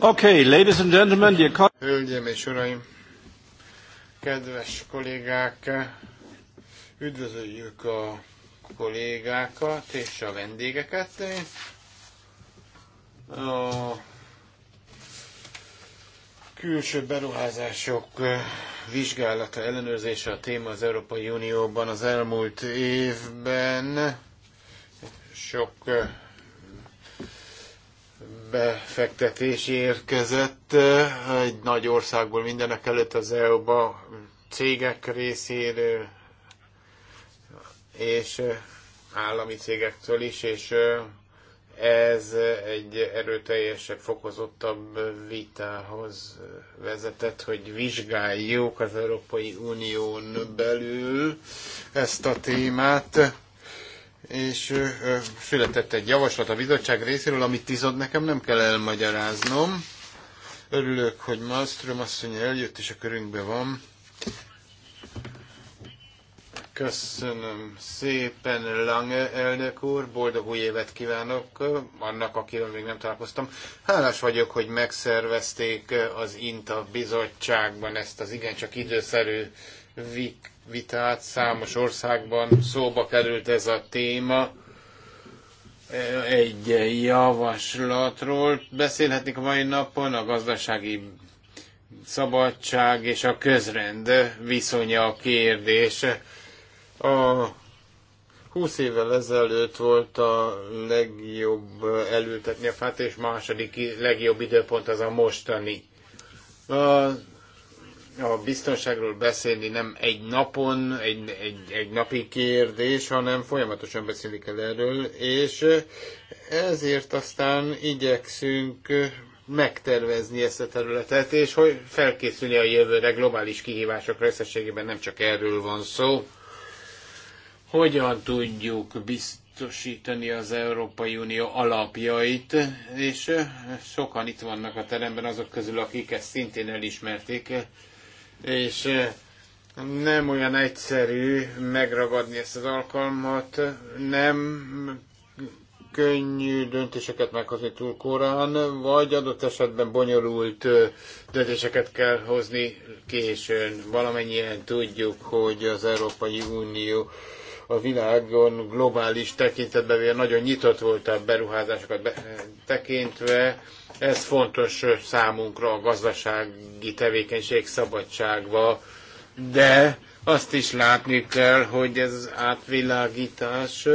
Okay, ladies and gentlemen, dear Hölgyeim és uraim, kedves kollégák, üdvözöljük a kollégákat és a vendégeket. A külső beruházások vizsgálata, ellenőrzése a téma az Európai Unióban az elmúlt évben. Sok befektetés érkezett egy nagy országból mindenek előtt az EU-ba cégek részéről és állami cégektől is, és ez egy erőteljesebb, fokozottabb vitához vezetett, hogy vizsgáljuk az Európai Unión belül ezt a témát, és született egy javaslat a bizottság részéről, amit tizod nekem nem kell elmagyaráznom. Örülök, hogy Malmström asszony eljött és a körünkbe van. Köszönöm szépen, Lange elnök úr, boldog új évet kívánok annak, akiről még nem találkoztam. Hálás vagyok, hogy megszervezték az INTA bizottságban ezt az igencsak időszerű vitát. Számos országban szóba került ez a téma egy javaslatról. Beszélhetnék a mai napon a gazdasági szabadság és a közrend viszonya a kérdése. A 20 évvel ezelőtt volt a legjobb elültetni a fát, és második legjobb időpont az a mostani. A, a biztonságról beszélni nem egy napon, egy, egy, egy napi kérdés, hanem folyamatosan beszélik el erről, és ezért aztán igyekszünk megtervezni ezt a területet, és hogy felkészülni a jövőre globális kihívások összességében nem csak erről van szó hogyan tudjuk biztosítani az Európai Unió alapjait, és eh, sokan itt vannak a teremben azok közül, akik ezt szintén elismerték, eh, és eh, nem olyan egyszerű megragadni ezt az alkalmat, nem könnyű döntéseket meghozni túl korán, vagy adott esetben bonyolult döntéseket kell hozni későn. Valamennyien tudjuk, hogy az Európai Unió a világon globális tekintetben, mivel nagyon nyitott volt a beruházásokat be, tekintve, ez fontos számunkra a gazdasági tevékenység szabadságba, de azt is látni kell, hogy ez az átvilágítás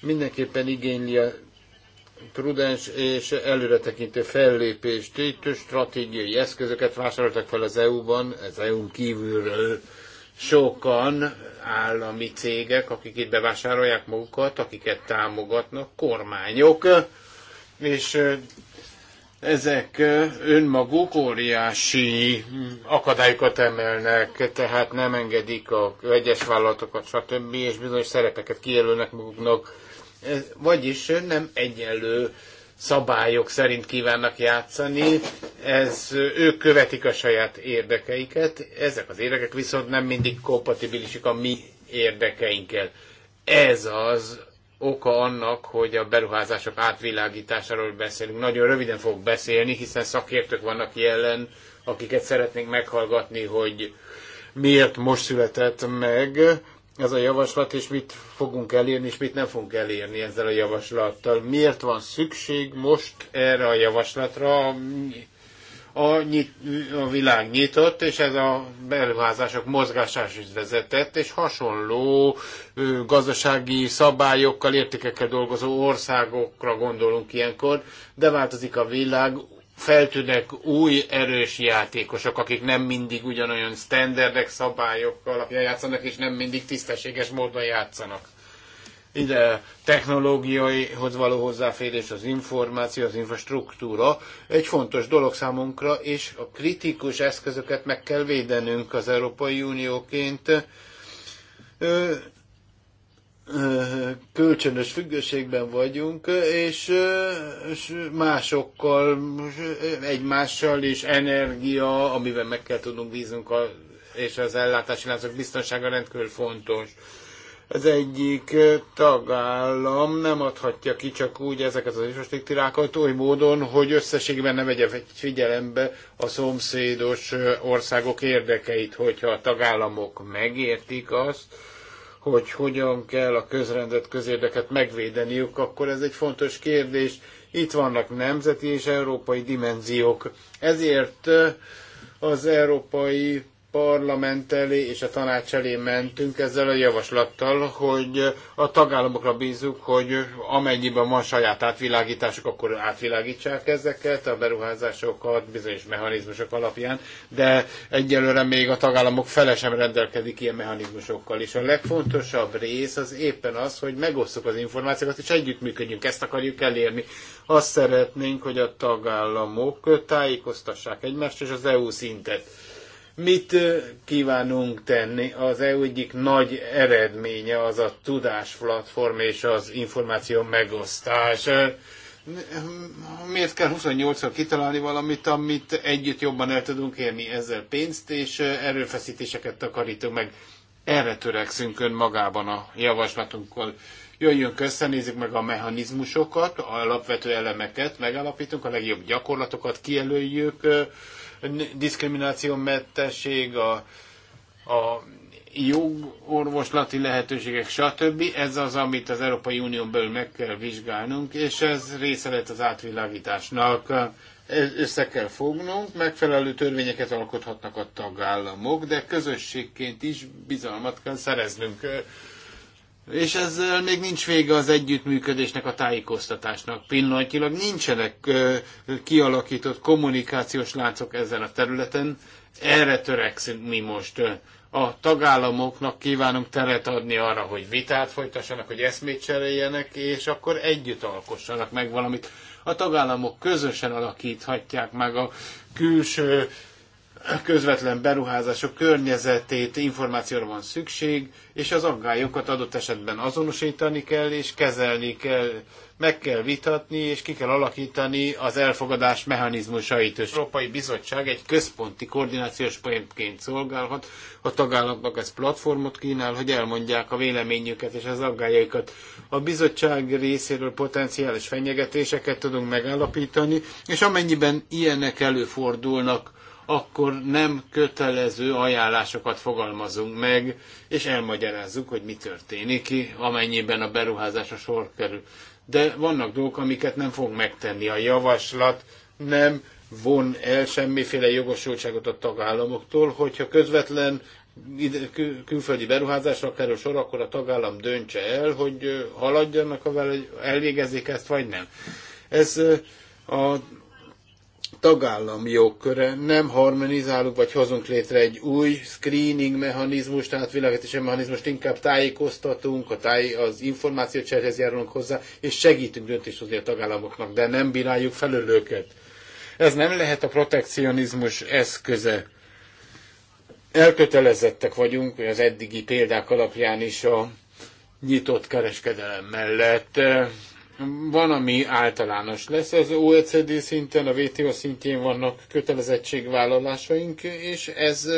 mindenképpen igényli a prudens és előretekintő fellépést. Itt stratégiai eszközöket vásároltak fel az EU-ban, az EU-n kívülről Sokan állami cégek, akik itt bevásárolják magukat, akiket támogatnak, kormányok, és ezek önmaguk óriási akadályokat emelnek, tehát nem engedik a vegyes vállalatokat, stb. és bizonyos szerepeket kijelölnek maguknak. Vagyis nem egyenlő szabályok szerint kívánnak játszani, ez, ők követik a saját érdekeiket, ezek az érdekek viszont nem mindig kompatibilisek a mi érdekeinkkel. Ez az oka annak, hogy a beruházások átvilágításáról beszélünk. Nagyon röviden fogok beszélni, hiszen szakértők vannak jelen, akiket szeretnénk meghallgatni, hogy miért most született meg ez a javaslat, és mit fogunk elérni, és mit nem fogunk elérni ezzel a javaslattal. Miért van szükség most erre a javaslatra? A, nyit, a világ nyitott, és ez a beruházások is vezetett, és hasonló ö, gazdasági szabályokkal, értékekkel dolgozó országokra gondolunk ilyenkor, de változik a világ, feltűnnek új erős játékosok, akik nem mindig ugyanolyan standardek, szabályok alapján játszanak, és nem mindig tisztességes módon játszanak. Ide technológiaihoz való hozzáférés, az információ, az infrastruktúra egy fontos dolog számunkra, és a kritikus eszközöket meg kell védenünk az Európai Unióként kölcsönös függőségben vagyunk, és, és másokkal, egymással is energia, amiben meg kell tudnunk bíznunk, a, és az ellátási láncok biztonsága rendkívül fontos. Az egyik tagállam nem adhatja ki csak úgy ezeket az infrastruktúrákat oly módon, hogy összességben nem vegye figyelembe a szomszédos országok érdekeit, hogyha a tagállamok megértik azt, hogy hogyan kell a közrendet, közérdeket megvédeniük, akkor ez egy fontos kérdés. Itt vannak nemzeti és európai dimenziók. Ezért az európai parlament elé és a tanács elé mentünk ezzel a javaslattal, hogy a tagállamokra bízunk, hogy amennyiben van saját átvilágításuk, akkor átvilágítsák ezeket, a beruházásokat bizonyos mechanizmusok alapján, de egyelőre még a tagállamok fele sem rendelkezik ilyen mechanizmusokkal. És a legfontosabb rész az éppen az, hogy megosszuk az információkat, és együttműködjünk, ezt akarjuk elérni. Azt szeretnénk, hogy a tagállamok tájékoztassák egymást és az EU szintet Mit kívánunk tenni? Az EU egyik nagy eredménye az a tudásplatform és az információ megosztás. Miért kell 28 szor kitalálni valamit, amit együtt jobban el tudunk élni ezzel pénzt, és erőfeszítéseket takarítunk meg? Erre törekszünk önmagában a javaslatunkkal jöjjünk össze, nézzük meg a mechanizmusokat, a alapvető elemeket, megalapítunk, a legjobb gyakorlatokat, kijelöljük, diszkriminációmentesség, a, a jogorvoslati lehetőségek, stb. Ez az, amit az Európai Unión belül meg kell vizsgálnunk, és ez része lett az átvilágításnak. Össze kell fognunk, megfelelő törvényeket alkothatnak a tagállamok, de közösségként is bizalmat kell szereznünk és ezzel még nincs vége az együttműködésnek, a tájékoztatásnak. Pillanatilag nincsenek kialakított kommunikációs láncok ezen a területen. Erre törekszünk mi most. A tagállamoknak kívánunk teret adni arra, hogy vitát folytassanak, hogy eszmét cseréljenek, és akkor együtt alkossanak meg valamit. A tagállamok közösen alakíthatják meg a külső közvetlen beruházások környezetét, információra van szükség, és az aggályokat adott esetben azonosítani kell, és kezelni kell, meg kell vitatni, és ki kell alakítani az elfogadás mechanizmusait. Az Európai Bizottság egy központi koordinációs pontként szolgálhat, a tagállamoknak ez platformot kínál, hogy elmondják a véleményüket és az aggályaikat. A bizottság részéről potenciális fenyegetéseket tudunk megállapítani, és amennyiben ilyenek előfordulnak, akkor nem kötelező ajánlásokat fogalmazunk meg, és elmagyarázzuk, hogy mi történik, amennyiben a beruházás a sor kerül. De vannak dolgok, amiket nem fog megtenni. A javaslat nem von el semmiféle jogosultságot a tagállamoktól, hogyha közvetlen külföldi beruházásra kerül sor, akkor a tagállam döntse el, hogy haladjanak vele, elvégezik ezt, vagy nem. Ez a tagállami jogköre. Nem harmonizálunk, vagy hozunk létre egy új screening mechanizmus, tehát világítási mechanizmust, inkább tájékoztatunk, a táj, az információcserhez járulunk hozzá, és segítünk döntést hozni a tagállamoknak, de nem bíráljuk felül őket. Ez nem lehet a protekcionizmus eszköze. Elkötelezettek vagyunk hogy az eddigi példák alapján is a nyitott kereskedelem mellett eh, van, ami általános lesz. Az OECD szinten, a WTO szintjén vannak kötelezettségvállalásaink, és ez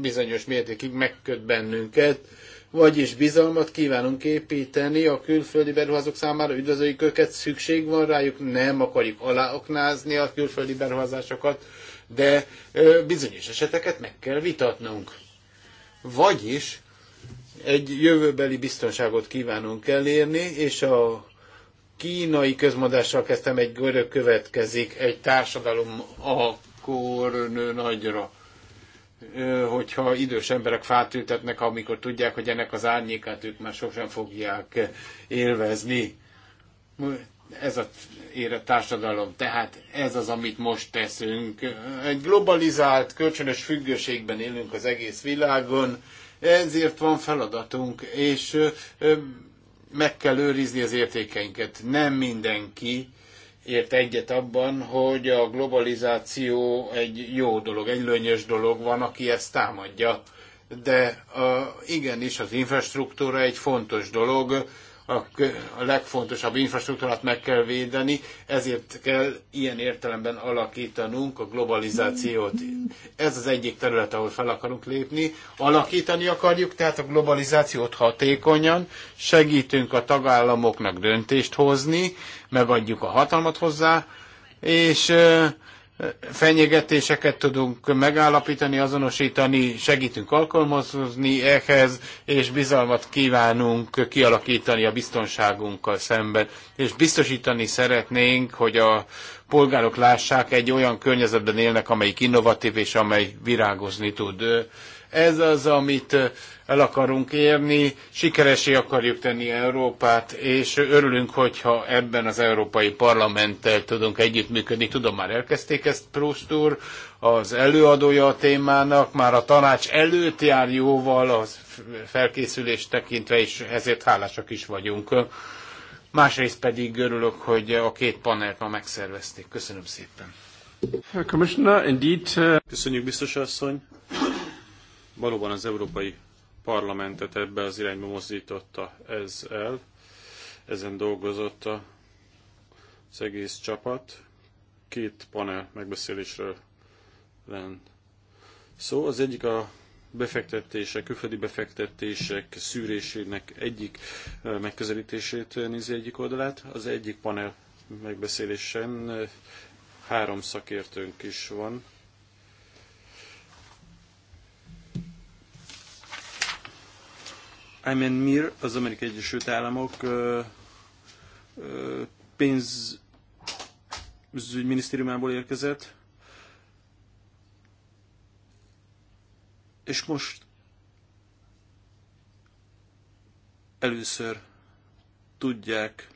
bizonyos mértékig megköt bennünket. Vagyis bizalmat kívánunk építeni a külföldi beruházók számára, üdvözöljük őket, szükség van rájuk, nem akarjuk aláoknázni a külföldi beruházásokat, de bizonyos eseteket meg kell vitatnunk. Vagyis egy jövőbeli biztonságot kívánunk elérni, és a kínai közmondással kezdtem, egy görög következik, egy társadalom a nő nagyra hogyha idős emberek fát ültetnek, amikor tudják, hogy ennek az árnyékát ők már sosem fogják élvezni. Ez a érett társadalom. Tehát ez az, amit most teszünk. Egy globalizált, kölcsönös függőségben élünk az egész világon, ezért van feladatunk, és meg kell őrizni az értékeinket. Nem mindenki ért egyet abban, hogy a globalizáció egy jó dolog, egy lönyös dolog van, aki ezt támadja. De a, igenis az infrastruktúra egy fontos dolog, a legfontosabb infrastruktúrát meg kell védeni, ezért kell ilyen értelemben alakítanunk a globalizációt. Ez az egyik terület, ahol fel akarunk lépni. Alakítani akarjuk, tehát a globalizációt hatékonyan, segítünk a tagállamoknak döntést hozni, megadjuk a hatalmat hozzá, és fenyegetéseket tudunk megállapítani, azonosítani, segítünk alkalmazni ehhez, és bizalmat kívánunk kialakítani a biztonságunkkal szemben. És biztosítani szeretnénk, hogy a polgárok lássák, egy olyan környezetben élnek, amelyik innovatív és amely virágozni tud. Ez az, amit el akarunk érni, sikeresé akarjuk tenni Európát, és örülünk, hogyha ebben az Európai Parlamenttel tudunk együttműködni. Tudom, már elkezdték ezt Proust úr, az előadója a témának, már a tanács előtt jár jóval a felkészülést tekintve, és ezért hálásak is vagyunk. Másrészt pedig örülök, hogy a két panelt ma megszervezték. Köszönöm szépen. Commissioner, indeed. Uh, Köszönjük, biztos asszony. Valóban az Európai parlamentet ebbe az irányba mozdította ez el. Ezen dolgozott a, az egész csapat. Két panel megbeszélésről len szó. Az egyik a befektetések, külföldi befektetések szűrésének egyik megközelítését nézi egyik oldalát. Az egyik panel megbeszélésen három szakértőnk is van, Ayman Mir, az Amerikai Egyesült Államok pénzügyminisztériumából érkezett, és most először tudják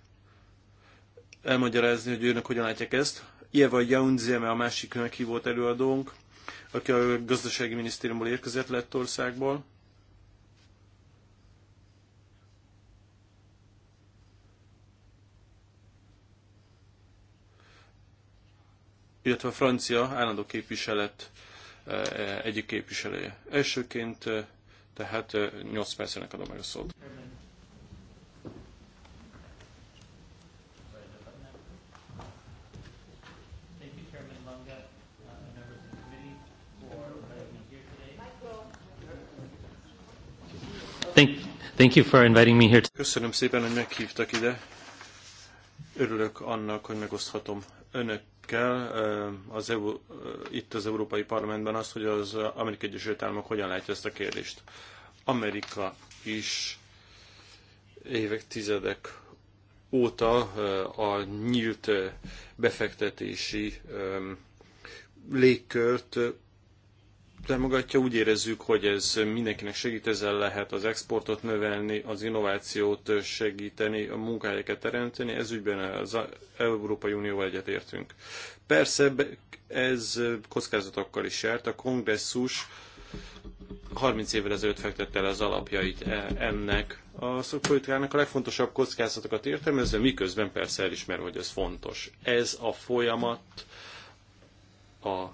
elmagyarázni, hogy őnek hogyan látják ezt. Ieva Jaunzieme a másik meghívott előadónk, aki a gazdasági minisztériumból érkezett Lettországból. országból illetve a francia állandó képviselet eh, eh, egyik képviselője. Elsőként eh, tehát 8 percenek adom meg a szót. Thank, thank you for inviting me here. Köszönöm szépen, hogy meghívtak ide. Örülök annak, hogy megoszthatom önökkel eh, az EU, eh, itt az Európai Parlamentben azt, hogy az Amerikai Egyesült Államok hogyan látja ezt a kérdést. Amerika is évek, tizedek óta eh, a nyílt befektetési légkört támogatja. Úgy érezzük, hogy ez mindenkinek segít, ezzel lehet az exportot növelni, az innovációt segíteni, a munkahelyeket teremteni. Ez ügyben az Európai Unióval egyetértünk. Persze ez kockázatokkal is járt. A kongresszus 30 évvel ezelőtt fektette el az alapjait e- ennek a szakpolitikának a legfontosabb kockázatokat értelmezve, miközben persze elismerve, hogy ez fontos. Ez a folyamat a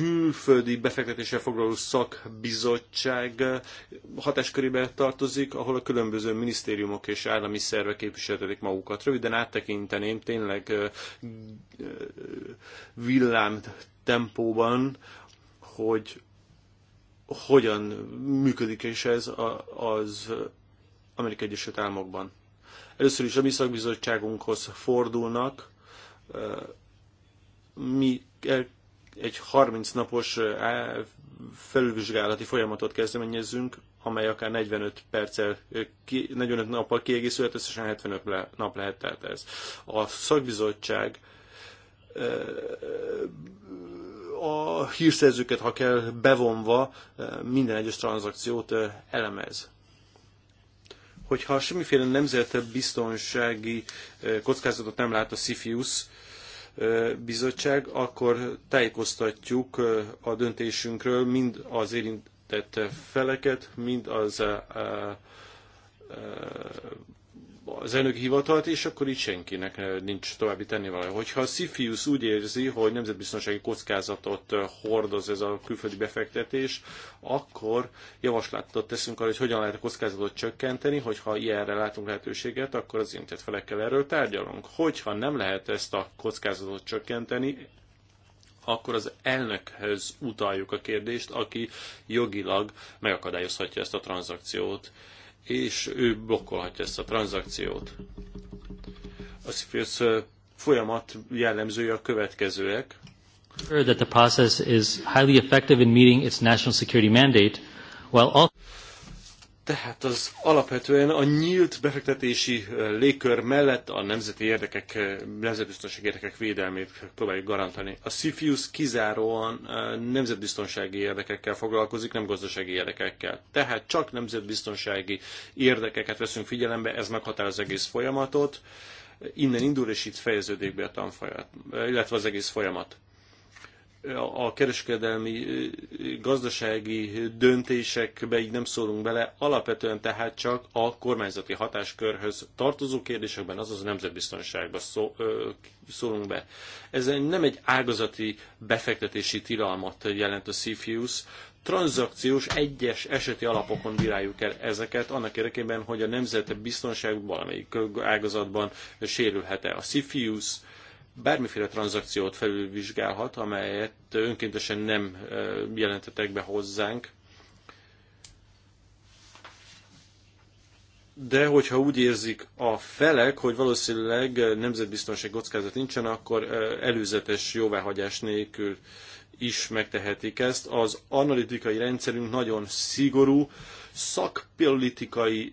külföldi befektetéssel foglaló szakbizottság hatáskörébe tartozik, ahol a különböző minisztériumok és állami szervek képviseltetik magukat. Röviden áttekinteném tényleg villám tempóban, hogy hogyan működik és ez az Amerikai Egyesült Államokban. Először is a mi szakbizottságunkhoz fordulnak, mi egy 30 napos felülvizsgálati folyamatot kezdeményezünk, amely akár 45 perccel, 45 nappal kiegészülhet, összesen 75 nap lehet tehát ez. A szakbizottság a hírszerzőket, ha kell, bevonva minden egyes tranzakciót elemez. Hogyha semmiféle nemzetebb biztonsági kockázatot nem lát a Sifius, bizottság, akkor tájékoztatjuk a döntésünkről mind az érintett feleket, mind az az elnök hivatalt, és akkor itt senkinek eh, nincs további tennivalója. Hogyha a Sifius úgy érzi, hogy nemzetbiztonsági kockázatot eh, hordoz ez a külföldi befektetés, akkor javaslatot teszünk arra, hogy hogyan lehet a kockázatot csökkenteni, hogyha ilyenre látunk lehetőséget, akkor az intett felekkel erről tárgyalunk. Hogyha nem lehet ezt a kockázatot csökkenteni, akkor az elnökhöz utaljuk a kérdést, aki jogilag megakadályozhatja ezt a tranzakciót és ő blokkolhatja ezt a tranzakciót. A CFIUS folyamat jellemzője a következőek. That the process is highly effective in meeting its national security mandate, while tehát az alapvetően a nyílt befektetési légkör mellett a nemzeti érdekek, nemzetbiztonsági érdekek védelmét próbáljuk garantálni. A CFIUS kizáróan nemzetbiztonsági érdekekkel foglalkozik, nem gazdasági érdekekkel. Tehát csak nemzetbiztonsági érdekeket veszünk figyelembe, ez meghatároz egész folyamatot. Innen indul és itt fejeződik be a tanfolyam, illetve az egész folyamat a kereskedelmi gazdasági döntésekbe így nem szólunk bele, alapvetően tehát csak a kormányzati hatáskörhöz tartozó kérdésekben, azaz a nemzetbiztonságba szólunk be. Ez nem egy ágazati befektetési tilalmat jelent a CFIUS, tranzakciós egyes eseti alapokon bíráljuk el ezeket, annak érdekében, hogy a nemzeti biztonság valamelyik ágazatban sérülhet-e. A CFIUS bármiféle tranzakciót felülvizsgálhat, amelyet önkéntesen nem jelentetek be hozzánk. De hogyha úgy érzik a felek, hogy valószínűleg nemzetbiztonság kockázat nincsen, akkor előzetes jóváhagyás nélkül is megtehetik ezt. Az analitikai rendszerünk nagyon szigorú, szakpolitikai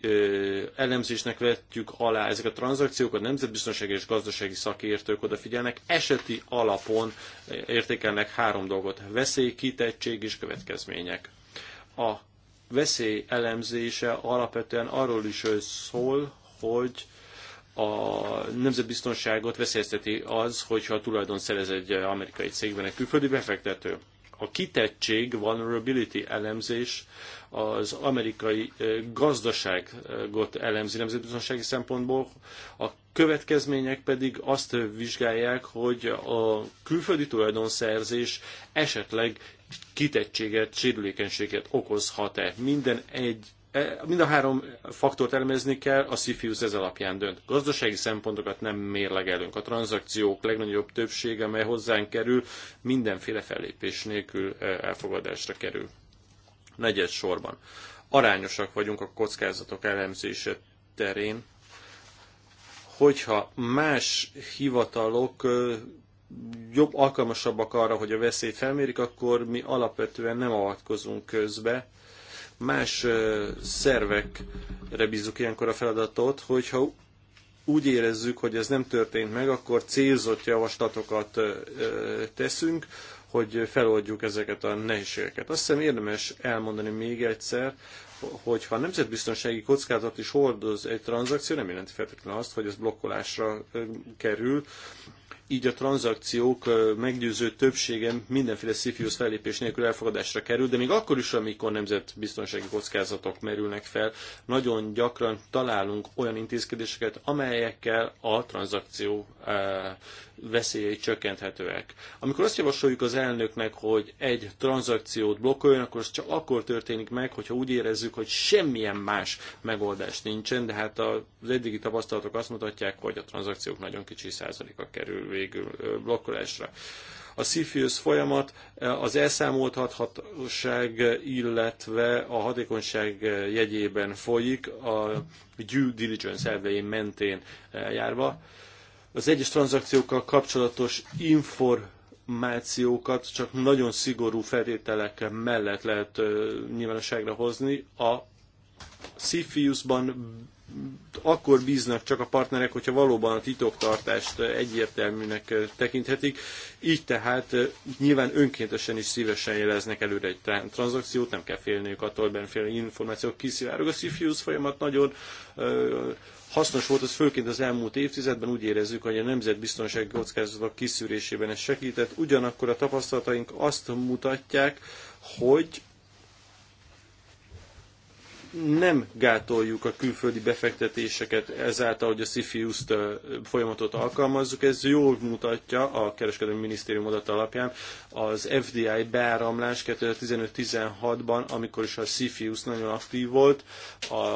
elemzésnek vetjük alá ezeket a tranzakciókat, nemzetbiztonsági és gazdasági szakértők odafigyelnek, eseti alapon értékelnek három dolgot, veszély, kitettség és következmények. A veszély elemzése alapvetően arról is szól, hogy a nemzetbiztonságot veszélyezteti az, hogyha a tulajdon szerez egy amerikai cégben egy külföldi befektető. A kitettség, vulnerability elemzés az amerikai eh, gazdaságot elemzi nemzetbiztonsági szempontból, a következmények pedig azt vizsgálják, hogy a külföldi tulajdonszerzés esetleg kitettséget, sérülékenységet okozhat-e. Minden egy eh, Mind a három faktort elemezni kell, a CFIUS ez alapján dönt. Gazdasági szempontokat nem mérlegelünk. A tranzakciók legnagyobb többsége, amely hozzánk kerül, mindenféle fellépés nélkül eh, elfogadásra kerül. Negyed sorban. Arányosak vagyunk a kockázatok elemzése terén, hogyha más hivatalok jobb alkalmasabbak arra, hogy a veszélyt felmérik, akkor mi alapvetően nem avatkozunk közbe. Más szervekre bízunk ilyenkor a feladatot, hogyha úgy érezzük, hogy ez nem történt meg, akkor célzott javaslatokat teszünk, hogy feloldjuk ezeket a nehézségeket. Azt hiszem érdemes elmondani még egyszer, hogy ha nemzetbiztonsági kockázat is hordoz egy tranzakció, nem jelenti feltétlenül azt, hogy ez blokkolásra kerül így a tranzakciók meggyőző többsége mindenféle CFIUS fellépés nélkül elfogadásra kerül, de még akkor is, amikor nemzetbiztonsági kockázatok merülnek fel, nagyon gyakran találunk olyan intézkedéseket, amelyekkel a tranzakció veszélyei csökkenthetőek. Amikor azt javasoljuk az elnöknek, hogy egy tranzakciót blokkoljon, akkor az csak akkor történik meg, hogyha úgy érezzük, hogy semmilyen más megoldás nincsen, de hát az eddigi tapasztalatok azt mutatják, hogy a tranzakciók nagyon kicsi százaléka kerül végül blokkolásra. A CFIUS folyamat az elszámoltathatóság, illetve a hatékonyság jegyében folyik, a due diligence elvein mentén járva. Az egyes tranzakciókkal kapcsolatos információkat csak nagyon szigorú feltételek mellett lehet nyilvánosságra hozni. A Cepheus-ban akkor bíznak csak a partnerek, hogyha valóban a titoktartást egyértelműnek tekinthetik. Így tehát eh, nyilván önkéntesen is szívesen jeleznek előre egy tranzakciót, nem kell félniük attól, hogy fél információk kiszivárog. A CFUS folyamat nagyon eh, hasznos volt, az főként az elmúlt évtizedben úgy érezzük, hogy a nemzetbiztonsági kockázatok kiszűrésében ez segített. Ugyanakkor a tapasztalataink azt mutatják, hogy nem gátoljuk a külföldi befektetéseket ezáltal, hogy a CFIUS folyamatot alkalmazzuk. Ez jól mutatja a kereskedelmi minisztérium adat alapján az FDI beáramlás 2015-16-ban, amikor is a CFIUS nagyon aktív volt, a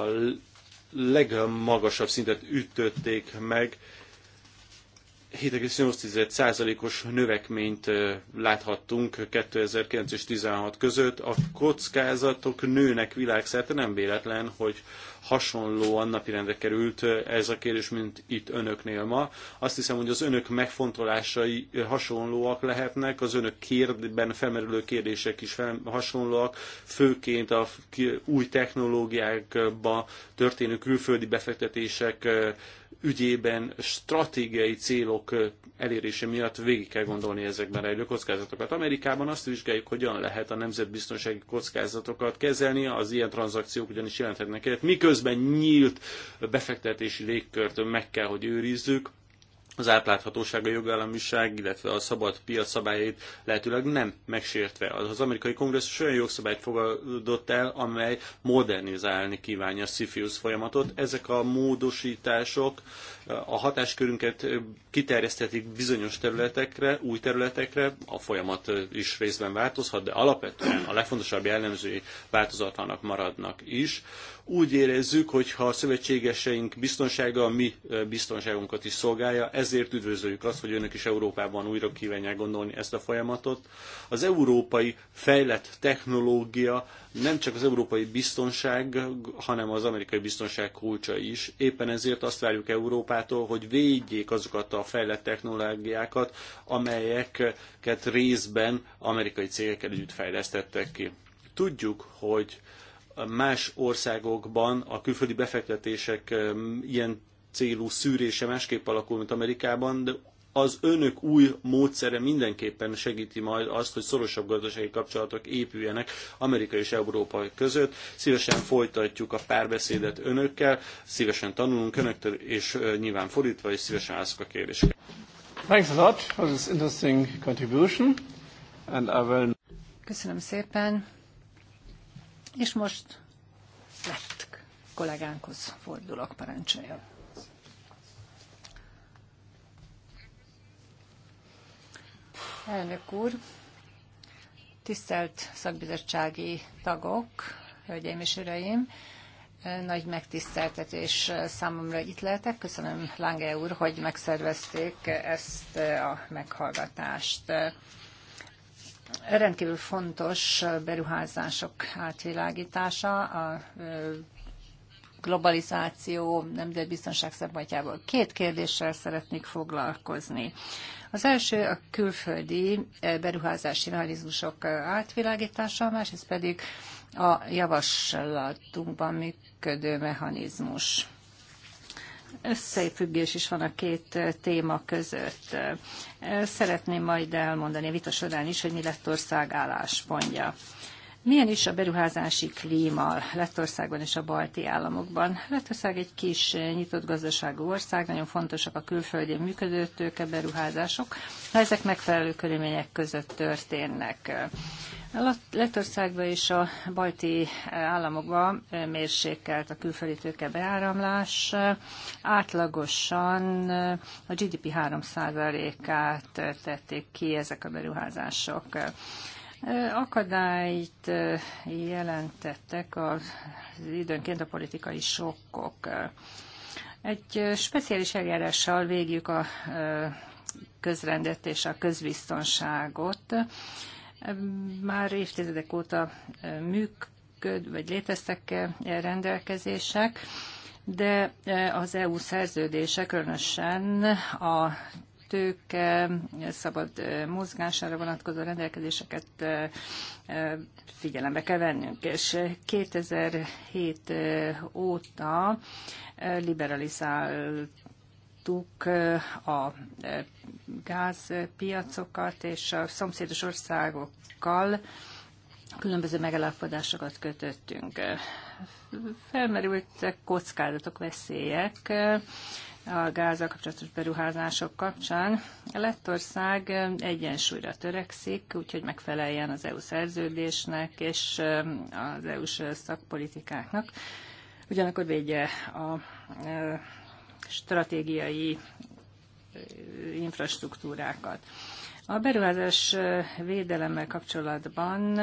legmagasabb szintet ütötték meg 7,8%-os növekményt láthattunk 2009 és 2016 között. A kockázatok nőnek világszerte, nem véletlen, hogy hasonlóan napirendre került ez a kérdés, mint itt önöknél ma. Azt hiszem, hogy az önök megfontolásai hasonlóak lehetnek, az önök kérdben felmerülő kérdések is hasonlóak, főként a új technológiákba történő külföldi befektetések ügyében stratégiai célok elérése miatt végig kell gondolni ezekben rejlő kockázatokat. Amerikában azt vizsgáljuk, hogyan lehet a nemzetbiztonsági kockázatokat kezelni, az ilyen tranzakciók ugyanis jelenthetnek el, miközben nyílt befektetési légkört meg kell, hogy őrizzük, az átláthatóság, a jogállamiság, illetve a szabad piac szabályait lehetőleg nem megsértve. Az amerikai kongresszus olyan jogszabályt fogadott el, amely modernizálni kívánja a CFIUS folyamatot. Ezek a módosítások a hatáskörünket kiterjesztetik bizonyos területekre, új területekre, a folyamat is részben változhat, de alapvetően a legfontosabb jellemzői változatlanak maradnak is. Úgy érezzük, hogy ha a szövetségeseink biztonsága a mi biztonságunkat is szolgálja, ezért üdvözöljük azt, hogy önök is Európában újra kívánják gondolni ezt a folyamatot. Az európai fejlett technológia nem csak az európai biztonság, hanem az amerikai biztonság kulcsa is. Éppen ezért azt várjuk Európától, hogy védjék azokat a fejlett technológiákat, amelyeket részben amerikai cégekkel együtt fejlesztettek ki. Tudjuk, hogy más országokban a külföldi befektetések um, ilyen célú szűrése másképp alakul, mint Amerikában, de az önök új módszere mindenképpen segíti majd azt, hogy szorosabb gazdasági kapcsolatok épüljenek Amerika és Európa között. Szívesen folytatjuk a párbeszédet önökkel, szívesen tanulunk önöktől, és nyilván fordítva, és szívesen állszok a kérdéseket. Thanks a lot for this interesting contribution, and I will... Köszönöm szépen, és most lett kollégánkhoz fordulok, parancsoljon. Elnök úr, tisztelt szakbizottsági tagok, hölgyeim és uraim, nagy megtiszteltetés számomra itt lehetek. Köszönöm Lange úr, hogy megszervezték ezt a meghallgatást. Rendkívül fontos beruházások átvilágítása a globalizáció nemzetbiztonság szempontjából. Két kérdéssel szeretnék foglalkozni. Az első a külföldi eh, beruházási mechanizmusok eh, átvilágítása, a másrészt pedig a javaslatunkban működő mechanizmus. Összefüggés is van a két eh, téma között. Szeretném majd elmondani a vita során is, hogy mi lett ország álláspontja. Milyen is a beruházási klíma Lettországban és a balti államokban? Lettország egy kis nyitott gazdaságú ország, nagyon fontosak a külföldi működő beruházások. ha ezek megfelelő körülmények között történnek. Lettországban és a balti államokban mérsékelt a külföldi tőke beáramlás. Átlagosan a GDP 3%-át tették ki ezek a beruházások. Akadályt jelentettek az időnként a politikai sokkok. Egy speciális eljárással végjük a közrendet és a közbiztonságot. Már évtizedek óta működ, vagy léteztek rendelkezések, de az EU szerződése különösen a tők e, szabad e, mozgására vonatkozó rendelkezéseket e, figyelembe kell vennünk. És 2007 óta liberalizált a gázpiacokat, és a szomszédos országokkal különböző megállapodásokat kötöttünk. Felmerültek kockázatok, veszélyek, a gázzal kapcsolatos beruházások kapcsán. Lettország egyensúlyra törekszik, úgyhogy megfeleljen az EU szerződésnek és az EU-s szakpolitikáknak. Ugyanakkor védje a stratégiai infrastruktúrákat. A beruházás védelemmel kapcsolatban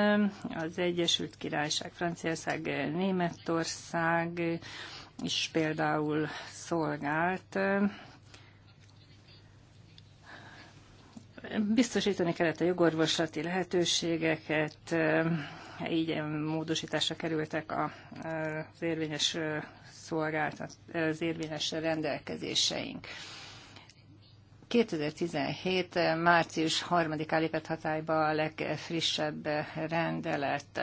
az Egyesült Királyság, Franciaország, Németország, is például szolgált. Biztosítani kellett a jogorvoslati lehetőségeket, így módosításra kerültek az érvényes szolgáltat, az érvényes rendelkezéseink. 2017. Eh, március 3-án lépett hatályba a legfrissebb rendelet.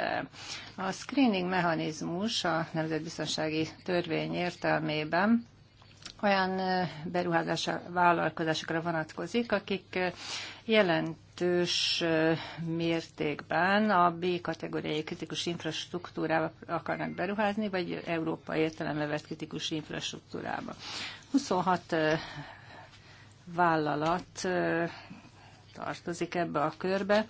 A screening mechanizmus a Nemzetbiztonsági Törvény értelmében olyan eh, beruházási vállalkozásokra vonatkozik, akik eh, jelentős mértékben a B kategóriai kritikus infrastruktúrába akarnak beruházni, vagy Európa értelembe vett kritikus infrastruktúrába. 26 vállalat tartozik ebbe a körbe.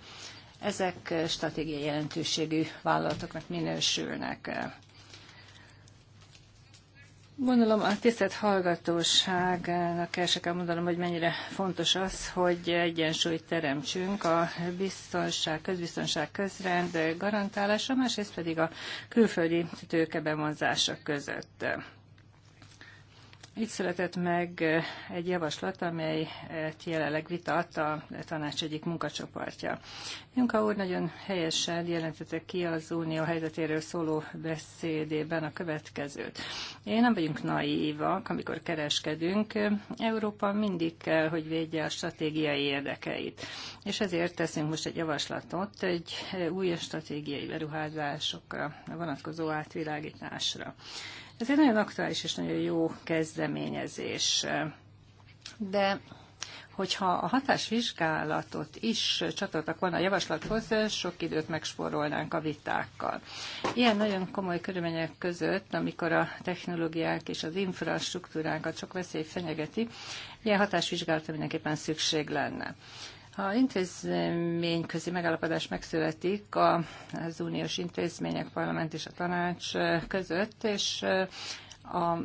Ezek stratégiai jelentőségű vállalatoknak minősülnek. Gondolom a tisztelt hallgatóságnak el se kell mondanom, hogy mennyire fontos az, hogy egyensúlyt teremtsünk a biztonság, közbiztonság közrend garantálása, másrészt pedig a külföldi tőkebevonzása között. Így született meg eh, egy javaslat, amelyet eh, jelenleg vitat a tanács egyik munkacsoportja. Junka úr nagyon helyesen jelentette ki az unió helyzetéről szóló beszédében a következőt. Én nem vagyunk naívak, amikor kereskedünk. Európa mindig kell, hogy védje a stratégiai érdekeit. És ezért teszünk most egy javaslatot egy eh, új stratégiai beruházásokra vonatkozó átvilágításra. Ez egy nagyon aktuális és nagyon jó kezdeményezés. De hogyha a hatásvizsgálatot is csatoltak volna a javaslathoz, sok időt megspórolnánk a vitákkal. Ilyen nagyon komoly körülmények között, amikor a technológiák és az infrastruktúránkat sok veszély fenyegeti, ilyen hatásvizsgálatra mindenképpen szükség lenne. Ha intézményközi megállapodás megszületik az uniós intézmények, parlament és a tanács között, és a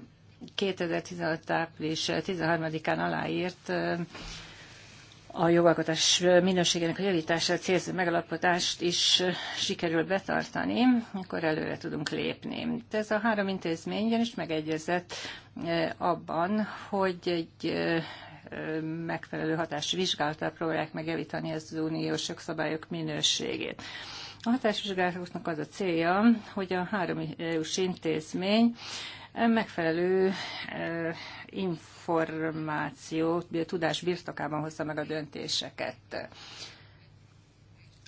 2015. április 13-án aláírt a jogalkotás minőségének a javítására célzó megalapodást is sikerül betartani, akkor előre tudunk lépni. De ez a három intézmény is megegyezett abban, hogy egy megfelelő hatású vizsgálattal próbálják megjavítani az uniós jogszabályok minőségét. A hatásvizsgálatoknak az a célja, hogy a három EU-s intézmény megfelelő eh, információt, tudás birtokában hozza meg a döntéseket.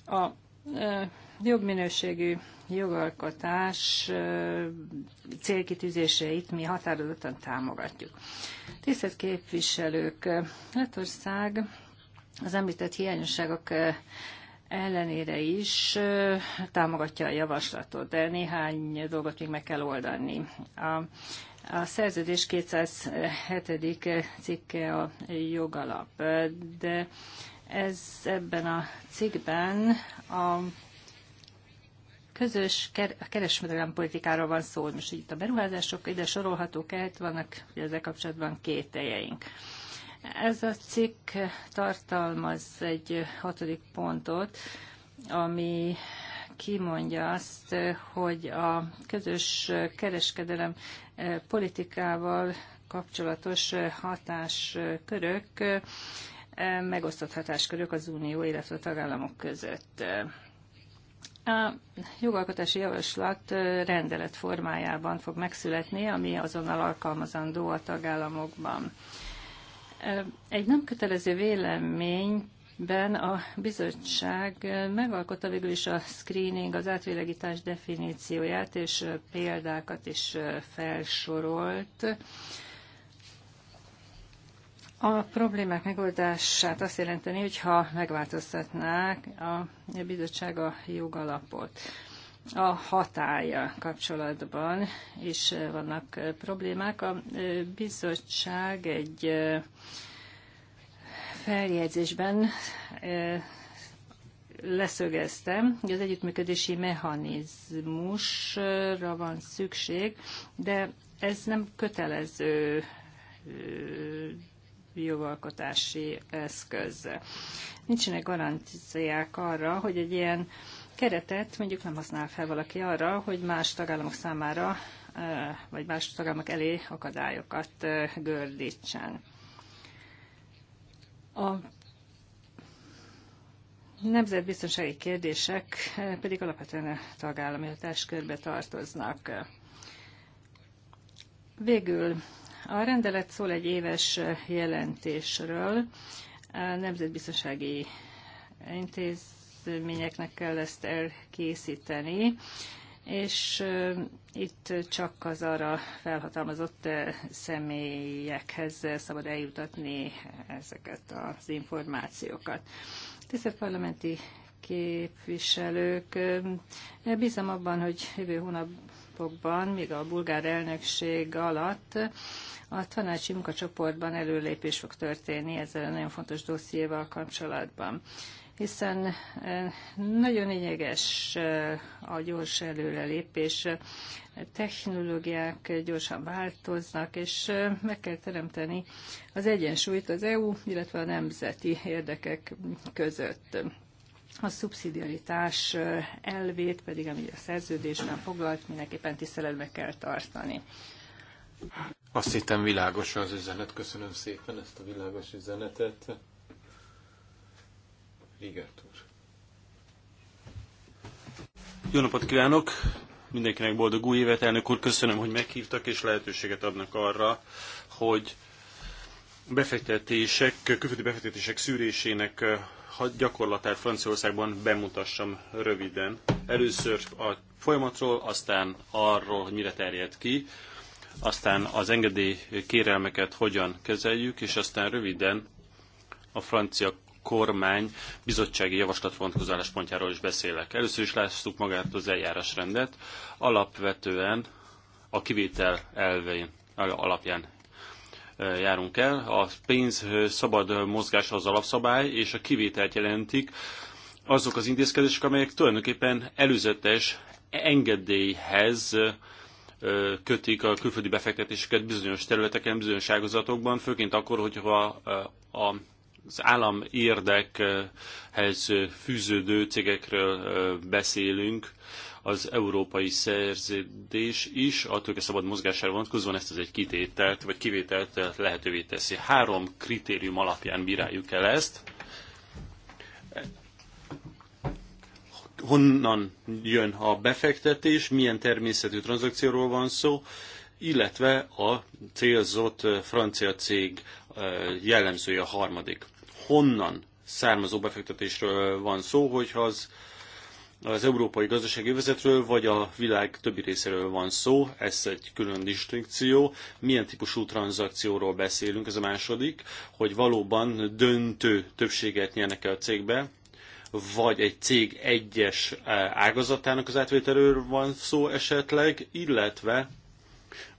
A eh, jobb minőségű jogalkotás célkitűzéseit mi határozottan támogatjuk. Tisztelt képviselők, Letország az említett hiányosságok ellenére is támogatja a javaslatot, de néhány dolgot még meg kell oldani. A, a szerződés 207. cikke a jogalap, de ez ebben a cikkben a közös kereskedelem politikáról van szó, most itt a beruházások ide sorolhatók el, vannak ezzel kapcsolatban kételjeink. Ez a cikk tartalmaz egy hatodik pontot, ami kimondja azt, hogy a közös kereskedelem eh, politikával kapcsolatos eh, hatáskörök eh, megosztott hatáskörök az Unió, illetve a tagállamok között. A jogalkotási javaslat rendelet formájában fog megszületni, ami azonnal alkalmazandó a tagállamokban. Egy nem kötelező vélemény Ben a bizottság megalkotta végül is a screening, az átvilágítás definícióját, és példákat is felsorolt a problémák megoldását azt jelenteni, hogyha megváltoztatnák a bizottság a jogalapot. A hatája kapcsolatban is vannak problémák. A bizottság egy feljegyzésben leszögeztem, hogy az együttműködési mechanizmusra van szükség, de ez nem kötelező jogalkotási eszköz. Nincsenek garanciák arra, hogy egy ilyen keretet mondjuk nem használ fel valaki arra, hogy más tagállamok számára vagy más tagállamok elé akadályokat gördítsen. A nemzetbiztonsági kérdések pedig alapvetően a tagállami hatáskörbe tartoznak. Végül a rendelet szól egy éves jelentésről. A nemzetbiztonsági intézményeknek kell ezt elkészíteni, és itt csak az arra felhatalmazott személyekhez szabad eljutatni ezeket az információkat. Tisztelt parlamenti képviselők. Bízom abban, hogy jövő hónap hónapokban, még a bulgár elnökség alatt a tanácsi munkacsoportban előlépés fog történni ezzel a nagyon fontos dossziéval kapcsolatban hiszen eh, nagyon lényeges eh, a gyors előrelépés, technológiák gyorsan változnak, és eh, meg kell teremteni az egyensúlyt az EU, illetve a nemzeti érdekek között a szubszidiaritás elvét pedig, ami a szerződésben foglalt, mindenképpen tiszteletbe kell tartani. Azt hittem világos az üzenet. Köszönöm szépen ezt a világos üzenetet. Rigert úr. Jó napot kívánok! Mindenkinek boldog új évet, elnök úr! Köszönöm, hogy meghívtak és lehetőséget adnak arra, hogy befektetések, külföldi befektetések szűrésének gyakorlatát Franciaországban bemutassam röviden. Először a folyamatról, aztán arról, hogy mire terjed ki, aztán az engedély kérelmeket hogyan kezeljük, és aztán röviden a francia kormány bizottsági javaslat vonatkozó is beszélek. Először is lássuk magát az eljárásrendet, alapvetően a kivétel elvein alapján járunk el. A pénz szabad mozgása az alapszabály, és a kivételt jelentik azok az intézkedések, amelyek tulajdonképpen előzetes engedélyhez kötik a külföldi befektetéseket bizonyos területeken, bizonyos ágazatokban, főként akkor, hogyha a az állam érdekhez fűződő cégekről beszélünk, az európai szerződés is a tőke szabad mozgására vonatkozóan ezt az egy kitételt, vagy kivételt lehetővé teszi. Három kritérium alapján bíráljuk el ezt. Honnan jön a befektetés, milyen természetű tranzakcióról van szó, illetve a célzott francia cég jellemzője a harmadik. Honnan származó befektetésről van szó, hogyha az az európai gazdasági övezetről, vagy a világ többi részéről van szó, ez egy külön distinkció. Milyen típusú tranzakcióról beszélünk, ez a második, hogy valóban döntő többséget nyernek-e a cégbe, vagy egy cég egyes eh, ágazatának az átvételről van szó esetleg, illetve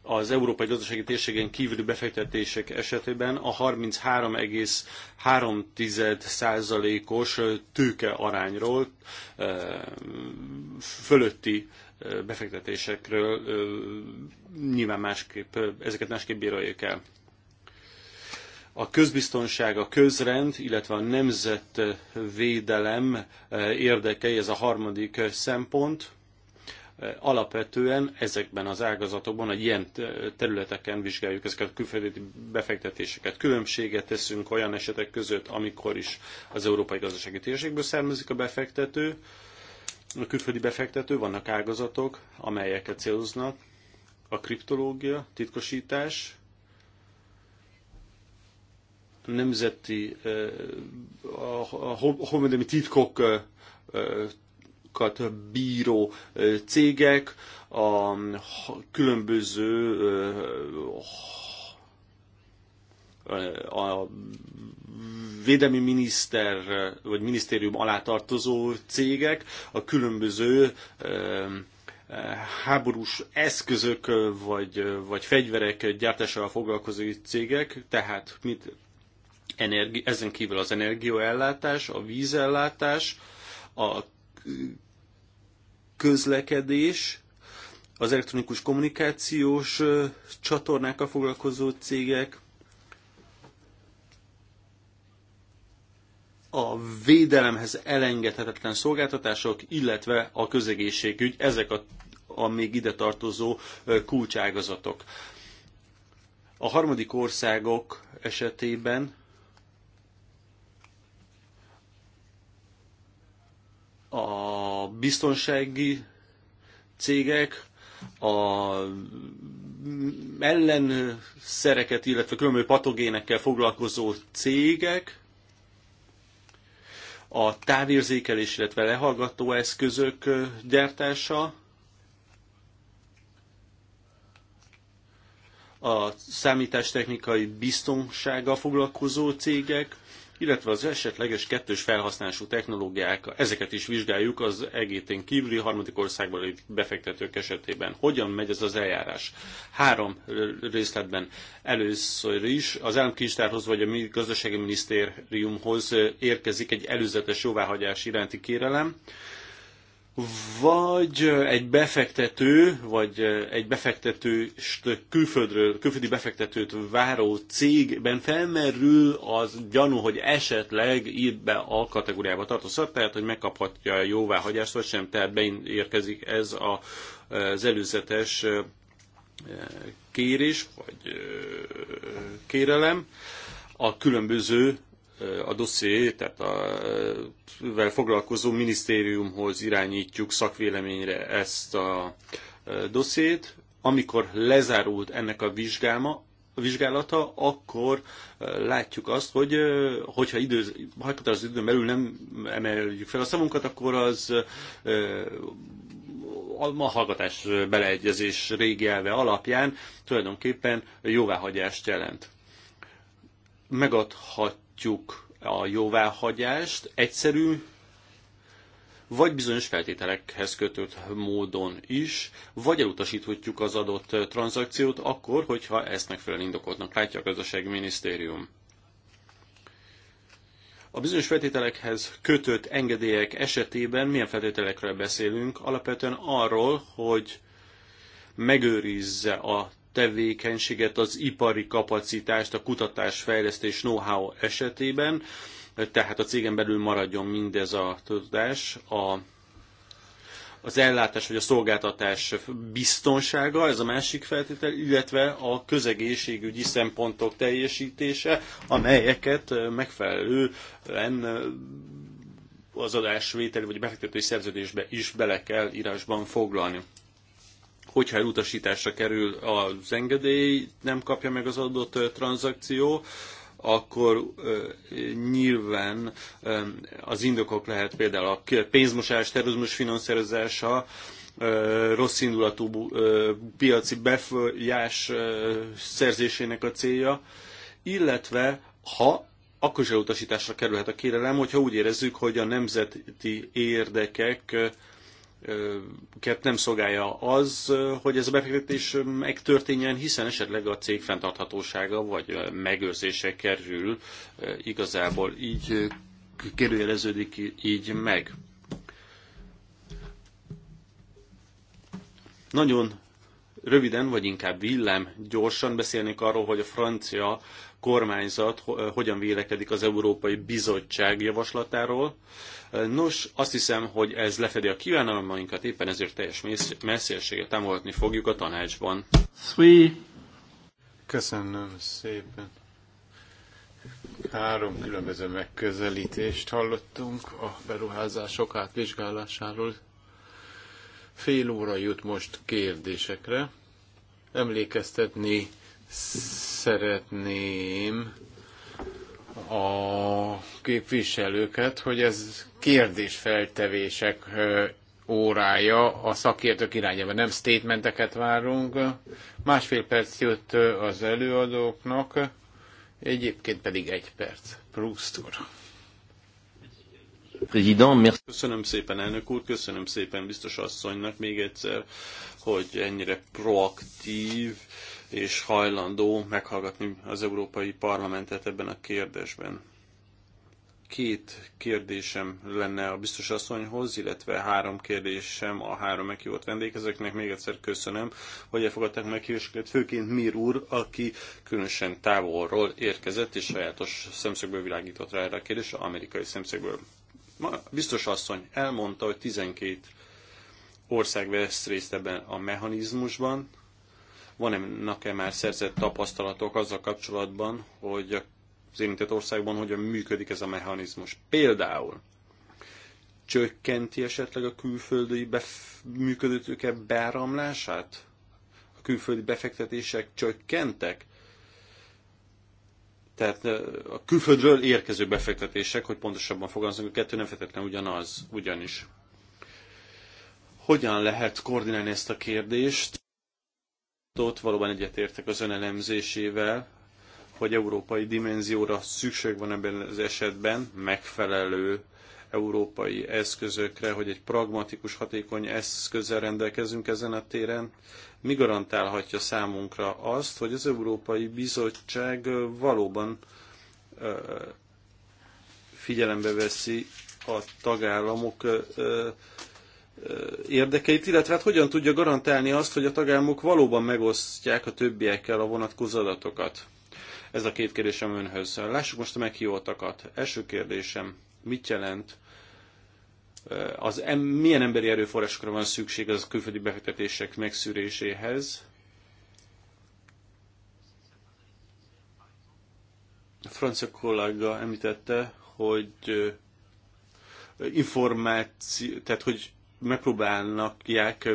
az európai gazdasági térségen kívüli befektetések esetében a 33,3%-os tőke arányról fölötti befektetésekről nyilván másképp, ezeket másképp bíráljuk el. A közbiztonság, a közrend, illetve a nemzetvédelem érdekei, ez a harmadik szempont alapvetően ezekben az ágazatokban, a ilyen területeken vizsgáljuk ezeket a külföldi befektetéseket. Különbséget teszünk olyan esetek között, amikor is az európai gazdasági térségből származik a befektető, a külföldi befektető, vannak ágazatok, amelyeket céloznak, a kriptológia, titkosítás, a nemzeti, eh, a, a, a, a, a, a, a, a titkok eh, eh, magukat bíró cégek, a különböző a védelmi miniszter vagy minisztérium alá tartozó cégek, a különböző háborús eszközök vagy, vagy fegyverek gyártásával foglalkozó cégek, tehát mit, energi, ezen kívül az energiaellátás, a vízellátás, a közlekedés, az elektronikus kommunikációs csatornákkal foglalkozó cégek, a védelemhez elengedhetetlen szolgáltatások, illetve a közegészségügy, ezek a, a még ide tartozó kulcságazatok. A harmadik országok esetében a biztonsági cégek, a ellenszereket, illetve különböző patogénekkel foglalkozó cégek, a távérzékelés, illetve lehallgató eszközök gyártása, a számítástechnikai biztonsággal foglalkozó cégek, illetve az esetleges kettős felhasználású technológiák, ezeket is vizsgáljuk az EGT-n kívüli harmadik országban befektetők esetében. Hogyan megy ez az eljárás? Három részletben először is az államkincstárhoz vagy a gazdasági minisztériumhoz érkezik egy előzetes jóváhagyás iránti kérelem, vagy egy befektető, vagy egy befektető külföldről, külföldi befektetőt váró cégben felmerül az gyanú, hogy esetleg itt be a kategóriába tartozhat, tehát hogy megkaphatja jóváhagyást, vagy sem, tehát beérkezik ez a, az előzetes kérés, vagy kérelem a különböző a dosszié, tehát a, vel foglalkozó minisztériumhoz irányítjuk szakvéleményre ezt a e, dossziét. Amikor lezárult ennek a vizsgálma, a vizsgálata, akkor e, látjuk azt, hogy e, hogyha idő, az időn belül nem emeljük fel a szavunkat, akkor az a hallgatás beleegyezés régi elve alapján tulajdonképpen jóváhagyást jelent. Megadhat látjuk a jóváhagyást egyszerű, vagy bizonyos feltételekhez kötött módon is, vagy elutasíthatjuk az adott tranzakciót akkor, hogyha ezt megfelelően indokoltnak látja a gazdasági minisztérium. A bizonyos feltételekhez kötött engedélyek esetében milyen feltételekről beszélünk? Alapvetően arról, hogy megőrizze a tevékenységet, az ipari kapacitást, a kutatás, fejlesztés, know-how esetében, tehát a cégen belül maradjon mindez a tudás, a az ellátás vagy a szolgáltatás biztonsága, ez a másik feltétel, illetve a közegészségügyi szempontok teljesítése, amelyeket megfelelően az adásvételi vagy befektetői szerződésbe is bele kell írásban foglalni hogyha elutasításra kerül az engedély, nem kapja meg az adott tranzakció, akkor nyilván az indokok lehet például a pénzmosás, terrorizmus finanszírozása, rossz indulatú piaci befolyás szerzésének a célja, illetve ha akkor is elutasításra kerülhet a kérelem, hogyha úgy érezzük, hogy a nemzeti érdekek nem szolgálja az, hogy ez a befektetés megtörténjen, hiszen esetleg a cég fenntarthatósága vagy megőrzése kerül igazából így kérdőjeleződik így meg. Nagyon röviden, vagy inkább villám gyorsan beszélnék arról, hogy a francia kormányzat hogyan vélekedik az Európai Bizottság javaslatáról. Nos, azt hiszem, hogy ez lefedi a kívánalmainkat, éppen ezért teljes messzélséget támogatni fogjuk a tanácsban. Sweet. Köszönöm szépen. Három különböző megközelítést hallottunk a beruházások átvizsgálásáról. Fél óra jut most kérdésekre. Emlékeztetni szeretném a képviselőket, hogy ez kérdésfeltevések órája a szakértők irányába. Nem statementeket várunk. Másfél perc jött az előadóknak, egyébként pedig egy perc. Proust úr. Köszönöm szépen, elnök úr, köszönöm szépen biztos asszonynak még egyszer, hogy ennyire proaktív, és hajlandó meghallgatni az Európai Parlamentet ebben a kérdésben. Két kérdésem lenne a biztos asszonyhoz, illetve három kérdésem a három meghívott vendégezeknek. Még egyszer köszönöm, hogy elfogadták meghívásként, főként Mir úr, aki különösen távolról érkezett, és sajátos szemszögből világított rá erre a kérdésre, amerikai szemszögből. Ma biztos asszony elmondta, hogy 12 ország vesz részt ebben a mechanizmusban, vannak-e már szerzett tapasztalatok azzal kapcsolatban, hogy az érintett országban hogyan működik ez a mechanizmus? Például csökkenti esetleg a külföldi bef- működőtőke beáramlását? A külföldi befektetések csökkentek? Tehát a külföldről érkező befektetések, hogy pontosabban fogalmazunk, a kettő nem feltétlenül ugyanaz, ugyanis. Hogyan lehet koordinálni ezt a kérdést? ott valóban egyetértek az önelemzésével, hogy európai dimenzióra szükség van ebben az esetben, megfelelő európai eszközökre, hogy egy pragmatikus, hatékony eszközzel rendelkezünk ezen a téren, mi garantálhatja számunkra azt, hogy az Európai Bizottság valóban figyelembe veszi a tagállamok érdekeit, illetve hát hogyan tudja garantálni azt, hogy a tagállamok valóban megosztják a többiekkel a vonatkozó adatokat. Ez a két kérdésem önhöz. Lássuk most a meghívottakat. Első kérdésem, mit jelent az em, milyen emberi erőforrásokra van szükség az külföldi befektetések megszűréséhez? A francia kollega említette, hogy információ, tehát hogy megpróbálnak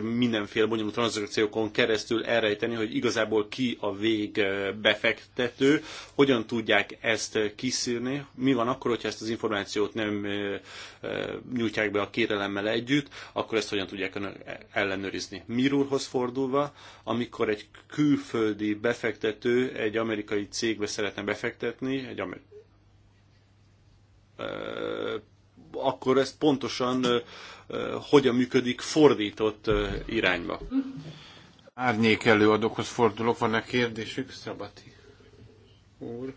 mindenféle bonyolult tranzakciókon keresztül elrejteni, hogy igazából ki a vég eh, befektető, hogyan tudják ezt kiszírni, mi van akkor, hogyha ezt az információt nem eh, eh, nyújtják be a kérelemmel együtt, akkor ezt hogyan tudják ellenőrizni. Mirúrhoz fordulva, amikor egy külföldi befektető egy amerikai cégbe szeretne befektetni, egy amerikai akkor ez pontosan hogyan működik fordított irányba. Árnyék előadókhoz fordulok, van-e kérdésük, Szabati úr?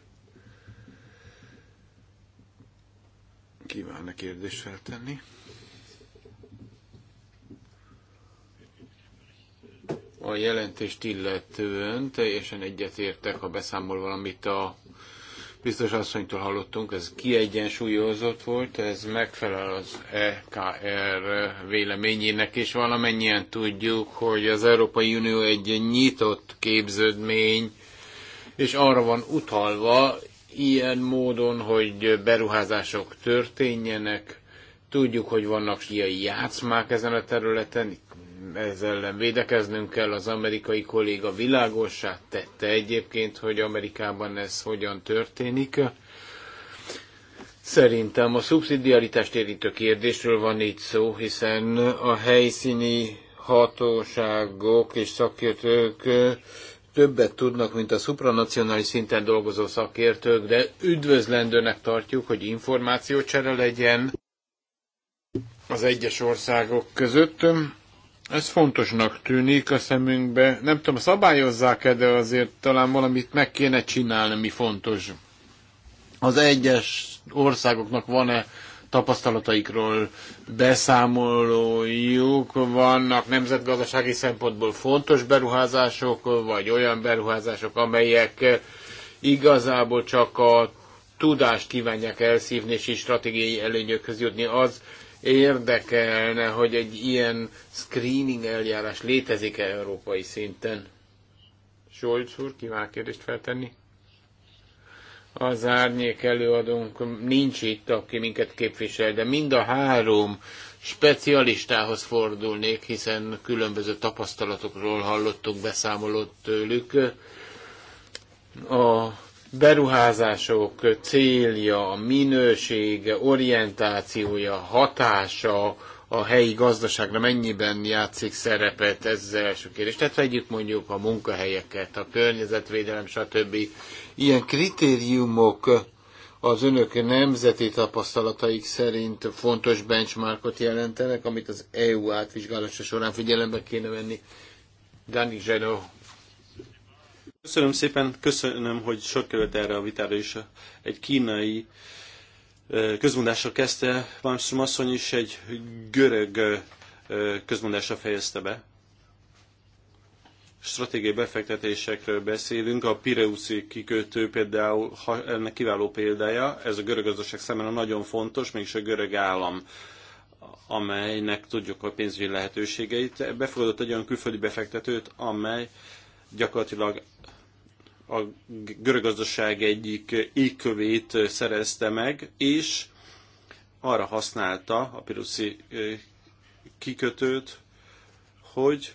Kívánna kérdést feltenni? A jelentést illetően teljesen egyetértek, ha beszámol valamit a biztos asszonytól hallottunk, ez kiegyensúlyozott volt, ez megfelel az EKR véleményének, és valamennyien tudjuk, hogy az Európai Unió egy nyitott képződmény, és arra van utalva ilyen módon, hogy beruházások történjenek, Tudjuk, hogy vannak ilyen játszmák ezen a területen, ez ellen védekeznünk kell. Az amerikai kolléga világossá tette egyébként, hogy Amerikában ez hogyan történik. Szerintem a szubszidiaritást érintő kérdésről van itt szó, hiszen a helyszíni hatóságok és szakértők többet tudnak, mint a szupranacionális szinten dolgozó szakértők, de üdvözlendőnek tartjuk, hogy információcsere legyen az egyes országok között. Ez fontosnak tűnik a szemünkbe. Nem tudom, szabályozzák-e, de azért talán valamit meg kéne csinálni, mi fontos. Az egyes országoknak van-e tapasztalataikról beszámolójuk, vannak nemzetgazdasági szempontból fontos beruházások, vagy olyan beruházások, amelyek igazából csak a tudást kívánják elszívni és stratégiai előnyökhöz jutni. Az Érdekelne, hogy egy ilyen screening eljárás létezik-e európai szinten? Solcs úr, kíván kérdést feltenni? Az árnyék előadónk nincs itt, aki minket képvisel, de mind a három specialistához fordulnék, hiszen különböző tapasztalatokról hallottunk beszámolót tőlük. A beruházások célja, a minősége, orientációja, hatása a helyi gazdaságra mennyiben játszik szerepet, ez az első kérdés. Tehát vegyük mondjuk a munkahelyeket, a környezetvédelem, stb. Ilyen kritériumok az önök nemzeti tapasztalataik szerint fontos benchmarkot jelentenek, amit az EU átvizsgálása során figyelembe kéne venni. Dani Zsenó Köszönöm szépen, köszönöm, hogy sor került erre a vitára is. Egy kínai közmondásra kezdte Malmström asszony is, egy görög közmondásra fejezte be. Stratégiai befektetésekről beszélünk, a Pireuszi kikötő például ennek kiváló példája, ez a görög gazdaság számára nagyon fontos, mégis a görög állam amelynek tudjuk a pénzügyi lehetőségeit. Befogadott egy olyan külföldi befektetőt, amely gyakorlatilag a görög gazdaság egyik ékkövét szerezte meg, és arra használta a piruszi eh, kikötőt, hogy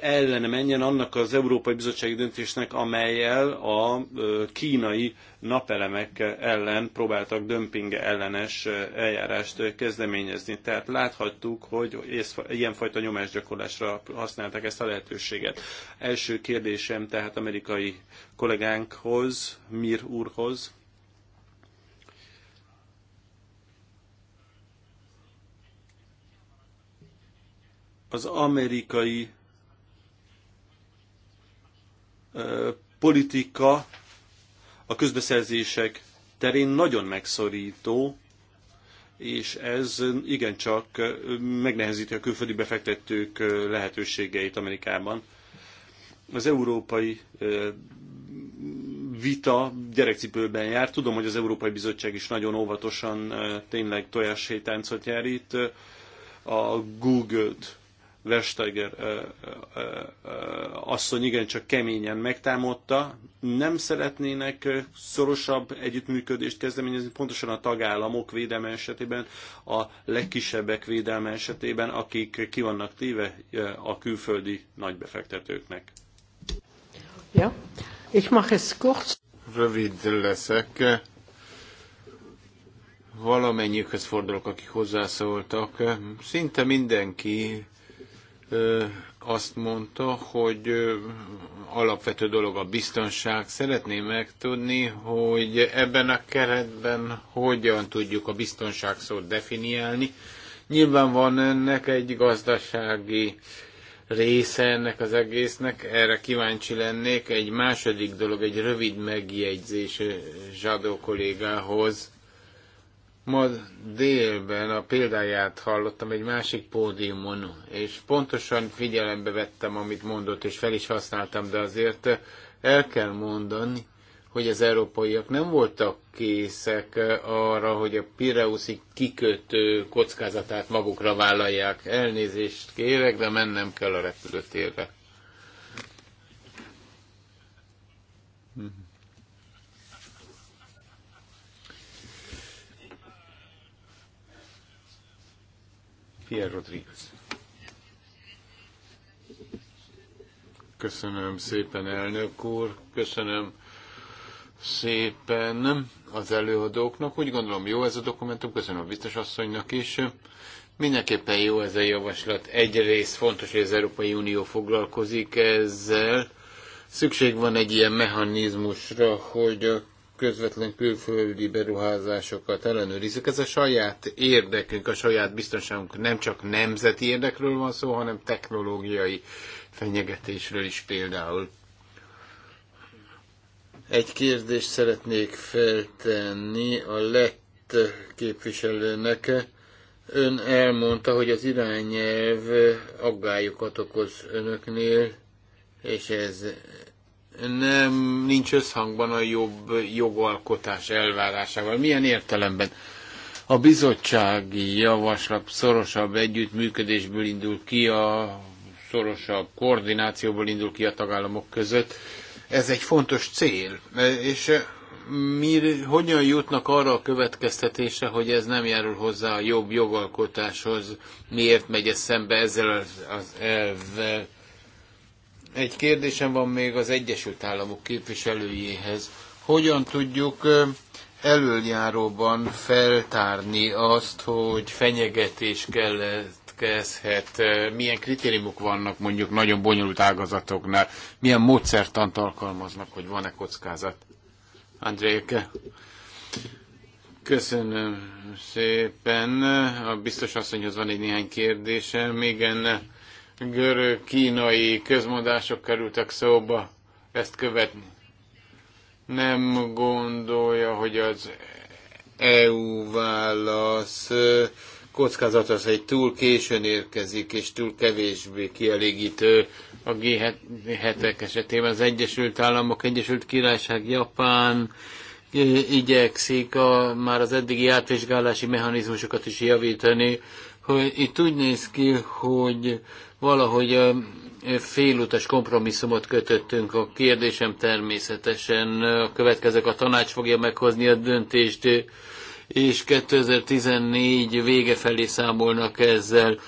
ellene menjen annak az Európai Bizottsági döntésnek, amelyel a kínai napelemek ellen próbáltak dömping ellenes eljárást kezdeményezni. Tehát láthattuk, hogy ilyenfajta nyomásgyakorlásra használták ezt a lehetőséget. Első kérdésem tehát amerikai kollégánkhoz, Mir úrhoz, az amerikai politika a közbeszerzések terén nagyon megszorító, és ez igencsak megnehezíti a külföldi befektetők lehetőségeit Amerikában. Az európai vita gyerekcipőben jár. Tudom, hogy az Európai Bizottság is nagyon óvatosan tényleg tojáshétáncot jár itt. A Google-t Versteiger asszony igencsak keményen megtámadta. Nem szeretnének szorosabb együttműködést kezdeményezni, pontosan a tagállamok védelme esetében, a legkisebbek védelme esetében, akik ki vannak téve a külföldi nagybefektetőknek. Ja, ich mache es kurz. Rövid leszek Valamennyiükhez fordulok, akik hozzászóltak. Szinte mindenki azt mondta, hogy alapvető dolog a biztonság. Szeretném megtudni, hogy ebben a keretben hogyan tudjuk a biztonság szót definiálni. Nyilván van ennek egy gazdasági része ennek az egésznek, erre kíváncsi lennék. Egy második dolog, egy rövid megjegyzés Zsadó kollégához Ma délben a példáját hallottam egy másik pódiumon, és pontosan figyelembe vettem, amit mondott, és fel is használtam, de azért el kell mondani, hogy az európaiak nem voltak készek arra, hogy a Pireuszi kikötő kockázatát magukra vállalják. Elnézést kérek, de mennem kell a repülőtérre. Pierre Rodriguez. Köszönöm szépen, elnök úr, köszönöm szépen az előadóknak. Úgy gondolom jó ez a dokumentum, köszönöm a biztos asszonynak is. Mindenképpen jó ez a javaslat. Egyrészt fontos, hogy az Európai Unió foglalkozik ezzel. Szükség van egy ilyen mechanizmusra, hogy a közvetlen külföldi beruházásokat ellenőrizzük. Ez a saját érdekünk, a saját biztonságunk nem csak nemzeti érdekről van szó, hanem technológiai fenyegetésről is például. Egy kérdést szeretnék feltenni a lett képviselőnek. Ön elmondta, hogy az irányelv aggályokat okoz önöknél, és ez nem nincs összhangban a jobb jogalkotás elvárásával. Milyen értelemben? A bizottsági javaslat szorosabb együttműködésből indul ki, a szorosabb koordinációból indul ki a tagállamok között. Ez egy fontos cél, és mi, hogyan jutnak arra a következtetése, hogy ez nem járul hozzá a jobb jogalkotáshoz, miért megy ez szembe ezzel az, az elvvel? Egy kérdésem van még az Egyesült Államok képviselőjéhez. Hogyan tudjuk előjáróban feltárni azt, hogy fenyegetés keletkezhet, milyen kritériumok vannak mondjuk nagyon bonyolult ágazatoknál, milyen módszertant alkalmaznak, hogy van-e kockázat? Andréke. Köszönöm szépen. A biztos asszonyhoz van egy néhány Még Igen, görög-kínai közmondások kerültek szóba ezt követni. Nem gondolja, hogy az EU válasz kockázat az, hogy túl későn érkezik, és túl kevésbé kielégítő a G7-ek esetében. Az Egyesült Államok, Egyesült Királyság, Japán igyekszik a, már az eddigi átvizsgálási mechanizmusokat is javítani, hogy itt úgy néz ki, hogy valahogy a félutas kompromisszumot kötöttünk. A kérdésem természetesen a következők a tanács fogja meghozni a döntést, és 2014 vége felé számolnak ezzel,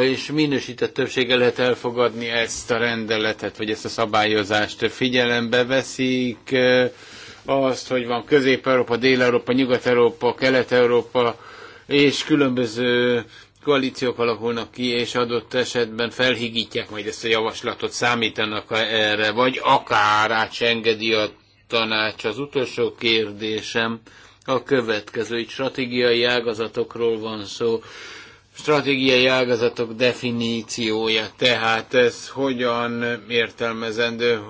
és minősített többsége lehet elfogadni ezt a rendeletet, vagy ezt a szabályozást. Figyelembe veszik eh, azt, hogy van Közép-Európa, Dél-Európa, Nyugat-Európa, Kelet-Európa, és különböző koalíciók alakulnak ki, és adott esetben felhigítják majd ezt a javaslatot, számítanak erre, vagy akár átsengedi a tanács. Az utolsó kérdésem a következő, itt stratégiai ágazatokról van szó, stratégiai ágazatok definíciója, tehát ez hogyan értelmezendő,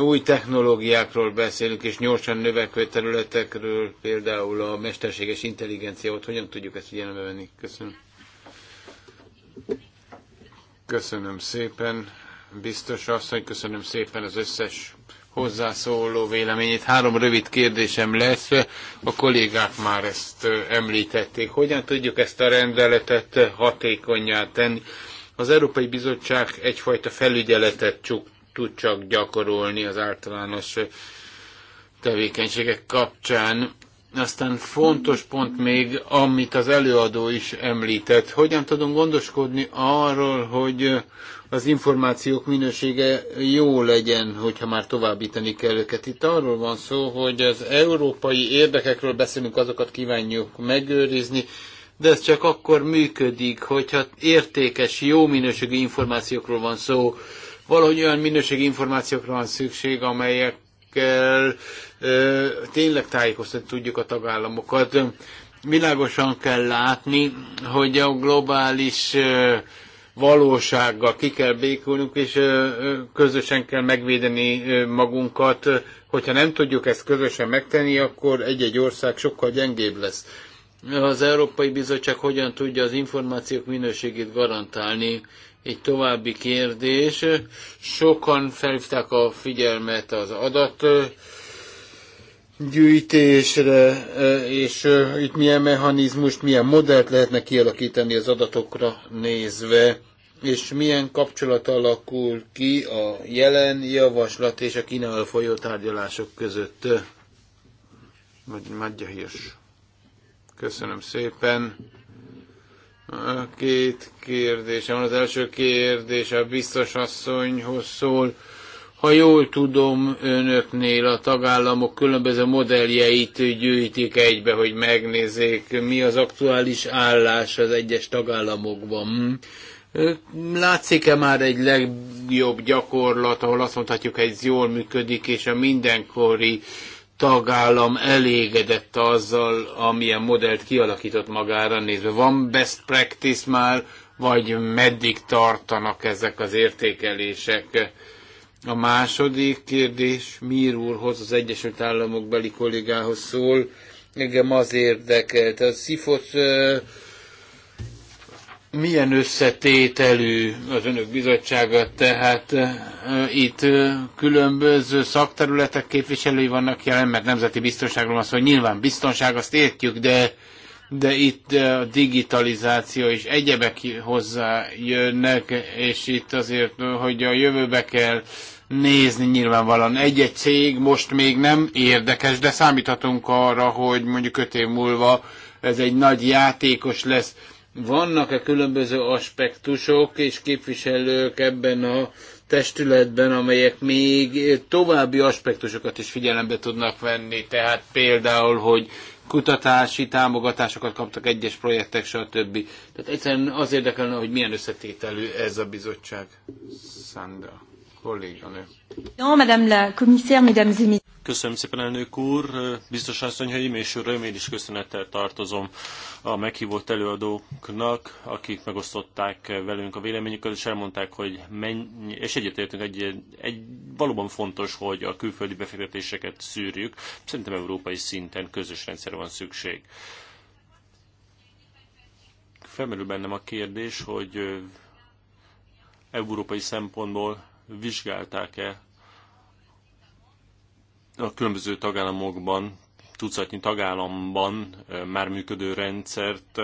új technológiákról beszélünk, és gyorsan növekvő területekről, például a mesterséges intelligenciát, hogyan tudjuk ezt figyelembe venni? Köszönöm. Köszönöm szépen, biztos asszony, köszönöm szépen az összes hozzászóló véleményét. Három rövid kérdésem lesz, a kollégák már ezt említették. Hogyan tudjuk ezt a rendeletet hatékonyá tenni? Az Európai Bizottság egyfajta felügyeletet csuk tud csak gyakorolni az általános tevékenységek kapcsán. Aztán fontos pont még, amit az előadó is említett, hogyan tudunk gondoskodni arról, hogy az információk minősége jó legyen, hogyha már továbbítani kell őket. Itt arról van szó, hogy az európai érdekekről beszélünk, azokat kívánjuk megőrizni, de ez csak akkor működik, hogyha értékes, jó minőségű információkról van szó, Valahogy olyan minőségi információkra van szükség, amelyekkel ö, tényleg tájékoztatni tudjuk a tagállamokat. Világosan kell látni, hogy a globális ö, valósággal ki kell békülnünk, és közösen kell megvédeni magunkat. Hogyha nem tudjuk ezt közösen megtenni, akkor egy-egy ország sokkal gyengébb lesz az Európai Bizottság hogyan tudja az információk minőségét garantálni. Egy további kérdés. Sokan felhívták a figyelmet az adat gyűjtésre, és itt milyen mechanizmust, milyen modellt lehetne kialakítani az adatokra nézve, és milyen kapcsolat alakul ki a jelen javaslat és a Kínával folyó tárgyalások között. Magyar Hirsch. Köszönöm szépen. Két kérdésem van. Az első kérdés a biztos asszonyhoz szól. Ha jól tudom, önöknél a tagállamok különböző modelljeit gyűjtik egybe, hogy megnézzék, mi az aktuális állás az egyes tagállamokban. Látszik-e már egy legjobb gyakorlat, ahol azt mondhatjuk, hogy ez jól működik, és a mindenkori tagállam elégedett azzal, amilyen modellt kialakított magára nézve. Van best practice már, vagy meddig tartanak ezek az értékelések? A második kérdés Mír úrhoz, az Egyesült Államok beli kollégához szól. Engem az érdekelt. A SZIFOT milyen összetételű az önök bizottsága, tehát itt különböző szakterületek képviselői vannak jelen, mert nemzeti biztonságról van szó, hogy nyilván biztonság, azt értjük, de, de itt a digitalizáció és egyebek hozzá jönnek, és itt azért, hogy a jövőbe kell nézni nyilvánvalóan. Egy-egy cég most még nem érdekes, de számíthatunk arra, hogy mondjuk öt év múlva ez egy nagy játékos lesz vannak-e különböző aspektusok és képviselők ebben a testületben, amelyek még további aspektusokat is figyelembe tudnak venni, tehát például, hogy kutatási támogatásokat kaptak egyes projektek, stb. Tehát egyszerűen az érdekelne, hogy milyen összetételű ez a bizottság. Sandra kolléganő. madame Köszönöm szépen, elnök úr. Biztos asszonyhaim és uram, én is köszönettel tartozom a meghívott előadóknak, akik megosztották velünk a véleményüket, és elmondták, hogy mennyi, és egyetértünk, egy, egy valóban fontos, hogy a külföldi befektetéseket szűrjük. Szerintem európai szinten közös rendszer van szükség. Felmerül bennem a kérdés, hogy európai szempontból vizsgálták-e a különböző tagállamokban, tucatnyi tagállamban már működő rendszert,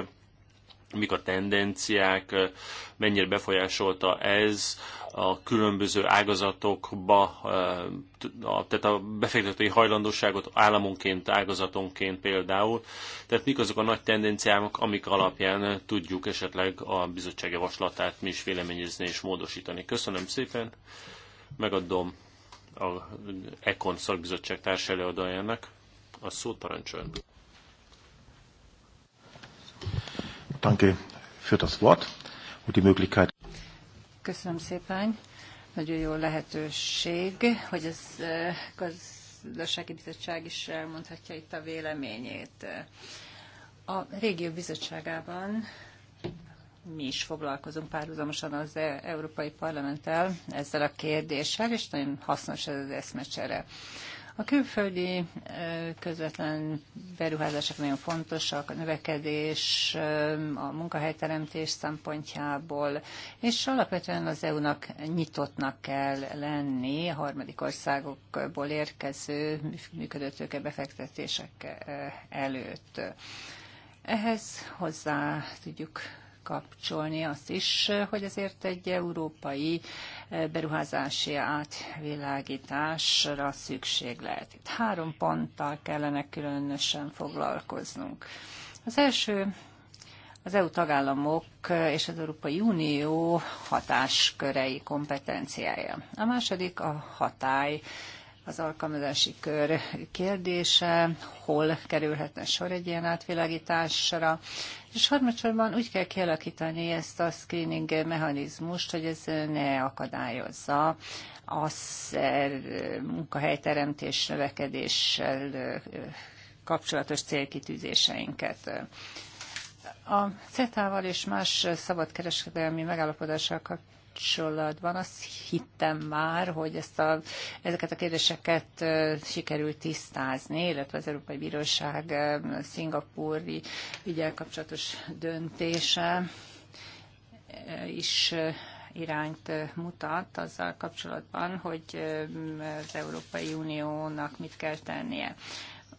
mik a tendenciák, mennyire befolyásolta ez a különböző ágazatokba, tehát a befektetői hajlandóságot államonként, ágazatonként például. Tehát mik azok a nagy tendenciák, amik alapján tudjuk esetleg a bizottság javaslatát mi is véleményezni és módosítani. Köszönöm szépen, megadom a Econ szakbizottság társelőadójának a szót parancsoljon. Danke für das Wort und die Möglichkeit. Köszönöm szépen. Nagyon jó lehetőség, hogy az eh, gazdasági bizottság is elmondhatja itt a véleményét. A régió bizottságában mi is foglalkozunk párhuzamosan az e- Európai Parlamenttel ezzel a kérdéssel, és nagyon hasznos ez az eszmecsere. A külföldi közvetlen beruházások nagyon fontosak, a növekedés, a munkahelyteremtés szempontjából, és alapvetően az EU-nak nyitottnak kell lenni a harmadik országokból érkező működőtőke befektetések előtt. Ehhez hozzá tudjuk kapcsolni azt is, hogy ezért egy európai eh, beruházási átvilágításra szükség lehet. Itt három ponttal kellene különösen foglalkoznunk. Az első az EU tagállamok eh, és az Európai Unió hatáskörei kompetenciája. A második a hatály az alkalmazási kör kérdése, hol kerülhetne sor egy ilyen átvilágításra, és harmadsorban úgy kell kialakítani ezt a screening mechanizmust, hogy ez ne akadályozza az er, munkahelyteremtés növekedéssel kapcsolatos célkitűzéseinket. A CETA-val és más szabadkereskedelmi megállapodással kapcsolatban kapcsolatban azt hittem már, hogy ezt a, ezeket a kérdéseket sikerült tisztázni, illetve az Európai Bíróság szingapúri ügyel kapcsolatos döntése is irányt mutat azzal kapcsolatban, hogy az Európai Uniónak mit kell tennie.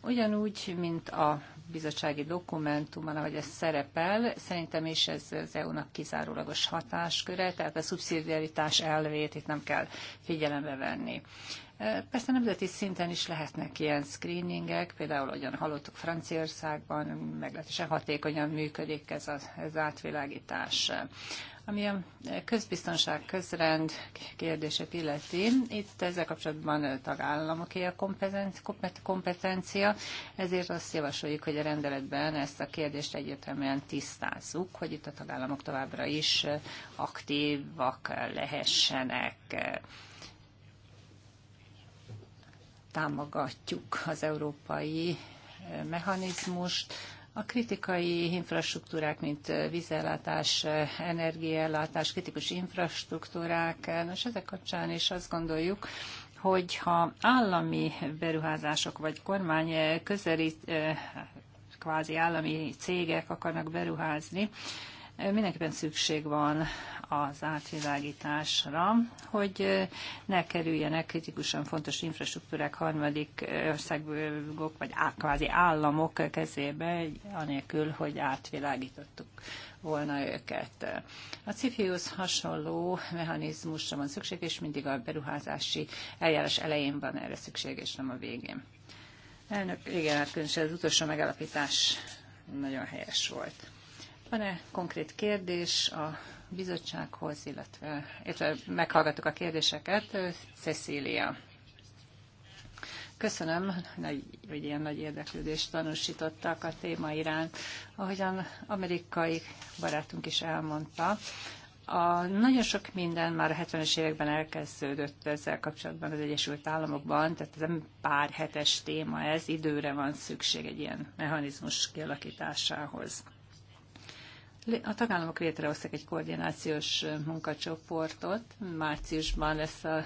Ugyanúgy, mint a bizottsági dokumentumban, ahogy ez szerepel, szerintem is ez az EU-nak kizárólagos hatásköre, tehát a szubszidiaritás elvét itt nem kell figyelembe venni. Persze nemzeti szinten is lehetnek ilyen screeningek, például, ahogyan hallottuk Franciaországban, meglehetősen hatékonyan működik ez az átvilágítás. Ami a közbiztonság közrend kérdését illeti, itt ezzel kapcsolatban tagállamoké a kompetencia, ezért azt javasoljuk, hogy a rendeletben ezt a kérdést egyértelműen tisztázzuk, hogy itt a tagállamok továbbra is aktívak lehessenek támogatjuk az európai eh, mechanizmust. A kritikai infrastruktúrák, mint eh, vízellátás, eh, energiaellátás, kritikus infrastruktúrák, nos ezek kapcsán is azt gondoljuk, hogyha állami beruházások vagy kormány közeli kvázi állami cégek akarnak beruházni, mindenképpen szükség van az átvilágításra, hogy ne kerüljenek kritikusan fontos infrastruktúrák harmadik országok, vagy kvázi államok kezébe, anélkül, hogy átvilágítottuk volna őket. A CIFIUS hasonló mechanizmusra van szükség, és mindig a beruházási eljárás elején van erre szükség, és nem a végén. Elnök, igen, hát különösen az utolsó megállapítás nagyon helyes volt. Van-e konkrét kérdés a bizottsághoz, illetve, illetve meghallgattuk a kérdéseket. Cecília. Köszönöm, nagy, hogy ilyen nagy érdeklődést tanúsítottak a téma iránt. Ahogyan amerikai barátunk is elmondta, a, nagyon sok minden már a 70-es években elkezdődött ezzel kapcsolatban az Egyesült Államokban, tehát ez nem pár hetes téma ez, időre van szükség egy ilyen mechanizmus kialakításához. A tagállamok létrehoztak egy koordinációs munkacsoportot, márciusban lesz a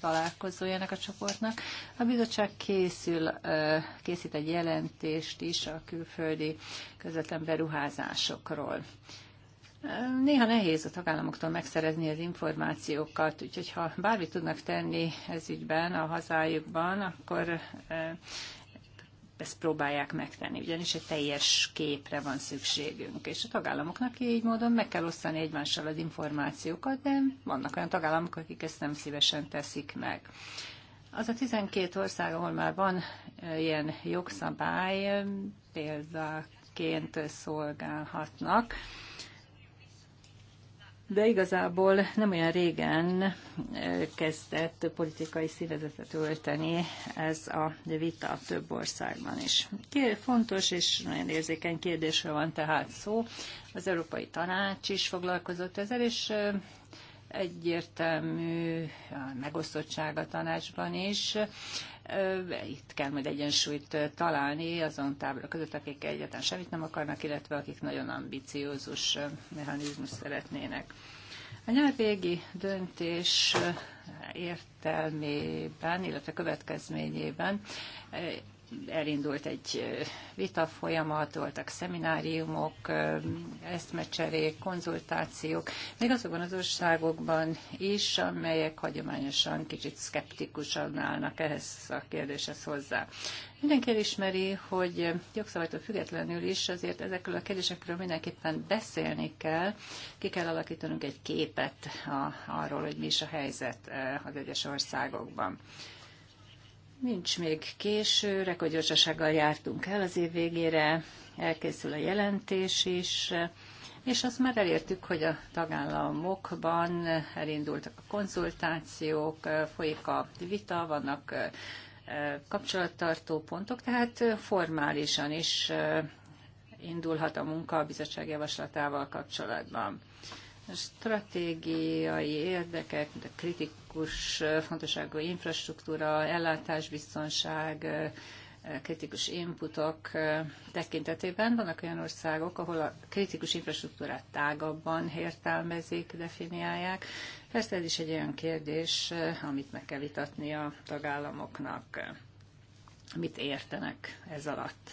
találkozójának a csoportnak. A bizottság készül, készít egy jelentést is a külföldi közvetlen beruházásokról. Néha nehéz a tagállamoktól megszerezni az információkat, úgyhogy ha bármit tudnak tenni ez ügyben a hazájukban, akkor ezt próbálják megtenni, ugyanis egy teljes képre van szükségünk, és a tagállamoknak így módon meg kell osztani egymással az információkat, de vannak olyan tagállamok, akik ezt nem szívesen teszik meg. Az a 12 ország, ahol már van ilyen jogszabály, példaként szolgálhatnak, de igazából nem olyan régen eh, kezdett politikai színezetet ölteni ez a vita több országban is. Fontos és nagyon érzékeny kérdésről van tehát szó. Az Európai Tanács is foglalkozott ezzel, és eh, egyértelmű megosztottság a tanácsban is. Itt kell majd egyensúlyt találni azon tábla között, akik egyáltalán semmit nem akarnak, illetve akik nagyon ambiciózus mechanizmus szeretnének. A nyelvégi döntés értelmében, illetve következményében elindult egy vita folyamat, voltak szemináriumok, eszmecserék, konzultációk, még azokban az országokban is, amelyek hagyományosan kicsit szkeptikusan állnak ehhez a kérdéshez hozzá. Mindenki elismeri, hogy jogszabálytól függetlenül is azért ezekről a kérdésekről mindenképpen beszélni kell, ki kell alakítanunk egy képet a, arról, hogy mi is a helyzet az egyes országokban. Nincs még késő, rekordgyorsasággal jártunk el az év végére, elkészül a jelentés is, és azt már elértük, hogy a tagállamokban elindultak a konzultációk, folyik a vita, vannak kapcsolattartó pontok, tehát formálisan is indulhat a munka a bizottság javaslatával kapcsolatban stratégiai érdekek, de kritikus fontosságú infrastruktúra, ellátásbiztonság, kritikus inputok tekintetében vannak olyan országok, ahol a kritikus infrastruktúrát tágabban értelmezik, definiálják. Persze ez is egy olyan kérdés, amit meg kell vitatni a tagállamoknak, mit értenek ez alatt.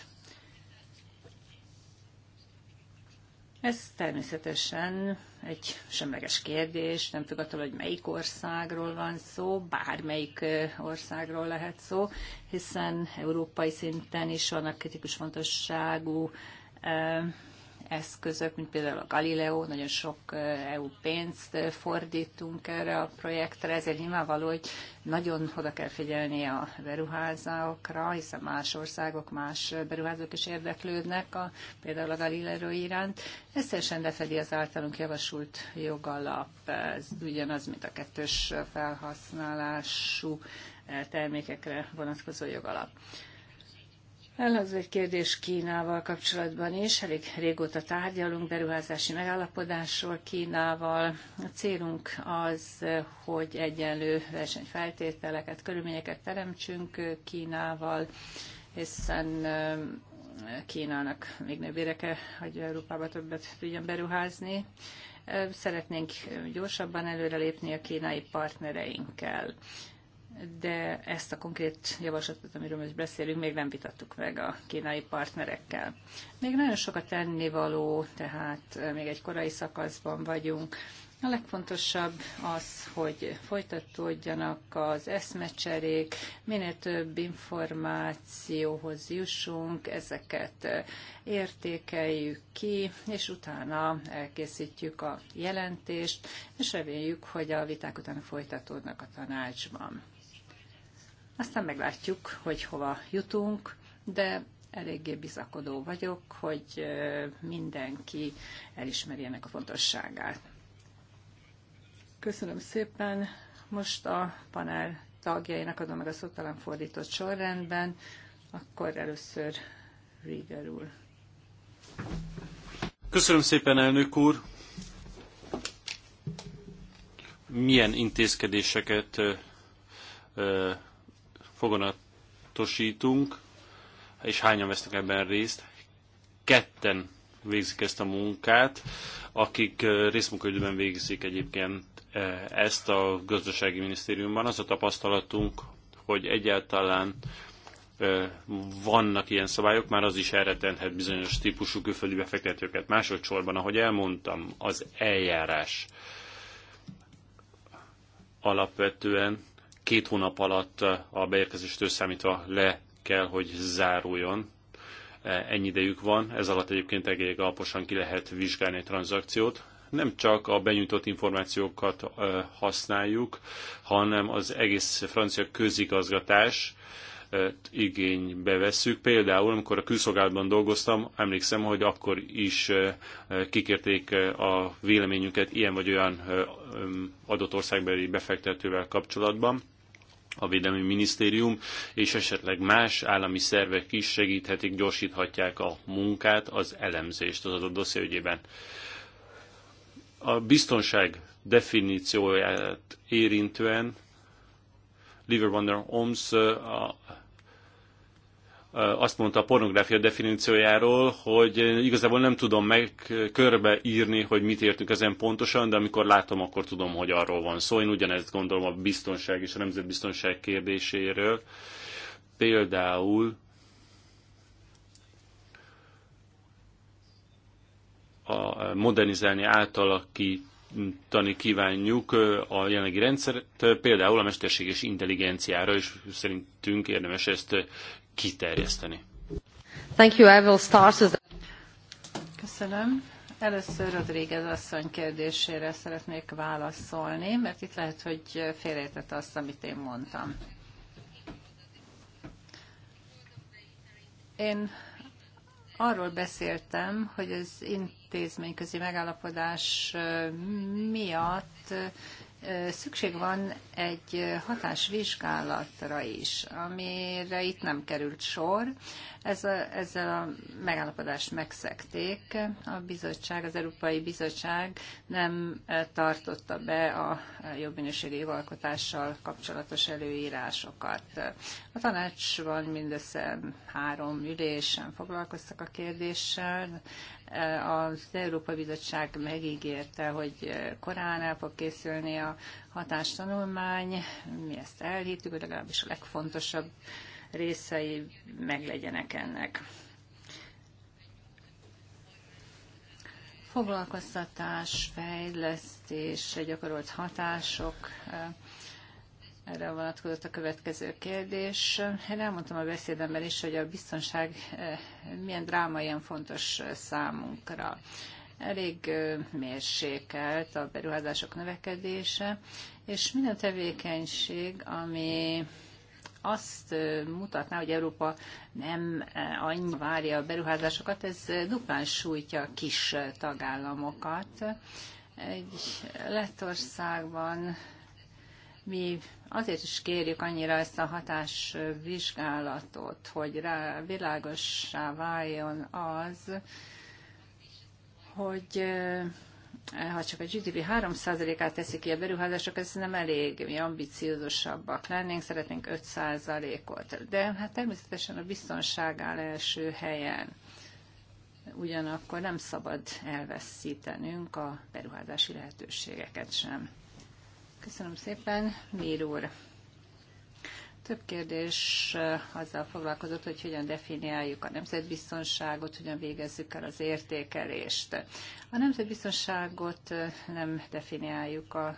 Ez természetesen egy semleges kérdés, nem függ attól, hogy melyik országról van szó, bármelyik országról lehet szó, hiszen európai szinten is vannak kritikus fontosságú eszközök, mint például a Galileo, nagyon sok EU pénzt fordítunk erre a projektre, ezért nyilvánvaló, hogy nagyon oda kell figyelni a beruházókra, hiszen más országok, más beruházók is érdeklődnek, a, például a Galileo iránt. Ez teljesen lefedi az általunk javasolt jogalap, ez ugyanaz, mint a kettős felhasználású termékekre vonatkozó jogalap. Elhangzott egy kérdés Kínával kapcsolatban is. Elég régóta tárgyalunk beruházási megállapodásról Kínával. A célunk az, hogy egyenlő versenyfeltételeket, körülményeket teremtsünk Kínával, hiszen eh, Kínának még nőbb éreke, hogy Európába többet tudjon beruházni. Eh, szeretnénk gyorsabban előrelépni a kínai partnereinkkel de ezt a konkrét javaslatot, amiről most beszélünk, még nem vitattuk meg a kínai partnerekkel. Még nagyon sokat tennivaló, tehát még egy korai szakaszban vagyunk. A legfontosabb az, hogy folytatódjanak az eszmecserék, minél több információhoz jussunk, ezeket értékeljük ki, és utána elkészítjük a jelentést, és reméljük, hogy a viták után folytatódnak a tanácsban. Aztán meglátjuk, hogy hova jutunk, de eléggé bizakodó vagyok, hogy mindenki elismeri ennek a fontosságát. Köszönöm szépen. Most a panel tagjainak adom meg a szót fordított sorrendben. Akkor először Rieger úr. Köszönöm szépen, elnök úr! Milyen intézkedéseket foganatosítunk, és hányan vesznek ebben részt. Ketten végzik ezt a munkát, akik részmunkaidőben végzik egyébként ezt a gazdasági minisztériumban. Az a tapasztalatunk, hogy egyáltalán vannak ilyen szabályok, már az is elretenthet bizonyos típusú külföldi befektetőket. Másodszorban, ahogy elmondtam, az eljárás alapvetően két hónap alatt a beérkezéstől számítva le kell, hogy záruljon. E, ennyi idejük van, ez alatt egyébként egész alaposan ki lehet vizsgálni egy tranzakciót. Nem csak a benyújtott információkat e, használjuk, hanem az egész francia közigazgatás igénybe vesszük. Például, amikor a külszolgálatban dolgoztam, emlékszem, hogy akkor is kikérték a véleményünket ilyen vagy olyan adott országbeli befektetővel kapcsolatban a Védelmi Minisztérium és esetleg más állami szervek is segíthetik, gyorsíthatják a munkát, az elemzést az adott dosszé ügyében. A biztonság definícióját érintően Liverwander Van a azt mondta a pornográfia definíciójáról, hogy igazából nem tudom meg körbeírni, hogy mit értünk ezen pontosan, de amikor látom, akkor tudom, hogy arról van szó. én ugyanezt gondolom a biztonság és a nemzetbiztonság kérdéséről. Például a modernizálni, átalakítani kívánjuk a jelenlegi rendszert, például a mesterséges intelligenciára, és szerintünk érdemes ezt kiterjeszteni. Thank you, I will start with... Köszönöm. Először Rodríguez asszony kérdésére szeretnék válaszolni, mert itt lehet, hogy félreértette azt, amit én mondtam. Én arról beszéltem, hogy az intézményközi megállapodás miatt szükség van egy hatásvizsgálatra is, amire itt nem került sor. Ez a, ezzel a megállapodást megszekték. A bizottság, az Európai Bizottság nem tartotta be a jobb minőségi jogalkotással kapcsolatos előírásokat. A tanácsban mindössze három ülésen foglalkoztak a kérdéssel, az Európai Bizottság megígérte, hogy korán el fog készülni a hatástanulmány. Mi ezt elhittük, hogy legalábbis a legfontosabb részei meglegyenek ennek. Foglalkoztatás, fejlesztés, gyakorolt hatások erre vonatkozott a következő kérdés. Én elmondtam a beszédemben is, hogy a biztonság eh, milyen dráma ilyen fontos eh, számunkra. Elég eh, mérsékelt a beruházások növekedése, és minden tevékenység, ami azt mutatná, hogy Európa nem annyi várja a beruházásokat, ez duplán sújtja a kis tagállamokat. Egy Lettországban mi azért is kérjük annyira ezt a hatásvizsgálatot, hogy rá világossá váljon az, hogy eh, ha csak a GDP 3%-át teszik ki a beruházások, ez nem elég, mi ambiciózusabbak lennénk, szeretnénk 5%-ot. De hát természetesen a biztonság áll első helyen. Ugyanakkor nem szabad elveszítenünk a beruházási lehetőségeket sem. Köszönöm szépen, Mír úr. Több kérdés uh, azzal foglalkozott, hogy hogyan definiáljuk a nemzetbiztonságot, hogyan végezzük el az értékelést. A nemzetbiztonságot nem definiáljuk a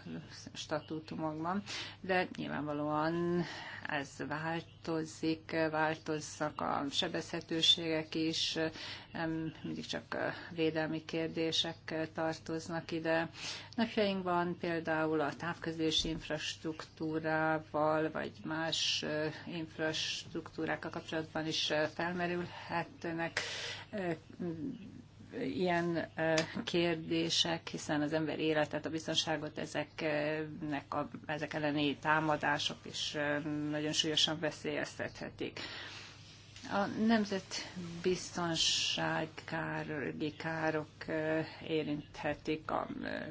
statútumokban, de nyilvánvalóan ez változik, változnak a sebezhetőségek is, mindig csak védelmi kérdések tartoznak ide. Napjainkban például a távközlési infrastruktúrával, vagy más infrastruktúrákkal kapcsolatban is felmerülhetnek ilyen kérdések, hiszen az ember életet, a biztonságot ezeknek a, ezek elleni támadások is nagyon súlyosan veszélyeztethetik. A nemzetbiztonsági károk érinthetik a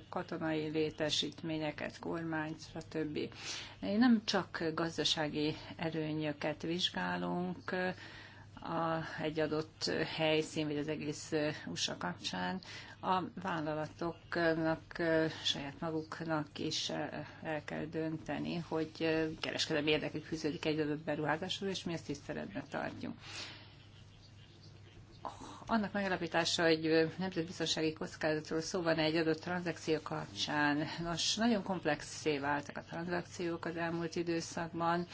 katonai létesítményeket, kormányt, stb. Nem csak gazdasági előnyöket vizsgálunk, a, egy adott helyszín, vagy az egész USA kapcsán, a vállalatoknak, saját maguknak is el kell dönteni, hogy kereskedelmi érdekük fűződik egy adott beruházásról, és mi ezt tiszteletben tartjuk. Annak megalapítása, hogy nemzetbiztonsági kockázatról szó van egy adott tranzakció kapcsán. Nos, nagyon komplexé váltak a tranzakciók az elmúlt időszakban,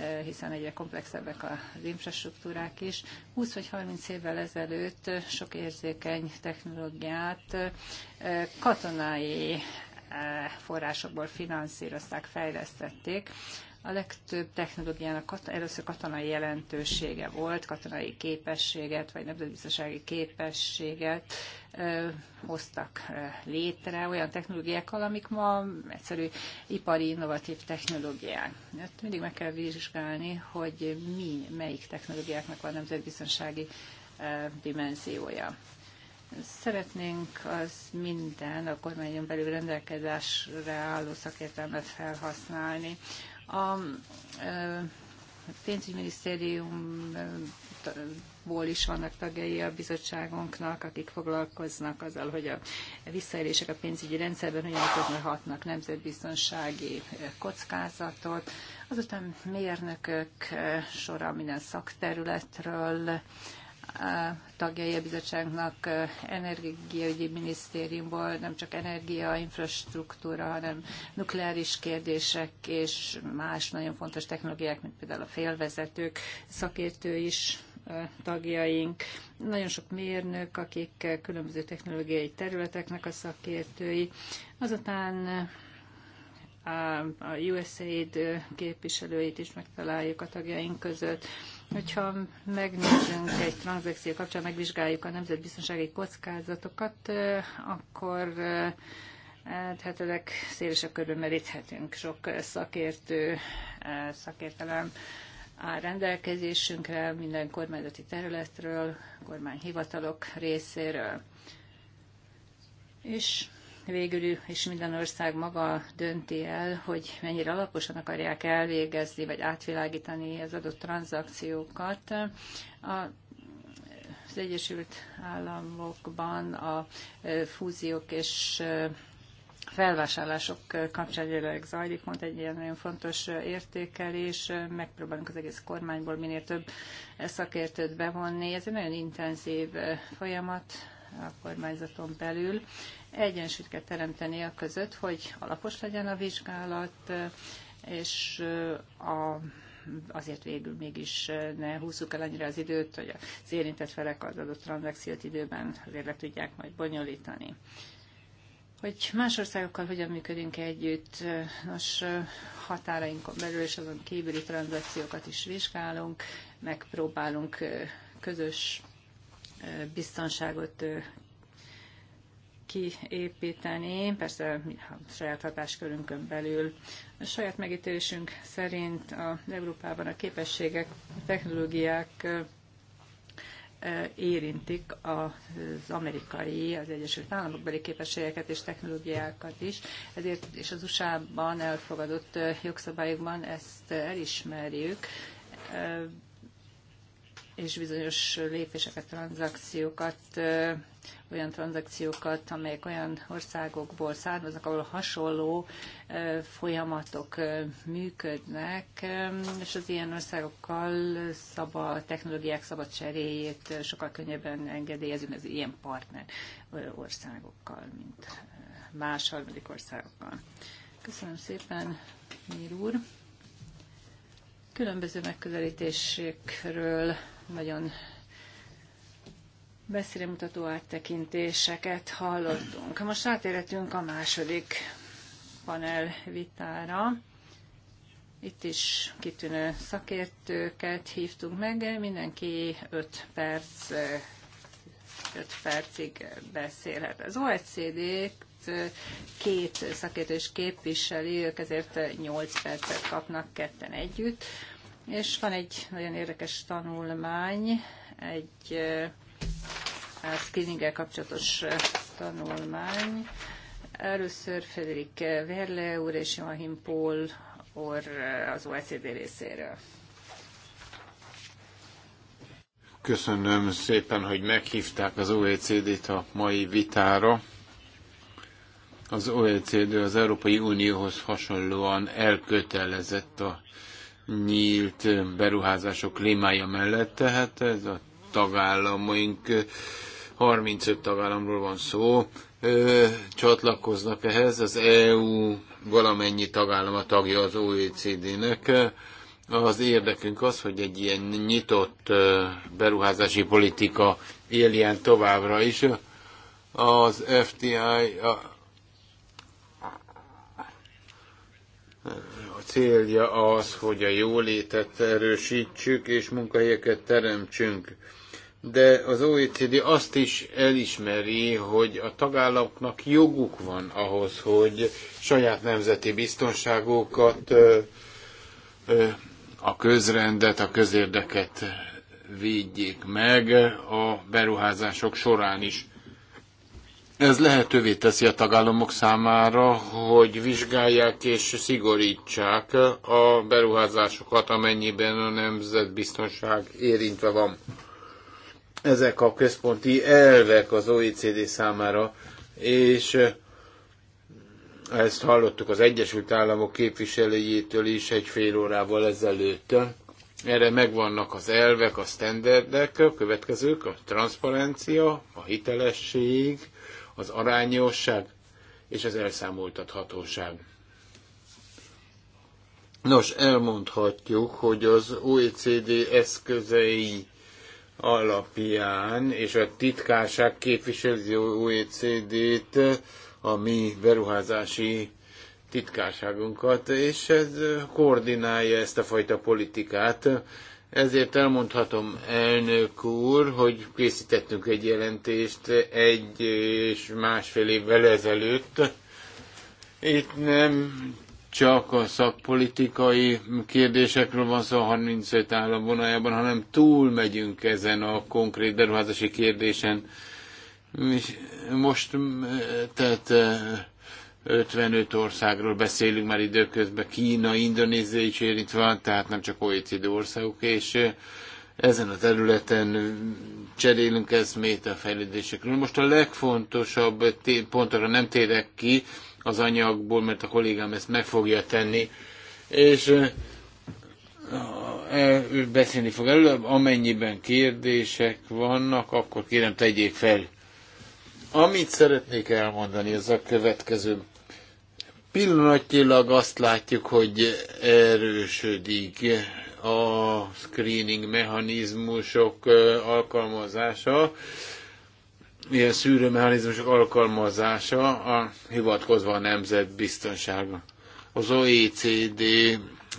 Eh, hiszen egyre komplexebbek az infrastruktúrák is. 20 vagy 30 évvel ezelőtt sok érzékeny technológiát eh, katonai eh, forrásokból finanszírozták, fejlesztették, a legtöbb technológiának először katonai jelentősége volt, katonai képességet, vagy nemzetbiztonsági képességet ö, hoztak ö, létre olyan technológiákkal, amik ma egyszerű ipari innovatív technológiák. Ezt mindig meg kell vizsgálni, hogy mi, melyik technológiáknak van nemzetbiztonsági ö, dimenziója. Szeretnénk az minden a kormányon belül rendelkezésre álló szakértelmet felhasználni. A pénzügyminisztériumból is vannak tagjai a bizottságunknak, akik foglalkoznak azzal, hogy a visszaélések a pénzügyi rendszerben hogyan hatnak nemzetbiztonsági kockázatot. Azután mérnökök sora minden szakterületről, tagjai a bizottságnak energiaügyi minisztériumból, nem csak energia, infrastruktúra, hanem nukleáris kérdések és más nagyon fontos technológiák, mint például a félvezetők szakértő is tagjaink, nagyon sok mérnök, akik különböző technológiai területeknek a szakértői, azután a USAID képviselőit is megtaláljuk a tagjaink között, Hogyha megnézzünk egy tranzakció kapcsán, megvizsgáljuk a nemzetbiztonsági kockázatokat, akkor hát ezek szélesebb körben meríthetünk. Sok szakértő, szakértelem áll rendelkezésünkre minden kormányzati területről, kormányhivatalok részéről. És végül is minden ország maga dönti el, hogy mennyire alaposan akarják elvégezni, vagy átvilágítani az adott tranzakciókat. A az Egyesült Államokban a e, fúziók és e, felvásárlások kapcsán jelenleg zajlik, pont egy ilyen nagyon fontos értékelés, megpróbálunk az egész kormányból minél több szakértőt bevonni. Ez egy nagyon intenzív e, folyamat a kormányzaton belül. Egyensúlyt kell teremteni a között, hogy alapos legyen a vizsgálat, és a azért végül mégis ne húzzuk el annyira az időt, hogy az érintett felek az adott tranzakciót időben azért le tudják majd bonyolítani. Hogy más országokkal hogyan működünk együtt, nos, határainkon belül és azon kívüli tranzakciókat is vizsgálunk, megpróbálunk közös biztonságot kiépíteni, persze a saját hatáskörünkön belül. A saját megítélésünk szerint az Európában a képességek, a technológiák érintik az amerikai, az Egyesült Államok beli képességeket és technológiákat is, ezért és az USA-ban elfogadott jogszabályokban ezt elismerjük és bizonyos lépéseket, tranzakciókat, olyan tranzakciókat, amelyek olyan országokból származnak, ahol hasonló folyamatok működnek, és az ilyen országokkal szaba, technológiák szabad cseréjét sokkal könnyebben engedélyezünk az ilyen partner országokkal, mint más harmadik országokkal. Köszönöm szépen, Mír úr! Különböző megközelítésekről nagyon beszélni mutató áttekintéseket hallottunk. Most átérhetünk a második panel vitára. Itt is kitűnő szakértőket hívtunk meg, mindenki 5 perc 5 percig beszélhet. Az OECD két szakértő képviseli, ők ezért 8 percet kapnak ketten együtt. És van egy nagyon érdekes tanulmány, egy a screeninggel kapcsolatos tanulmány. Először Federik Verle úr és Joachim Paul or az OECD részéről. Köszönöm szépen, hogy meghívták az OECD-t a mai vitára. Az OECD az Európai Unióhoz hasonlóan elkötelezett a nyílt beruházások klímája mellett, tehát ez a tagállamaink, 35 tagállamról van szó, csatlakoznak ehhez, az EU valamennyi tagállama tagja az OECD-nek. Az érdekünk az, hogy egy ilyen nyitott beruházási politika éljen továbbra is. Az FTI, a a célja az, hogy a jólétet erősítsük és munkahelyeket teremtsünk. De az OECD azt is elismeri, hogy a tagállamoknak joguk van ahhoz, hogy saját nemzeti biztonságokat, a közrendet, a közérdeket védjék meg a beruházások során is. Ez lehetővé teszi a tagállamok számára, hogy vizsgálják és szigorítsák a beruházásokat, amennyiben a nemzetbiztonság érintve van. Ezek a központi elvek az OECD számára, és ezt hallottuk az Egyesült Államok képviselőjétől is egy fél órával ezelőtt. Erre megvannak az elvek, a standardek, a következők, a transzparencia, a hitelesség, az arányosság és az elszámoltathatóság. Nos, elmondhatjuk, hogy az OECD eszközei alapján, és a titkárság képviseli OECD-t, a mi beruházási titkárságunkat, és ez koordinálja ezt a fajta politikát, ezért elmondhatom, elnök úr, hogy készítettünk egy jelentést egy és másfél évvel ezelőtt. Itt nem csak a szakpolitikai kérdésekről van szó a 35 állam vonaljában, hanem túlmegyünk ezen a konkrét beruházási kérdésen. Most, tehát 55 országról beszélünk már időközben, Kína, Indonézia is érintve van, tehát nem csak OECD országok, és ezen a területen cserélünk ezt a fejlődésekről. Most a legfontosabb pontokra nem térek ki az anyagból, mert a kollégám ezt meg fogja tenni, és e, ő beszélni fog elő, amennyiben kérdések vannak, akkor kérem tegyék fel. Amit szeretnék elmondani, az a következő pillanatilag azt látjuk, hogy erősödik a screening mechanizmusok alkalmazása, ilyen mechanizmusok alkalmazása, a, hivatkozva a nemzetbiztonságra. Az OECD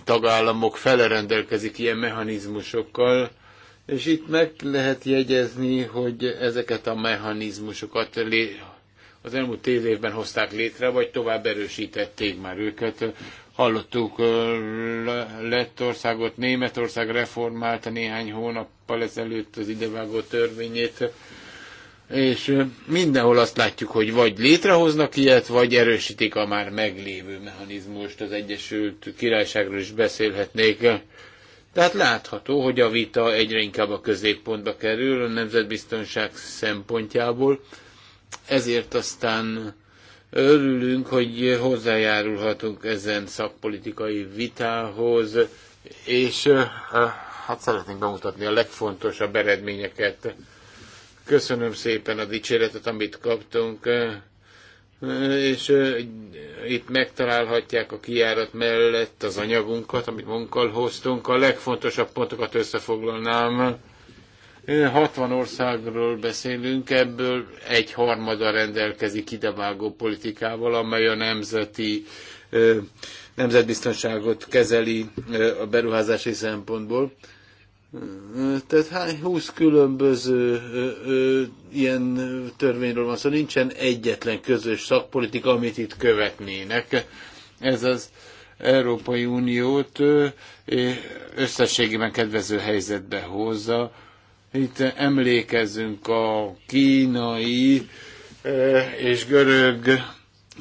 tagállamok rendelkezik ilyen mechanizmusokkal, és itt meg lehet jegyezni, hogy ezeket a mechanizmusokat az elmúlt tíz évben hozták létre, vagy tovább erősítették már őket. Hallottuk Lettországot, Németország reformálta néhány hónappal ezelőtt az idevágó törvényét, és mindenhol azt látjuk, hogy vagy létrehoznak ilyet, vagy erősítik a már meglévő mechanizmust, az Egyesült Királyságról is beszélhetnék. Tehát látható, hogy a vita egyre inkább a középpontba kerül a nemzetbiztonság szempontjából ezért aztán örülünk, hogy hozzájárulhatunk ezen szakpolitikai vitához, és hát szeretnénk bemutatni a legfontosabb eredményeket. Köszönöm szépen a dicséretet, amit kaptunk, és itt megtalálhatják a kiárat mellett az anyagunkat, amit munkkal hoztunk. A legfontosabb pontokat összefoglalnám. 60 országról beszélünk, ebből egy harmada rendelkezik idevágó politikával, amely a nemzeti nemzetbiztonságot kezeli a beruházási szempontból. Tehát hány, 20 különböző ö, ö, ilyen törvényről van szó, szóval nincsen egyetlen közös szakpolitika, amit itt követnének. Ez az Európai Uniót ö, összességében kedvező helyzetbe hozza, itt emlékezzünk a kínai eh, és görög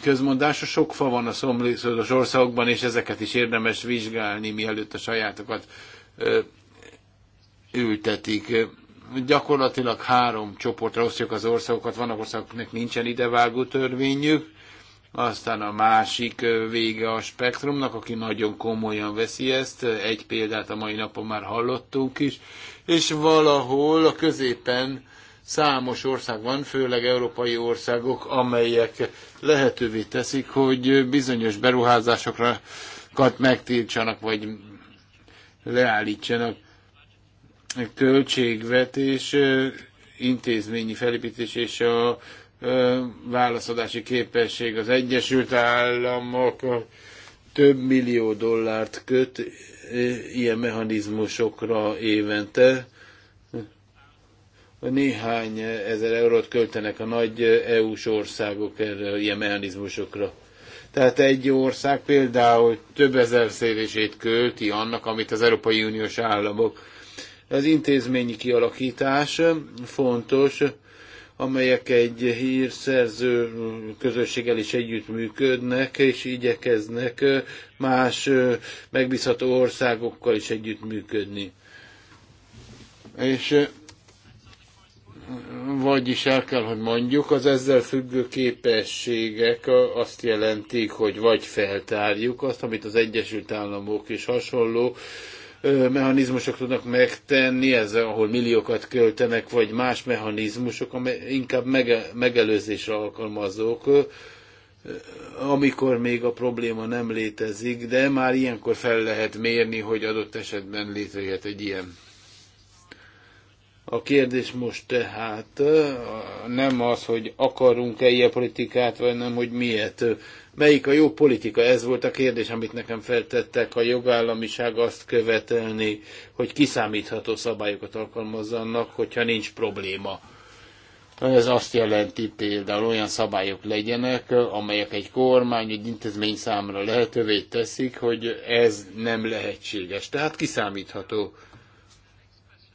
közmondásra sok fa van a szomszédos országokban, és ezeket is érdemes vizsgálni, mielőtt a sajátokat eh, ültetik. Gyakorlatilag három csoportra osztjuk az országokat, vannak országoknak nincsen idevágó törvényük, aztán a másik vége a spektrumnak, aki nagyon komolyan veszi ezt, egy példát a mai napon már hallottunk is, és valahol a középen számos ország van, főleg európai országok, amelyek lehetővé teszik, hogy bizonyos beruházásokra megtiltsanak, vagy leállítsanak költségvetés, intézményi felépítés és a válaszadási képesség. Az Egyesült Államok több millió dollárt köt ilyen mechanizmusokra évente. Néhány ezer eurót költenek a nagy EU-s országok erre, ilyen mechanizmusokra. Tehát egy ország például több ezer szélését költi annak, amit az Európai Uniós államok. Az intézményi kialakítás fontos, amelyek egy hírszerző közösséggel is együttműködnek, és igyekeznek más megbízható országokkal is együttműködni. És vagyis el kell, hogy mondjuk, az ezzel függő képességek azt jelentik, hogy vagy feltárjuk azt, amit az Egyesült Államok és hasonló mechanizmusok tudnak megtenni, ez ahol milliókat költenek, vagy más mechanizmusok, amely inkább mege, megelőzésre alkalmazók, amikor még a probléma nem létezik, de már ilyenkor fel lehet mérni, hogy adott esetben létrejött egy ilyen. A kérdés most tehát nem az, hogy akarunk-e ilyen politikát, vagy nem, hogy miért Melyik a jó politika? Ez volt a kérdés, amit nekem feltettek. A jogállamiság azt követelni, hogy kiszámítható szabályokat alkalmazzanak, hogyha nincs probléma. Ez azt jelenti például olyan szabályok legyenek, amelyek egy kormány, egy intézmény számra lehetővé teszik, hogy ez nem lehetséges. Tehát kiszámítható.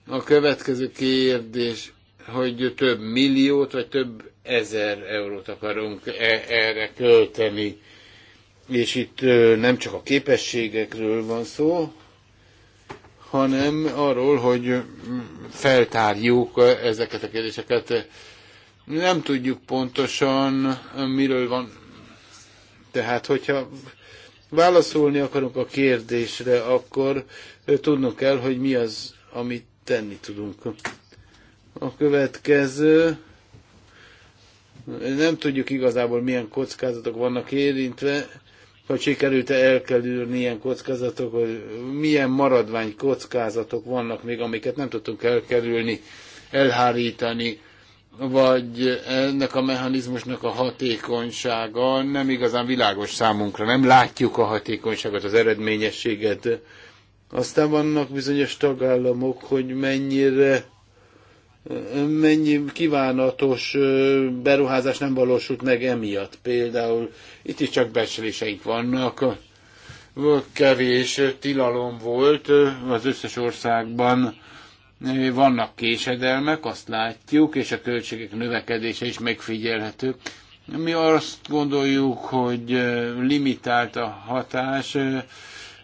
A következő kérdés, hogy több milliót vagy több ezer eurót akarunk e erre költeni. És itt nem csak a képességekről van szó, hanem arról, hogy feltárjuk ezeket a kérdéseket. Nem tudjuk pontosan, miről van. Tehát, hogyha válaszolni akarunk a kérdésre, akkor tudnunk kell, hogy mi az, amit tenni tudunk. A következő nem tudjuk igazából milyen kockázatok vannak érintve, hogy sikerült-e elkerülni ilyen kockázatok, hogy milyen maradvány kockázatok vannak még, amiket nem tudtunk elkerülni, elhárítani, vagy ennek a mechanizmusnak a hatékonysága nem igazán világos számunkra, nem látjuk a hatékonyságot, az eredményességet. Aztán vannak bizonyos tagállamok, hogy mennyire mennyi kívánatos beruházás nem valósult meg emiatt. Például itt is csak becsléseink vannak, kevés tilalom volt az összes országban, vannak késedelmek, azt látjuk, és a költségek növekedése is megfigyelhető. Mi azt gondoljuk, hogy limitált a hatás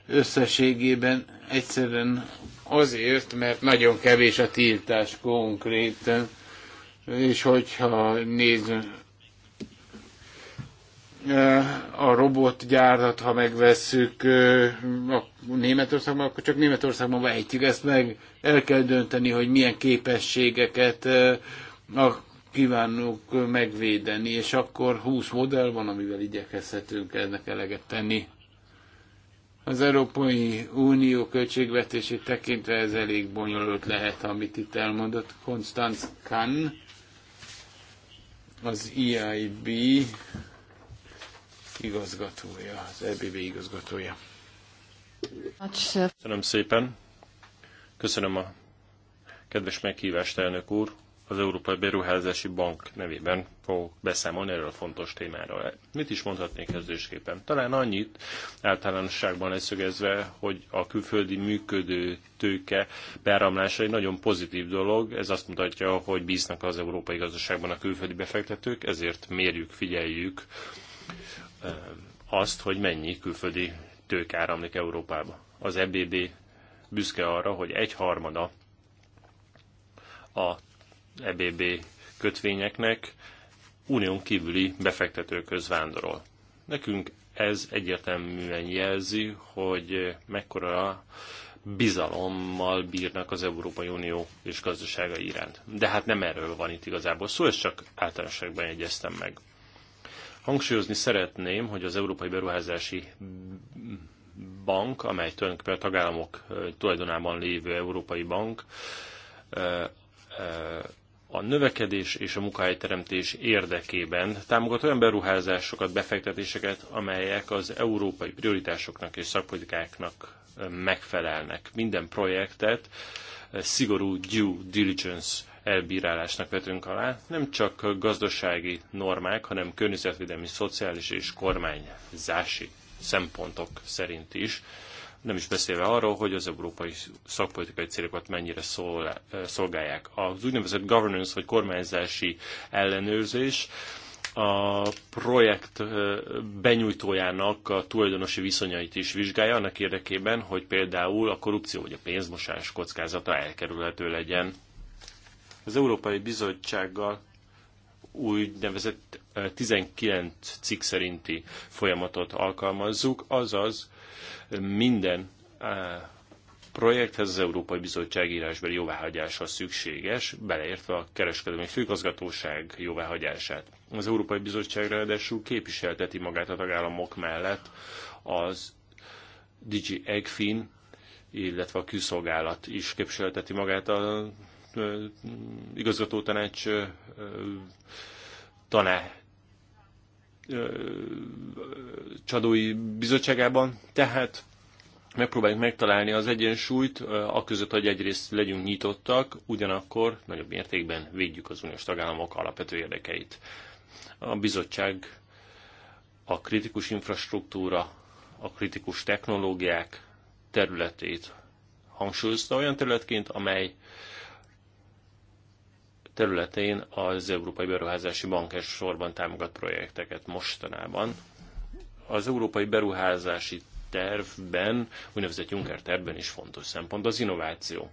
összességében egyszerűen Azért, mert nagyon kevés a tiltás konkrétan, és hogyha néz a robotgyárat, ha megvesszük a Németországban, akkor csak Németországban vehetjük ezt meg. El kell dönteni, hogy milyen képességeket eh, a kívánunk megvédeni, és akkor 20 modell van, amivel igyekezhetünk ennek eleget tenni. Az Európai Unió költségvetését tekintve ez elég bonyolult lehet, amit itt elmondott Konstanz Kann, az EIB igazgatója, az EBB igazgatója. Köszönöm szépen. Köszönöm a kedves meghívást, elnök úr az Európai Beruházási Bank nevében fogok beszámolni erről a fontos témáról. Mit is mondhatnék kezdésképpen? Talán annyit általánosságban leszögezve, hogy a külföldi működő tőke beáramlása egy nagyon pozitív dolog. Ez azt mutatja, hogy bíznak az európai gazdaságban a külföldi befektetők, ezért mérjük, figyeljük eh, azt, hogy mennyi külföldi tőke áramlik Európába. Az EBB büszke arra, hogy egy harmada a EBB kötvényeknek unión kívüli befektetőköz vándorol. Nekünk ez egyértelműen jelzi, hogy mekkora bizalommal bírnak az Európai Unió és gazdasága iránt. De hát nem erről van itt igazából szó, ezt csak általánosságban jegyeztem meg. Hangsúlyozni szeretném, hogy az Európai Beruházási Bank, amely tulajdonképpen a tagállamok tulajdonában lévő Európai Bank, a növekedés és a munkahelyteremtés érdekében támogat olyan beruházásokat, befektetéseket, amelyek az európai prioritásoknak és szakpolitikáknak megfelelnek. Minden projektet szigorú due diligence elbírálásnak vetünk alá, nem csak gazdasági normák, hanem környezetvédelmi, szociális és kormányzási szempontok szerint is nem is beszélve arról, hogy az európai szakpolitikai célokat mennyire szolgálják. Az úgynevezett governance vagy kormányzási ellenőrzés a projekt benyújtójának a tulajdonosi viszonyait is vizsgálja annak érdekében, hogy például a korrupció vagy a pénzmosás kockázata elkerülhető legyen. Az Európai Bizottsággal úgynevezett 19 cikk szerinti folyamatot alkalmazzuk, azaz minden eh, projekthez az Európai Bizottság írásbeli jóváhagyása szükséges, beleértve a kereskedelmi főigazgatóság jóváhagyását. Az Európai Bizottság ráadásul képviselteti magát a tagállamok mellett az DG EGFIN, illetve a külszolgálat is képviselteti magát a eh, igazgató tanács eh, csadói bizottságában, tehát megpróbáljuk megtalálni az egyensúlyt, a között, hogy egyrészt legyünk nyitottak, ugyanakkor nagyobb mértékben védjük az uniós tagállamok alapvető érdekeit. A bizottság a kritikus infrastruktúra, a kritikus technológiák területét hangsúlyozta olyan területként, amely területén az Európai Beruházási Bank sorban támogat projekteket mostanában. Az Európai Beruházási tervben, úgynevezett Juncker tervben is fontos szempont az innováció.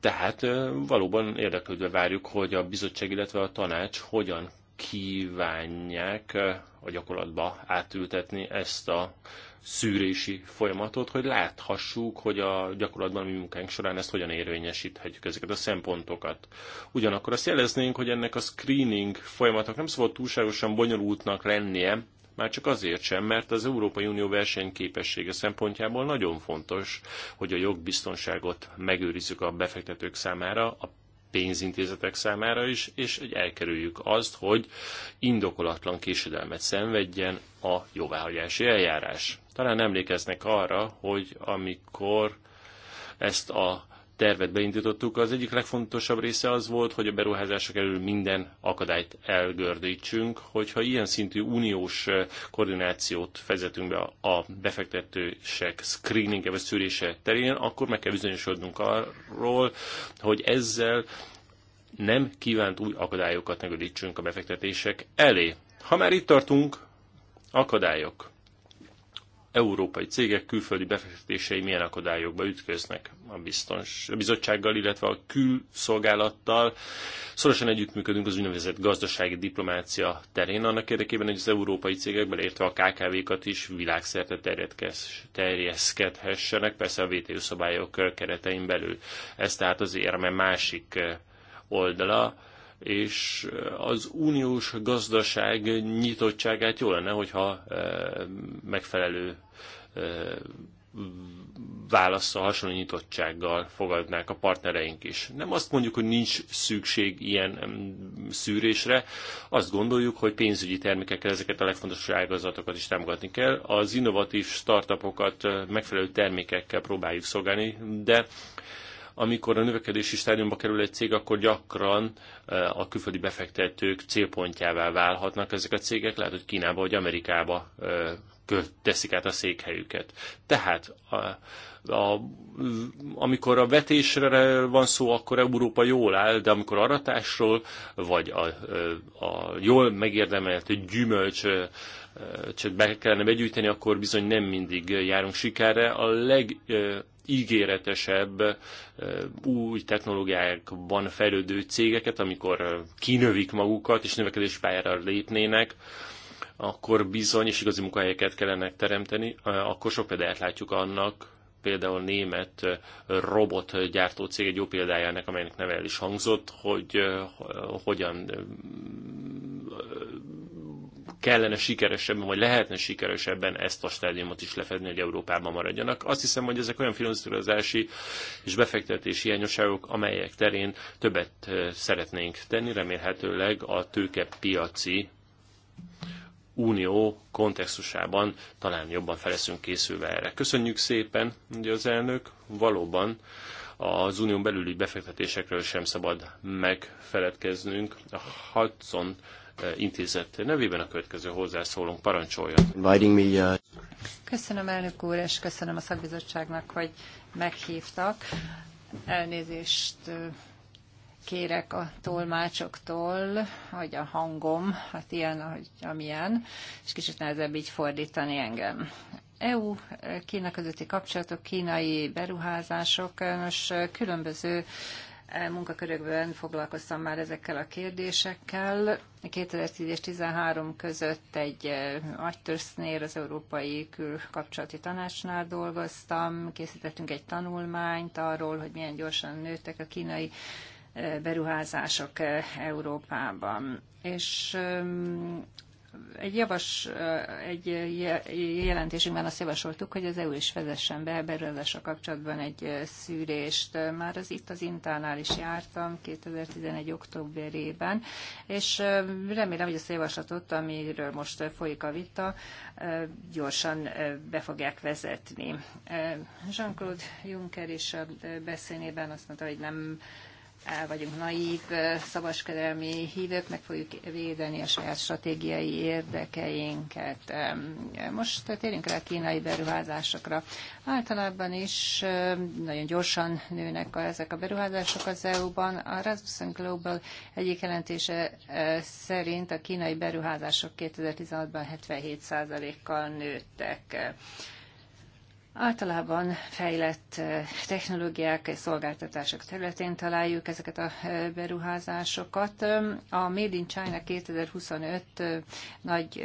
Tehát valóban érdeklődve várjuk, hogy a bizottság, illetve a tanács hogyan kívánják a gyakorlatba átültetni ezt a szűrési folyamatot, hogy láthassuk, hogy a gyakorlatban a mi munkánk során ezt hogyan érvényesíthetjük ezeket a szempontokat. Ugyanakkor azt jeleznénk, hogy ennek a screening folyamatnak nem szabad túlságosan bonyolultnak lennie, már csak azért sem, mert az Európai Unió versenyképessége szempontjából nagyon fontos, hogy a jogbiztonságot megőrizzük a befektetők számára, a pénzintézetek számára is, és egy elkerüljük azt, hogy indokolatlan késedelmet szenvedjen a jóváhagyási eljárás. Talán emlékeznek arra, hogy amikor ezt a tervet beindítottuk, az egyik legfontosabb része az volt, hogy a beruházások elől minden akadályt elgördítsünk, hogyha ilyen szintű uniós koordinációt vezetünk be a befektetősek screeninge vagy szűrése terén, akkor meg kell bizonyosodnunk arról, hogy ezzel nem kívánt új akadályokat ne a befektetések elé. Ha már itt tartunk, akadályok európai cégek külföldi befektetései milyen akadályokba ütköznek a, biztons, a bizottsággal, illetve a külszolgálattal. Szorosan együttműködünk az úgynevezett gazdasági diplomácia terén, annak érdekében, hogy az európai cégek, beleértve a KKV-kat is világszerte terjeszkedhessenek, persze a WTO szabályok keretein belül. Ez tehát az érme másik oldala, és az uniós gazdaság nyitottságát jó lenne, hogyha e, megfelelő e, válaszsal, hasonló nyitottsággal fogadnák a partnereink is. Nem azt mondjuk, hogy nincs szükség ilyen szűrésre, azt gondoljuk, hogy pénzügyi termékekkel ezeket a legfontosabb ágazatokat is támogatni kell. Az innovatív startupokat e, megfelelő termékekkel próbáljuk szolgálni, de amikor a növekedési stádiumba kerül egy cég, akkor gyakran e, a külföldi befektetők célpontjává válhatnak ezek a cégek, lehet, hogy Kínába vagy Amerikába e, teszik át a székhelyüket. Tehát a, amikor a vetésre van szó, akkor Európa jól áll, de amikor aratásról, vagy a, a jól megérdemelt gyümölcs csak be kellene begyűjteni, akkor bizony nem mindig járunk sikerre. A legígéretesebb új technológiákban fejlődő cégeket, amikor kinövik magukat és növekedés pályára lépnének, akkor bizony, és igazi munkahelyeket kellene teremteni, akkor sok példát látjuk annak, például német robotgyártó cég egy jó példájának, amelynek neve el is hangzott, hogy hogyan kellene sikeresebben, vagy lehetne sikeresebben ezt a stádiumot is lefedni, hogy Európában maradjanak. Azt hiszem, hogy ezek olyan finanszírozási és befektetési hiányosságok, amelyek terén többet szeretnénk tenni, remélhetőleg a tőkepiaci Unió kontextusában talán jobban feleszünk készülve erre. Köszönjük szépen, ugye az elnök, valóban az Unió belüli befektetésekről sem szabad megfeledkeznünk. A Hudson eh, intézet nevében a következő hozzászólónk parancsolja. Uh, köszönöm elnök úr, és köszönöm a szakbizottságnak, hogy meghívtak. Elnézést eh, kérek a tolmácsoktól, hogy a hangom, hát ilyen, ahogy amilyen, és kicsit nehezebb így fordítani engem. EU Kína közötti kapcsolatok, kínai beruházások, most különböző e, munkakörökben foglalkoztam már ezekkel a kérdésekkel. 2010 és 2013 között egy e, agytörsznél az Európai Külkapcsolati Tanácsnál dolgoztam, készítettünk egy tanulmányt arról, hogy milyen gyorsan nőttek a kínai beruházások eh, Európában. És egy, javas, eh, egy eh, jelentésünkben azt javasoltuk, hogy az EU is vezessen be beruházással kapcsolatban egy szűrést. Már az itt az Intánál is jártam 2011. októberében, és remélem, hogy ezt a javaslatot, amiről most folyik a vita, gyorsan be fogják vezetni. Jean-Claude Juncker is a beszélében azt mondta, hogy nem el vagyunk naív szabadkedelmi hívők, meg fogjuk védeni a saját stratégiai érdekeinket. Most térjünk rá a kínai beruházásokra. Általában is nagyon gyorsan nőnek a, ezek a beruházások az EU-ban. A Rasmussen Global egyik jelentése szerint a kínai beruházások 2016-ban 77%-kal nőttek. Általában fejlett technológiák és szolgáltatások területén találjuk ezeket a beruházásokat. A Made in China 2025 nagy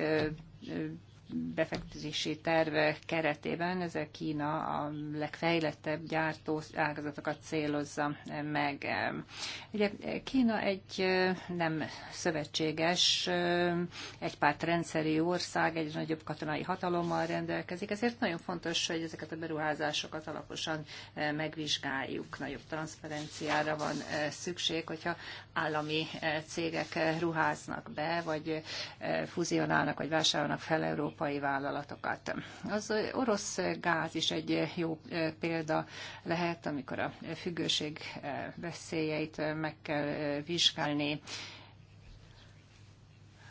befektetési terve keretében ezzel Kína a legfejlettebb gyártó ágazatokat célozza meg. Ugye Kína egy nem szövetséges, egy pártrendszerű ország, egy nagyobb katonai hatalommal rendelkezik, ezért nagyon fontos, hogy ezeket a beruházásokat alaposan megvizsgáljuk. Nagyobb transzparenciára van szükség, hogyha állami cégek ruháznak be, vagy fuzionálnak, vagy vásárolnak fel Európa európai vállalatokat. Az orosz gáz is egy jó példa lehet, amikor a függőség veszélyeit meg kell vizsgálni.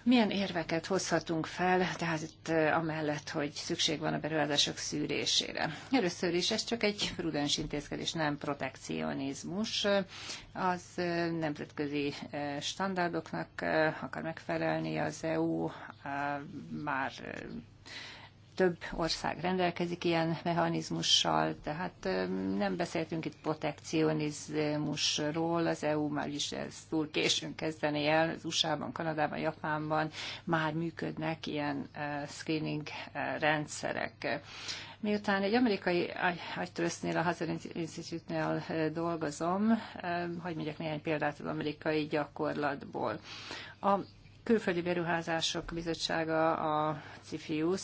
Milyen érveket hozhatunk fel, tehát itt eh, amellett, hogy szükség van a beruházások szűrésére? Először is ez csak egy prudens intézkedés, nem protekcionizmus. Az eh, nemzetközi eh, standardoknak akar megfelelni az EU, már több ország rendelkezik ilyen mechanizmussal, tehát nem beszéltünk itt protekcionizmusról, az EU már is ez túl későn kezdeni el, az USA-ban, Kanadában, Japánban már működnek ilyen screening rendszerek. Miután egy amerikai agytrösznél, a Hazard Institute-nél dolgozom, hogy mondjak néhány példát az amerikai gyakorlatból. A Külföldi Beruházások Bizottsága, a CIFIUS,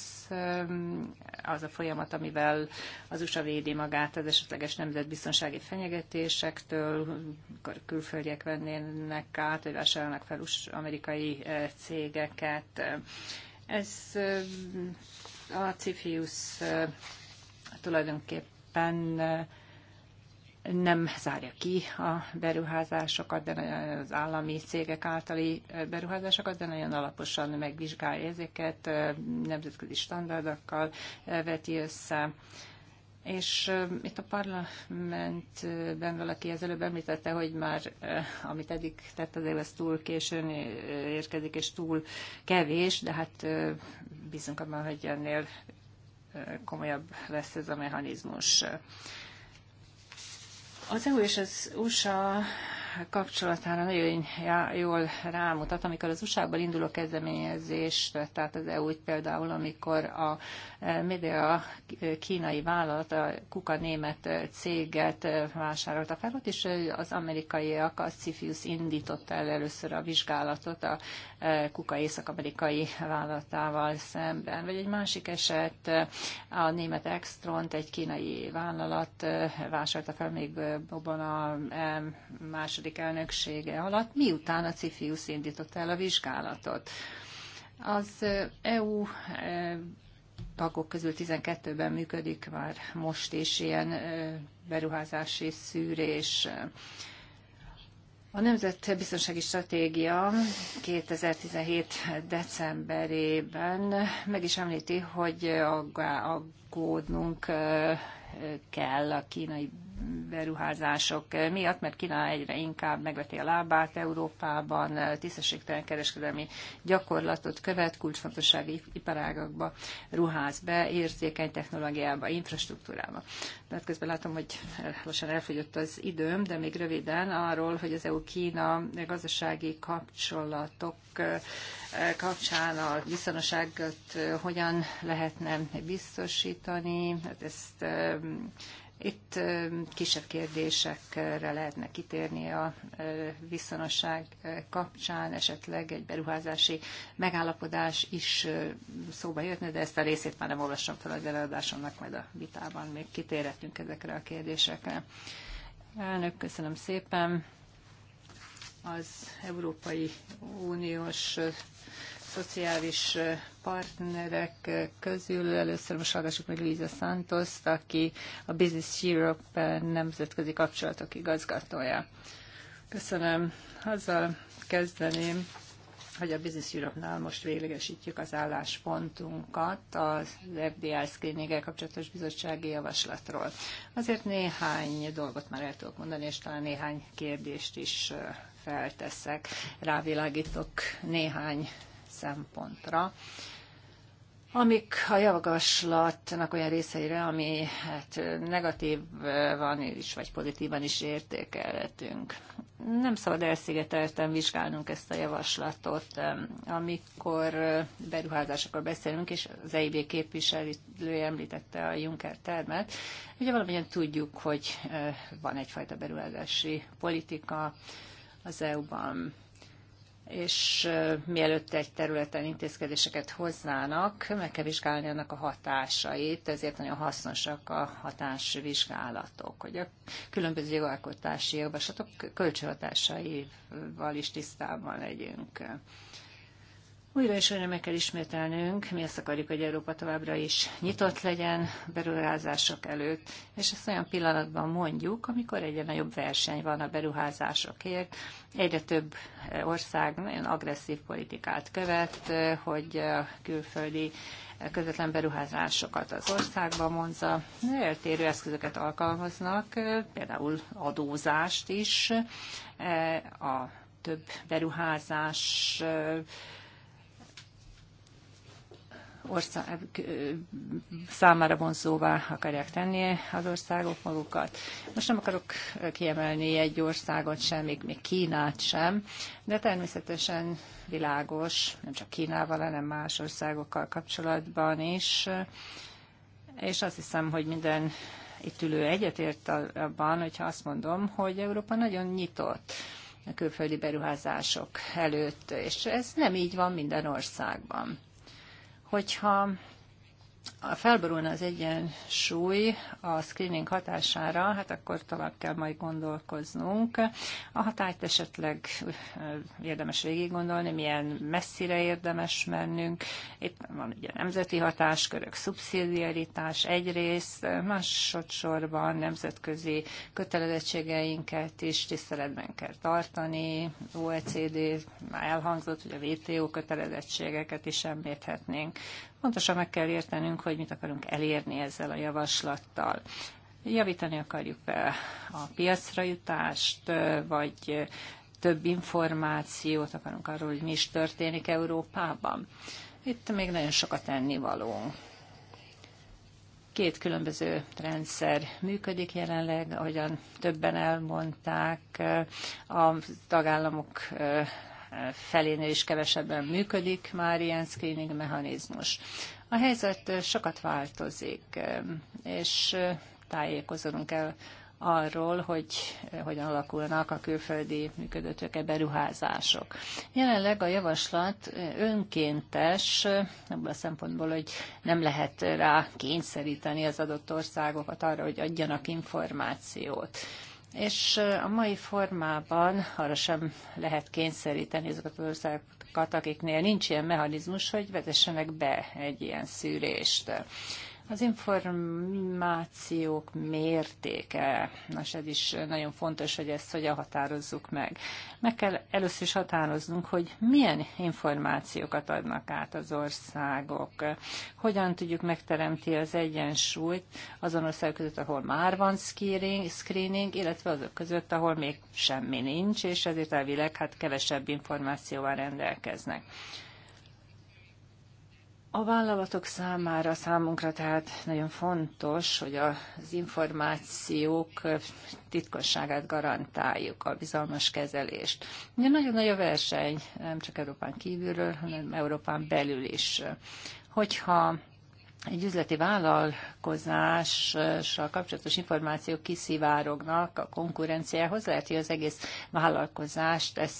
az a folyamat, amivel az USA védi magát az esetleges nemzetbiztonsági fenyegetésektől, amikor külföldiek vennének át, vagy vásárolnak fel amerikai cégeket. Ez a CIFIUS tulajdonképpen nem zárja ki a beruházásokat, de az állami cégek általi beruházásokat, de nagyon alaposan megvizsgálja ezeket, nemzetközi standardokkal veti össze. És itt a parlamentben valaki előbb említette, hogy már amit eddig tett az ez túl későn érkezik, és túl kevés, de hát bízunk abban, hogy ennél komolyabb lesz ez a mechanizmus. Az EU és az USA kapcsolatára nagyon jól rámutat, amikor az usa induló kezdeményezés, tehát az EU például, amikor a e, média e, kínai vállalat, a Kuka német e, céget vásárolta fel, ott is az amerikaiak, a Cifius indította el először a vizsgálatot a Kuka észak-amerikai vállalatával szemben. Vagy egy másik eset, a német Extront, egy kínai vállalat vásárolta fel még abban a más második elnöksége alatt, miután a CIFIUS indított el a vizsgálatot. Az EU tagok közül 12-ben működik már most is ilyen beruházási szűrés. A Nemzetbiztonsági Stratégia 2017. decemberében meg is említi, hogy aggódnunk kell a kínai beruházások miatt, mert Kína egyre inkább megveti a lábát Európában, tisztességtelen kereskedelmi gyakorlatot követ, kulcsfontossági iparágakba ruház be, érzékeny technológiába, infrastruktúrába. Tehát közben látom, hogy lassan elfogyott az időm, de még röviden arról, hogy az EU-Kína gazdasági kapcsolatok eh, kapcsán a biztonságot eh, hogyan lehetne biztosítani, hát ezt eh, itt kisebb kérdésekre lehetne kitérni a viszonosság kapcsán, esetleg egy beruházási megállapodás is szóba jöhetne, de ezt a részét már nem olvassam fel a előadásomnak, majd a vitában még kitérhetünk ezekre a kérdésekre. Elnök, köszönöm szépen. Az Európai Uniós szociális partnerek közül először most hallgassuk meg Liza santos aki a Business Europe nemzetközi kapcsolatok igazgatója. Köszönöm. Azzal kezdeném, hogy a Business Europe-nál most véglegesítjük az álláspontunkat az FDI screening kapcsolatos bizottsági javaslatról. Azért néhány dolgot már el tudok mondani, és talán néhány kérdést is felteszek. Rávilágítok néhány szempontra, amik a javaslatnak olyan részeire, ami hát van is, vagy pozitívan is értékelhetünk. Nem szabad elszigetelten vizsgálnunk ezt a javaslatot, amikor beruházásokról beszélünk, és az EIB képviselő említette a Juncker termet. Ugye valamilyen tudjuk, hogy eh, van egyfajta beruházási politika az EU-ban és mielőtt egy területen intézkedéseket hoznának, meg kell vizsgálni annak a hatásait, ezért nagyon hasznosak a hatásvizsgálatok, hogy a különböző jogalkotási javaslatok kölcsönhatásaival is tisztában legyünk. Újra és újra meg kell ismételnünk, mi azt akarjuk, hogy Európa továbbra is nyitott legyen beruházások előtt, és ezt olyan pillanatban mondjuk, amikor egyre nagyobb verseny van a beruházásokért, egyre több ország nagyon agresszív politikát követ, hogy külföldi közvetlen beruházásokat az országba mondza. Eltérő eszközöket alkalmaznak, például adózást is, a több beruházás ország eh, eh, számára vonzóvá akarják tenni az országok magukat. Most nem akarok eh, kiemelni egy országot sem, még, még Kínát sem, de természetesen világos, nem csak Kínával, hanem más országokkal kapcsolatban is. És azt hiszem, hogy minden itt ülő egyetért abban, hogyha azt mondom, hogy Európa nagyon nyitott a külföldi beruházások előtt, és ez nem így van minden országban hogyha felborulna az egyensúly a screening hatására, hát akkor tovább kell majd gondolkoznunk. A hatályt esetleg érdemes végig gondolni, milyen messzire érdemes mennünk. Itt van ugye nemzeti hatáskörök, szubszidiaritás egyrészt, másodszorban nemzetközi kötelezettségeinket is tiszteletben kell tartani, OECD már elhangzott, hogy a WTO kötelezettségeket is említhetnénk. Pontosan meg kell értenünk, hogy mit akarunk elérni ezzel a javaslattal. Javítani akarjuk a piacra jutást, vagy több információt akarunk arról, hogy mi is történik Európában. Itt még nagyon sokat tennivaló. Két különböző rendszer működik jelenleg, ahogyan többen elmondták, a tagállamok felénél is kevesebben működik már ilyen screening mechanizmus. A helyzet sokat változik, és tájékozódunk el arról, hogy hogyan alakulnak a külföldi működőtőke beruházások. Jelenleg a javaslat önkéntes, ebből a szempontból, hogy nem lehet rá kényszeríteni az adott országokat arra, hogy adjanak információt és a mai formában arra sem lehet kényszeríteni azokat az országokat, akiknél nincs ilyen mechanizmus, hogy vezessenek be egy ilyen szűrést. Az információk mértéke, nos ez is nagyon fontos, hogy ezt hogyan határozzuk meg. Meg kell először is határoznunk, hogy milyen információkat adnak át az országok, hogyan tudjuk megteremti az egyensúlyt azon országok között, ahol már van screening, illetve azok között, ahol még semmi nincs, és ezért elvileg hát kevesebb információval rendelkeznek. A vállalatok számára, számunkra tehát nagyon fontos, hogy az információk titkosságát garantáljuk, a bizalmas kezelést. Ugye nagyon nagy a verseny, nem csak Európán kívülről, hanem Európán belül is. Hogyha egy üzleti vállalkozással kapcsolatos információk kiszivárognak a konkurenciához, lehet, hogy az egész vállalkozást ez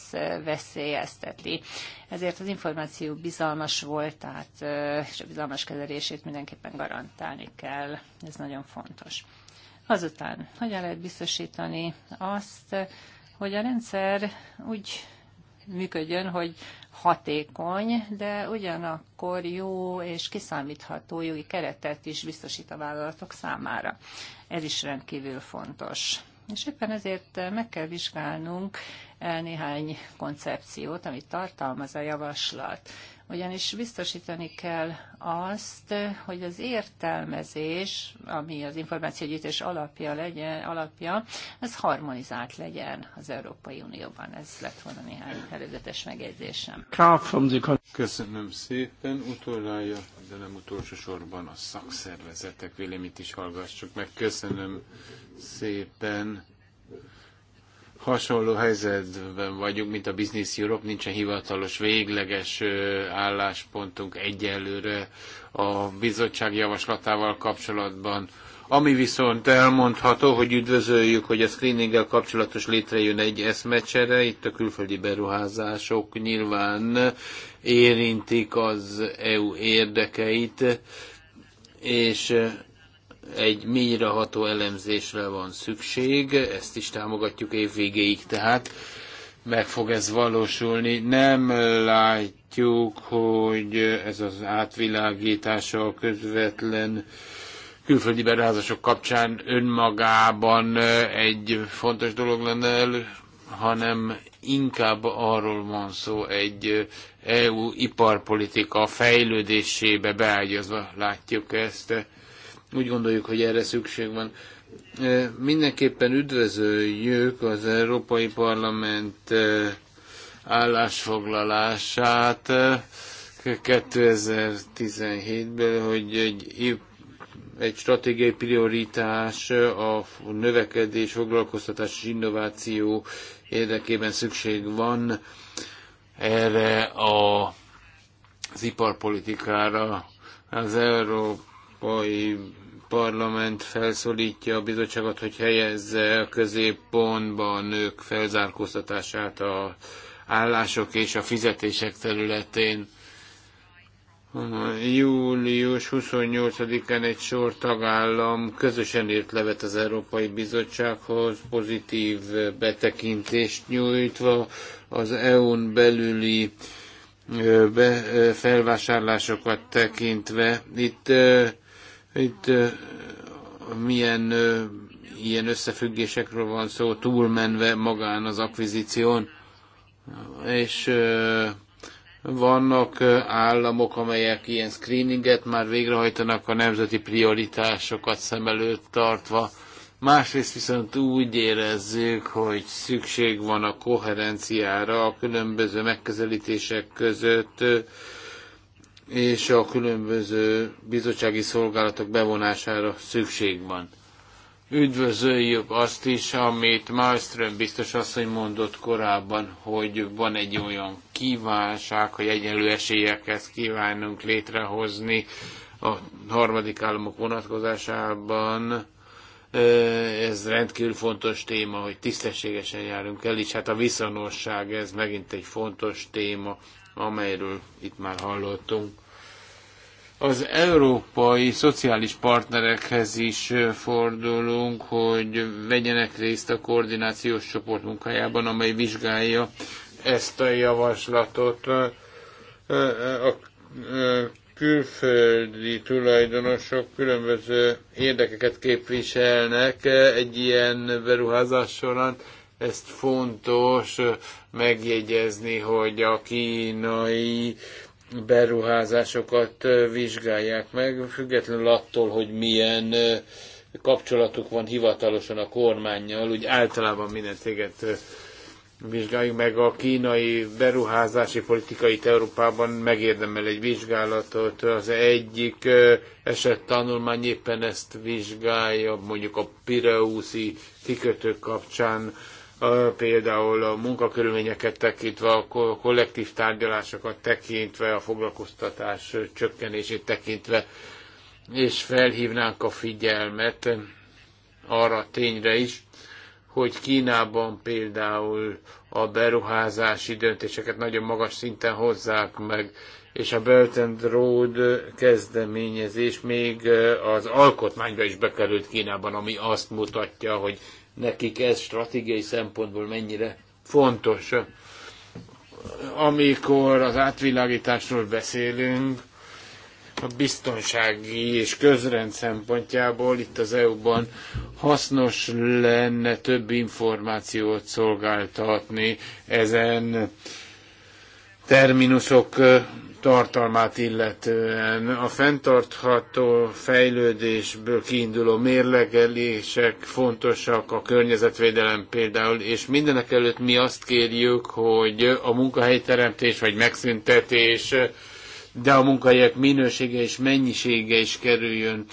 veszélyezteti. Ezért az információ bizalmas volt, tehát és a bizalmas kezelését mindenképpen garantálni kell. Ez nagyon fontos. Azután, hogyan lehet biztosítani azt, hogy a rendszer úgy működjön, hogy hatékony, de ugyanakkor jó és kiszámítható jogi keretet is biztosít a vállalatok számára. Ez is rendkívül fontos. És éppen ezért meg kell vizsgálnunk eh, néhány koncepciót, amit tartalmaz a javaslat ugyanis biztosítani kell azt, hogy az értelmezés, ami az információgyűjtés alapja, legyen, alapja, ez harmonizált legyen az Európai Unióban. Ez lett volna néhány előzetes megjegyzésem. Köszönöm szépen. Utoljára, de nem utolsó sorban a szakszervezetek véleményt is hallgassuk meg. Köszönöm szépen hasonló helyzetben vagyunk, mint a Business Europe, nincsen hivatalos, végleges álláspontunk egyelőre a bizottság javaslatával kapcsolatban. Ami viszont elmondható, hogy üdvözöljük, hogy a screeninggel kapcsolatos létrejön egy eszmecsere, itt a külföldi beruházások nyilván érintik az EU érdekeit, és egy mélyreható elemzésre van szükség, ezt is támogatjuk évvégéig, tehát meg fog ez valósulni. Nem látjuk, hogy ez az átvilágítása a közvetlen külföldi beruházások kapcsán önmagában egy fontos dolog lenne, hanem inkább arról van szó egy EU iparpolitika fejlődésébe beágyazva látjuk ezt. Úgy gondoljuk, hogy erre szükség van. Mindenképpen üdvözöljük az Európai Parlament állásfoglalását 2017 ben hogy egy, egy stratégiai prioritás a növekedés, foglalkoztatás és innováció érdekében szükség van erre a, az iparpolitikára. Az Európai Parlament felszólítja a bizottságot, hogy helyezze a középpontba a nők felzárkóztatását a állások és a fizetések területén. Július 28-án egy sor tagállam közösen írt levet az Európai Bizottsághoz, pozitív betekintést nyújtva az EU-n belüli felvásárlásokat tekintve. Itt itt milyen ilyen összefüggésekről van szó, túlmenve magán az akvizíción, és vannak államok, amelyek ilyen screeninget már végrehajtanak a nemzeti prioritásokat szem előtt tartva. Másrészt viszont úgy érezzük, hogy szükség van a koherenciára a különböző megközelítések között, és a különböző bizottsági szolgálatok bevonására szükség van. Üdvözöljük azt is, amit Malmström biztos asszony mondott korábban, hogy van egy olyan kívánság, hogy egyenlő esélyekhez kívánunk létrehozni a harmadik államok vonatkozásában. Ez rendkívül fontos téma, hogy tisztességesen járunk el, és hát a viszonosság, ez megint egy fontos téma amelyről itt már hallottunk. Az európai szociális partnerekhez is fordulunk, hogy vegyenek részt a koordinációs csoport munkájában, amely vizsgálja ezt a javaslatot. A külföldi tulajdonosok különböző érdekeket képviselnek egy ilyen beruházás során, ezt fontos megjegyezni, hogy a kínai beruházásokat vizsgálják meg, függetlenül attól, hogy milyen kapcsolatuk van hivatalosan a kormányjal, úgy általában minden céget vizsgáljuk meg. A kínai beruházási politikai Európában megérdemel egy vizsgálatot. Az egyik esett tanulmány éppen ezt vizsgálja, mondjuk a Pireuszi kikötő kapcsán például a munkakörülményeket tekintve, a kollektív tárgyalásokat tekintve, a foglalkoztatás csökkenését tekintve, és felhívnánk a figyelmet arra a tényre is, hogy Kínában például a beruházási döntéseket nagyon magas szinten hozzák meg, és a Belt and Road kezdeményezés még az alkotmányba is bekerült Kínában, ami azt mutatja, hogy nekik ez stratégiai szempontból mennyire fontos. Amikor az átvilágításról beszélünk, a biztonsági és közrend szempontjából itt az EU-ban hasznos lenne több információt szolgáltatni ezen terminusok tartalmát illetően. A fenntartható fejlődésből kiinduló mérlegelések fontosak, a környezetvédelem például, és mindenek előtt mi azt kérjük, hogy a munkahelyteremtés vagy megszüntetés, de a munkahelyek minősége és mennyisége is kerüljön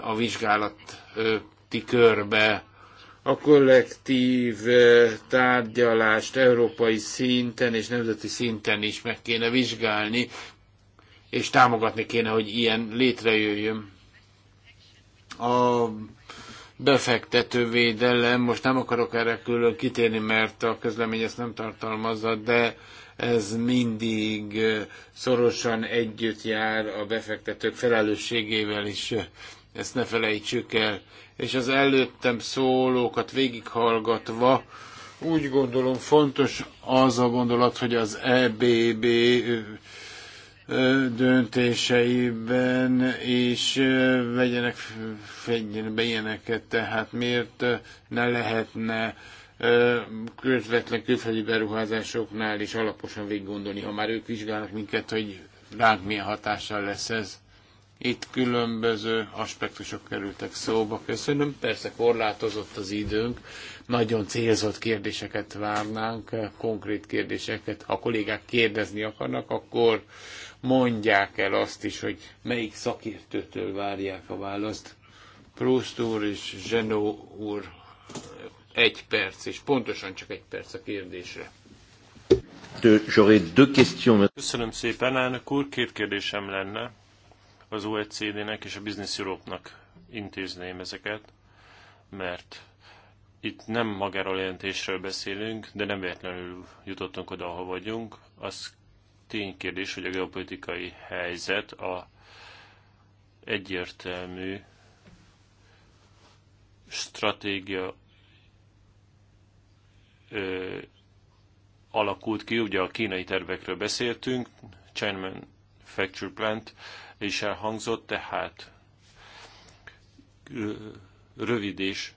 a vizsgálati körbe a kollektív eh, tárgyalást európai szinten és nemzeti szinten is meg kéne vizsgálni, és támogatni kéne, hogy ilyen létrejöjjön. A befektetővédelem, most nem akarok erre külön kitérni, mert a közlemény ezt nem tartalmazza, de ez mindig eh, szorosan együtt jár a befektetők felelősségével is, ezt ne felejtsük el és az előttem szólókat végighallgatva úgy gondolom fontos az a gondolat, hogy az EBB döntéseiben is vegyenek be ilyeneket, tehát miért ne lehetne közvetlen külföldi beruházásoknál is alaposan végiggondolni, ha már ők vizsgálnak minket, hogy ránk milyen hatással lesz ez. Itt különböző aspektusok kerültek szóba. Köszönöm. Persze korlátozott az időnk. Nagyon célzott kérdéseket várnánk, konkrét kérdéseket. Ha kollégák kérdezni akarnak, akkor mondják el azt is, hogy melyik szakértőtől várják a választ. Proust úr és Zsenó úr egy perc, és pontosan csak egy perc a kérdésre. Köszönöm szépen, elnök úr, két kérdésem lenne az OECD-nek és a Business Europe-nak intézném ezeket, mert itt nem magáról jelentésről beszélünk, de nem véletlenül jutottunk oda, ahol vagyunk. Az ténykérdés, hogy a geopolitikai helyzet a egyértelmű stratégia ö, alakult ki, ugye a kínai tervekről beszéltünk, China Manufacture Plant, és elhangzott, tehát rövid és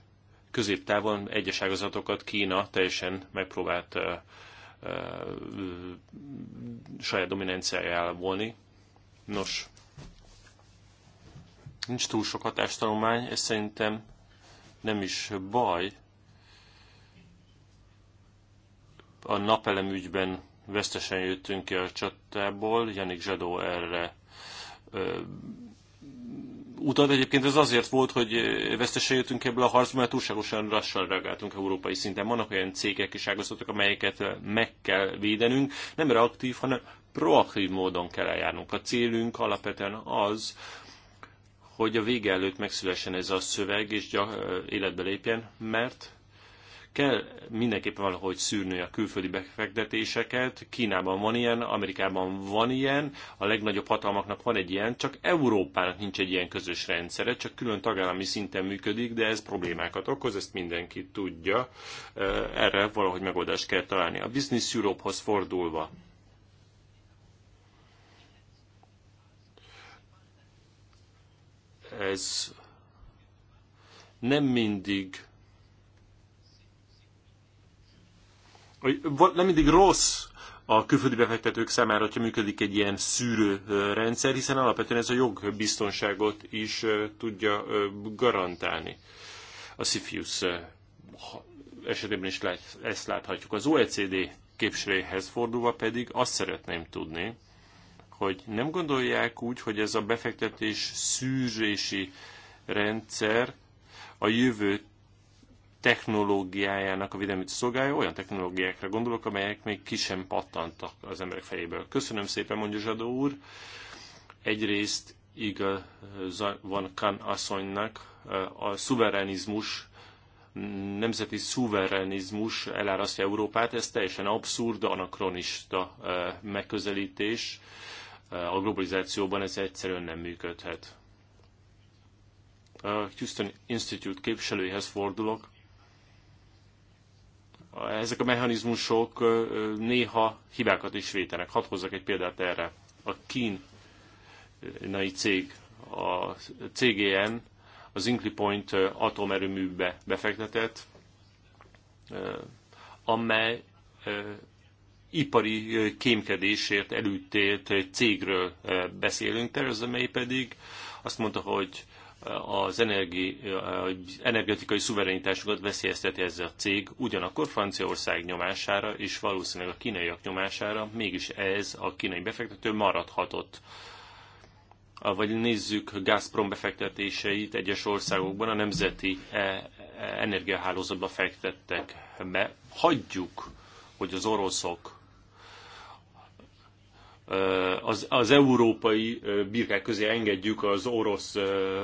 középtávon egyes ágazatokat Kína teljesen megpróbált uh, uh, saját dominanciájára volni. Nos, nincs túl sok hatástanulmány, ez szerintem nem is baj. A napelem ügyben vesztesen jöttünk ki a csatából, Janik Zsadó erre utat. Egyébként ez azért volt, hogy vesztesre jöttünk ebből a harcból, mert túlságosan rassan reagáltunk európai szinten. Vannak olyan cégek és ágazatok, amelyeket meg kell védenünk. Nem reaktív, hanem proaktív módon kell eljárnunk. A célunk alapvetően az, hogy a vége előtt megszülessen ez a szöveg, és gyak, életbe lépjen, mert kell mindenképpen valahogy szűrni a külföldi befektetéseket. Kínában van ilyen, Amerikában van ilyen, a legnagyobb hatalmaknak van egy ilyen, csak Európának nincs egy ilyen közös rendszere, csak külön tagállami szinten működik, de ez problémákat okoz, ezt mindenki tudja. Eh, erre valahogy megoldást kell találni. A Business Europe-hoz fordulva. Ez nem mindig nem mindig rossz a külföldi befektetők számára, hogyha működik egy ilyen rendszer, hiszen alapvetően ez a jogbiztonságot is tudja garantálni. A Sifius esetében is ezt láthatjuk. Az OECD képviselőhez fordulva pedig azt szeretném tudni, hogy nem gondolják úgy, hogy ez a befektetés szűrési rendszer a jövőt technológiájának a védelmét szolgálja, olyan technológiákra gondolok, amelyek még ki sem pattantak az emberek fejéből. Köszönöm szépen, mondja Zsadó úr. Egyrészt igaza van Kan asszonynak, eh, a szuverenizmus, nemzeti szuverenizmus elárasztja Európát, ez teljesen abszurd, anakronista eh, megközelítés. Eh, a globalizációban ez egyszerűen nem működhet. A Houston Institute képviselőjéhez fordulok ezek a mechanizmusok néha hibákat is vétenek. Hadd hozzak egy példát erre. A kínai cég, a CGN, az Inkly Point atomerőműbe befektetett, amely ipari kémkedésért elütélt cégről beszélünk, Theresa May pedig azt mondta, hogy az energetikai szuverenitásokat veszélyezteti ez a cég, ugyanakkor Franciaország nyomására és valószínűleg a kínaiak nyomására mégis ez a kínai befektető maradhatott. Vagy nézzük Gazprom befektetéseit egyes országokban, a nemzeti e- e- energiahálózatba fektettek be. Hagyjuk, hogy az oroszok az, az európai birkák közé engedjük az orosz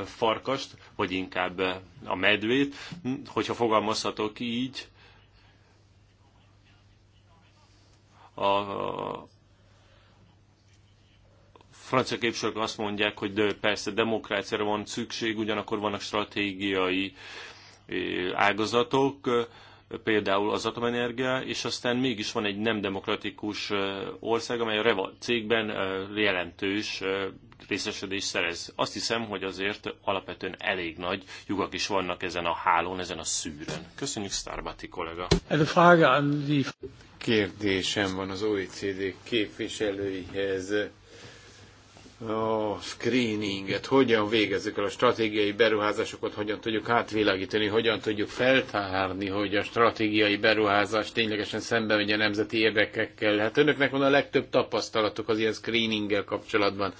farkast, vagy inkább a medvét, hogyha fogalmazhatok így, a francia képviselők azt mondják, hogy de persze demokráciára van szükség, ugyanakkor vannak stratégiai ágazatok, például az atomenergia, és aztán mégis van egy nem demokratikus ország, amely a Reval cégben jelentős részesedést szerez. Azt hiszem, hogy azért alapvetően elég nagy lyukak is vannak ezen a hálón, ezen a szűrön. Köszönjük, Starbati kollega. Kérdésem van az OECD képviselőihez a screeninget, hogyan végezzük el a stratégiai beruházásokat, hogyan tudjuk átvilágítani, hogyan tudjuk feltárni, hogy a stratégiai beruházás ténylegesen szembe megy a nemzeti érdekekkel. Hát önöknek van a legtöbb tapasztalatok az ilyen screeninggel kapcsolatban.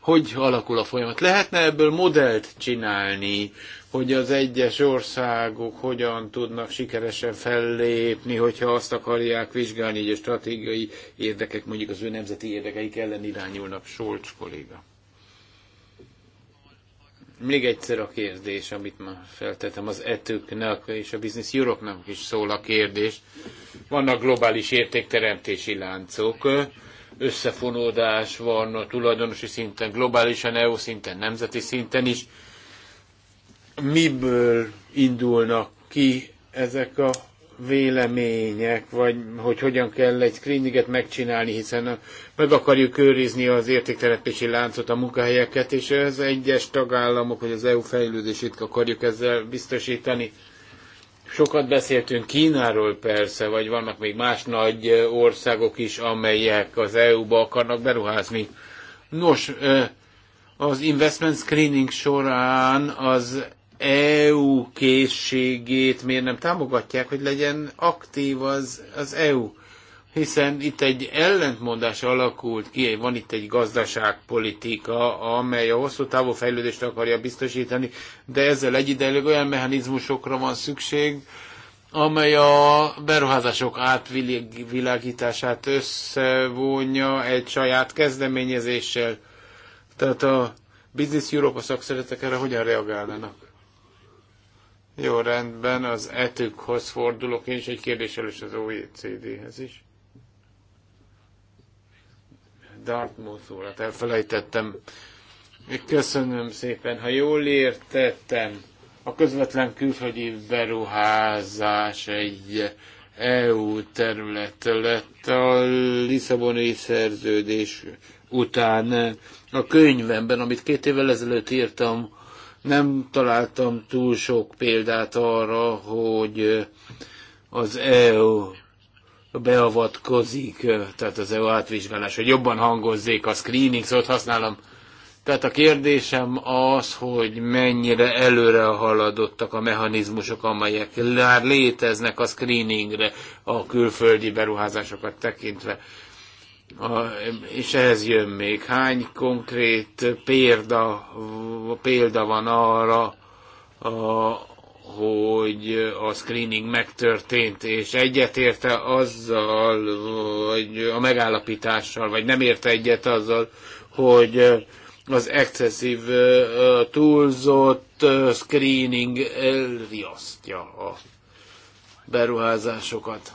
Hogy alakul a folyamat? Lehetne ebből modellt csinálni, hogy az egyes országok hogyan tudnak sikeresen fellépni, hogyha azt akarják vizsgálni, hogy a stratégiai érdekek mondjuk az ő nemzeti érdekeik ellen irányulnak. Solcs kolléga. Még egyszer a kérdés, amit már feltettem az etőknek és a Business europe is szól a kérdés. Vannak globális értékteremtési láncok, összefonódás van a tulajdonosi szinten, globálisan, EU szinten, nemzeti szinten is miből indulnak ki ezek a vélemények, vagy hogy hogyan kell egy screeninget megcsinálni, hiszen meg akarjuk őrizni az értékteremtési láncot, a munkahelyeket, és az egyes tagállamok, hogy az EU fejlődését akarjuk ezzel biztosítani. Sokat beszéltünk Kínáról persze, vagy vannak még más nagy országok is, amelyek az EU-ba akarnak beruházni. Nos, az investment screening során az EU készségét miért nem támogatják, hogy legyen aktív az, az EU? Hiszen itt egy ellentmondás alakult ki, van itt egy gazdaságpolitika, amely a hosszú távú fejlődést akarja biztosítani, de ezzel egyidejűleg olyan mechanizmusokra van szükség, amely a beruházások átvilágítását összevonja egy saját kezdeményezéssel. Tehát a Business Europe a szakszeretek erre hogyan reagálnának? Jó, rendben, az etükhoz fordulok én, is egy kérdéssel is az OECD-hez is. Dartmouth hát elfelejtettem. Köszönöm szépen, ha jól értettem. A közvetlen külföldi beruházás egy EU terület lett a Lisszaboni szerződés után. A könyvemben, amit két évvel ezelőtt írtam, nem találtam túl sok példát arra, hogy az EU beavatkozik, tehát az EU átvizsgálás, hogy jobban hangozzék a screening, szót használom. Tehát a kérdésem az, hogy mennyire előre haladottak a mechanizmusok, amelyek már léteznek a screeningre, a külföldi beruházásokat tekintve. A, és ehhez jön még hány konkrét példa, példa van arra, a, hogy a screening megtörtént, és egyetérte azzal, vagy a megállapítással, vagy nem érte egyet azzal, hogy az excessív túlzott screening elriasztja a beruházásokat.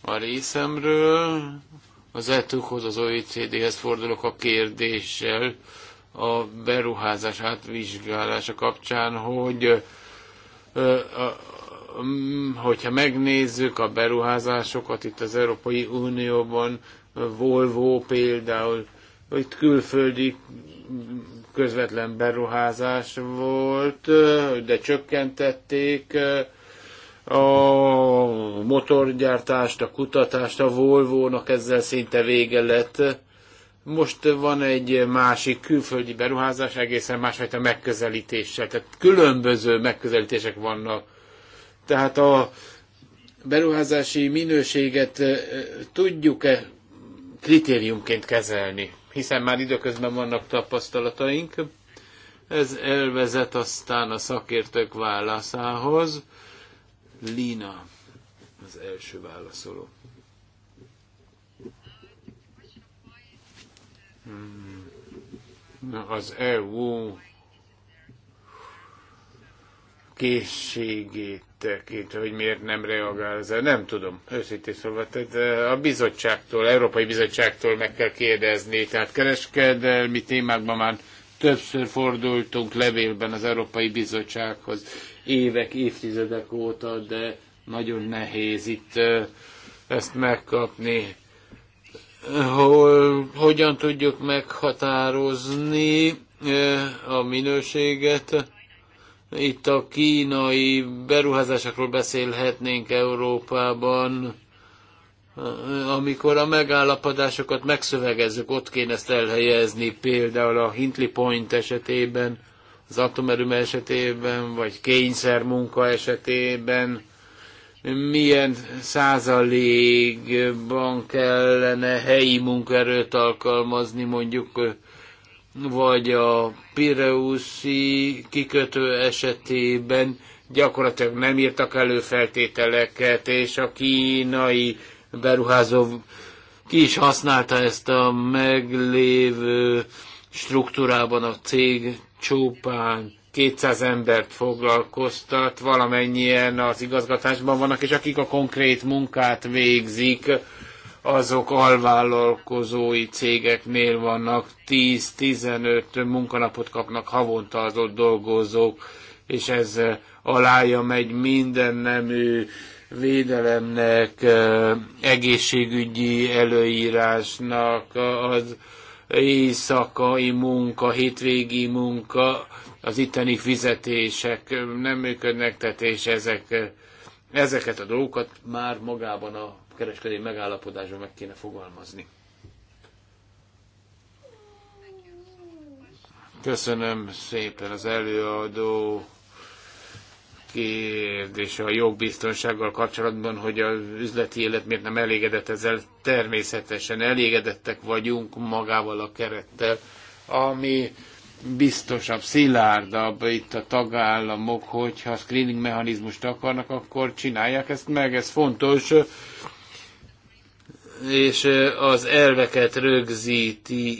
A részemről az ETUK-hoz, az OECD-hez fordulok a kérdéssel a beruházás átvizsgálása kapcsán, hogy hogyha megnézzük a beruházásokat itt az Európai Unióban, Volvo például, itt külföldi közvetlen beruházás volt, de csökkentették, a motorgyártást, a kutatást, a Volvo-nak ezzel szinte vége lett. Most van egy másik külföldi beruházás, egészen másfajta megközelítéssel. Tehát különböző megközelítések vannak. Tehát a beruházási minőséget tudjuk-e kritériumként kezelni? Hiszen már időközben vannak tapasztalataink. Ez elvezet aztán a szakértők válaszához Lina az első válaszoló. Hmm. Na, az EU készségét tekintve, hogy miért nem reagál ezzel, nem tudom, őszintén szólva, tehát eh, a bizottságtól, Európai Bizottságtól meg kell kérdezni, tehát kereskedelmi témákban már többször fordultunk levélben az Európai Bizottsághoz, évek, évtizedek óta, de nagyon nehéz itt ezt megkapni. Hol, hogyan tudjuk meghatározni a minőséget? Itt a kínai beruházásokról beszélhetnénk Európában, amikor a megállapodásokat megszövegezzük, ott kéne ezt elhelyezni, például a Hintley Point esetében az atomerőm esetében, vagy kényszermunka esetében, milyen százalékban kellene helyi munkaerőt alkalmazni, mondjuk, vagy a Pireuszi kikötő esetében gyakorlatilag nem írtak elő feltételeket, és a kínai beruházó ki is használta ezt a meglévő struktúrában a cég csupán 200 embert foglalkoztat, valamennyien az igazgatásban vannak, és akik a konkrét munkát végzik, azok alvállalkozói cégeknél vannak, 10-15 munkanapot kapnak havonta az ott dolgozók, és ez alája megy minden nemű védelemnek, eh, egészségügyi előírásnak, az éjszakai munka, hétvégi munka, az itteni fizetések nem működnek, tehát és ezek, ezeket a dolgokat már magában a kereskedelmi megállapodásban meg kéne fogalmazni. Köszönöm szépen az előadó és a jogbiztonsággal kapcsolatban, hogy az üzleti élet miért nem elégedett ezzel. Természetesen elégedettek vagyunk magával a kerettel, ami biztosabb, szilárdabb itt a tagállamok, hogyha screening mechanizmust akarnak, akkor csinálják ezt meg. Ez fontos, és az elveket rögzíti,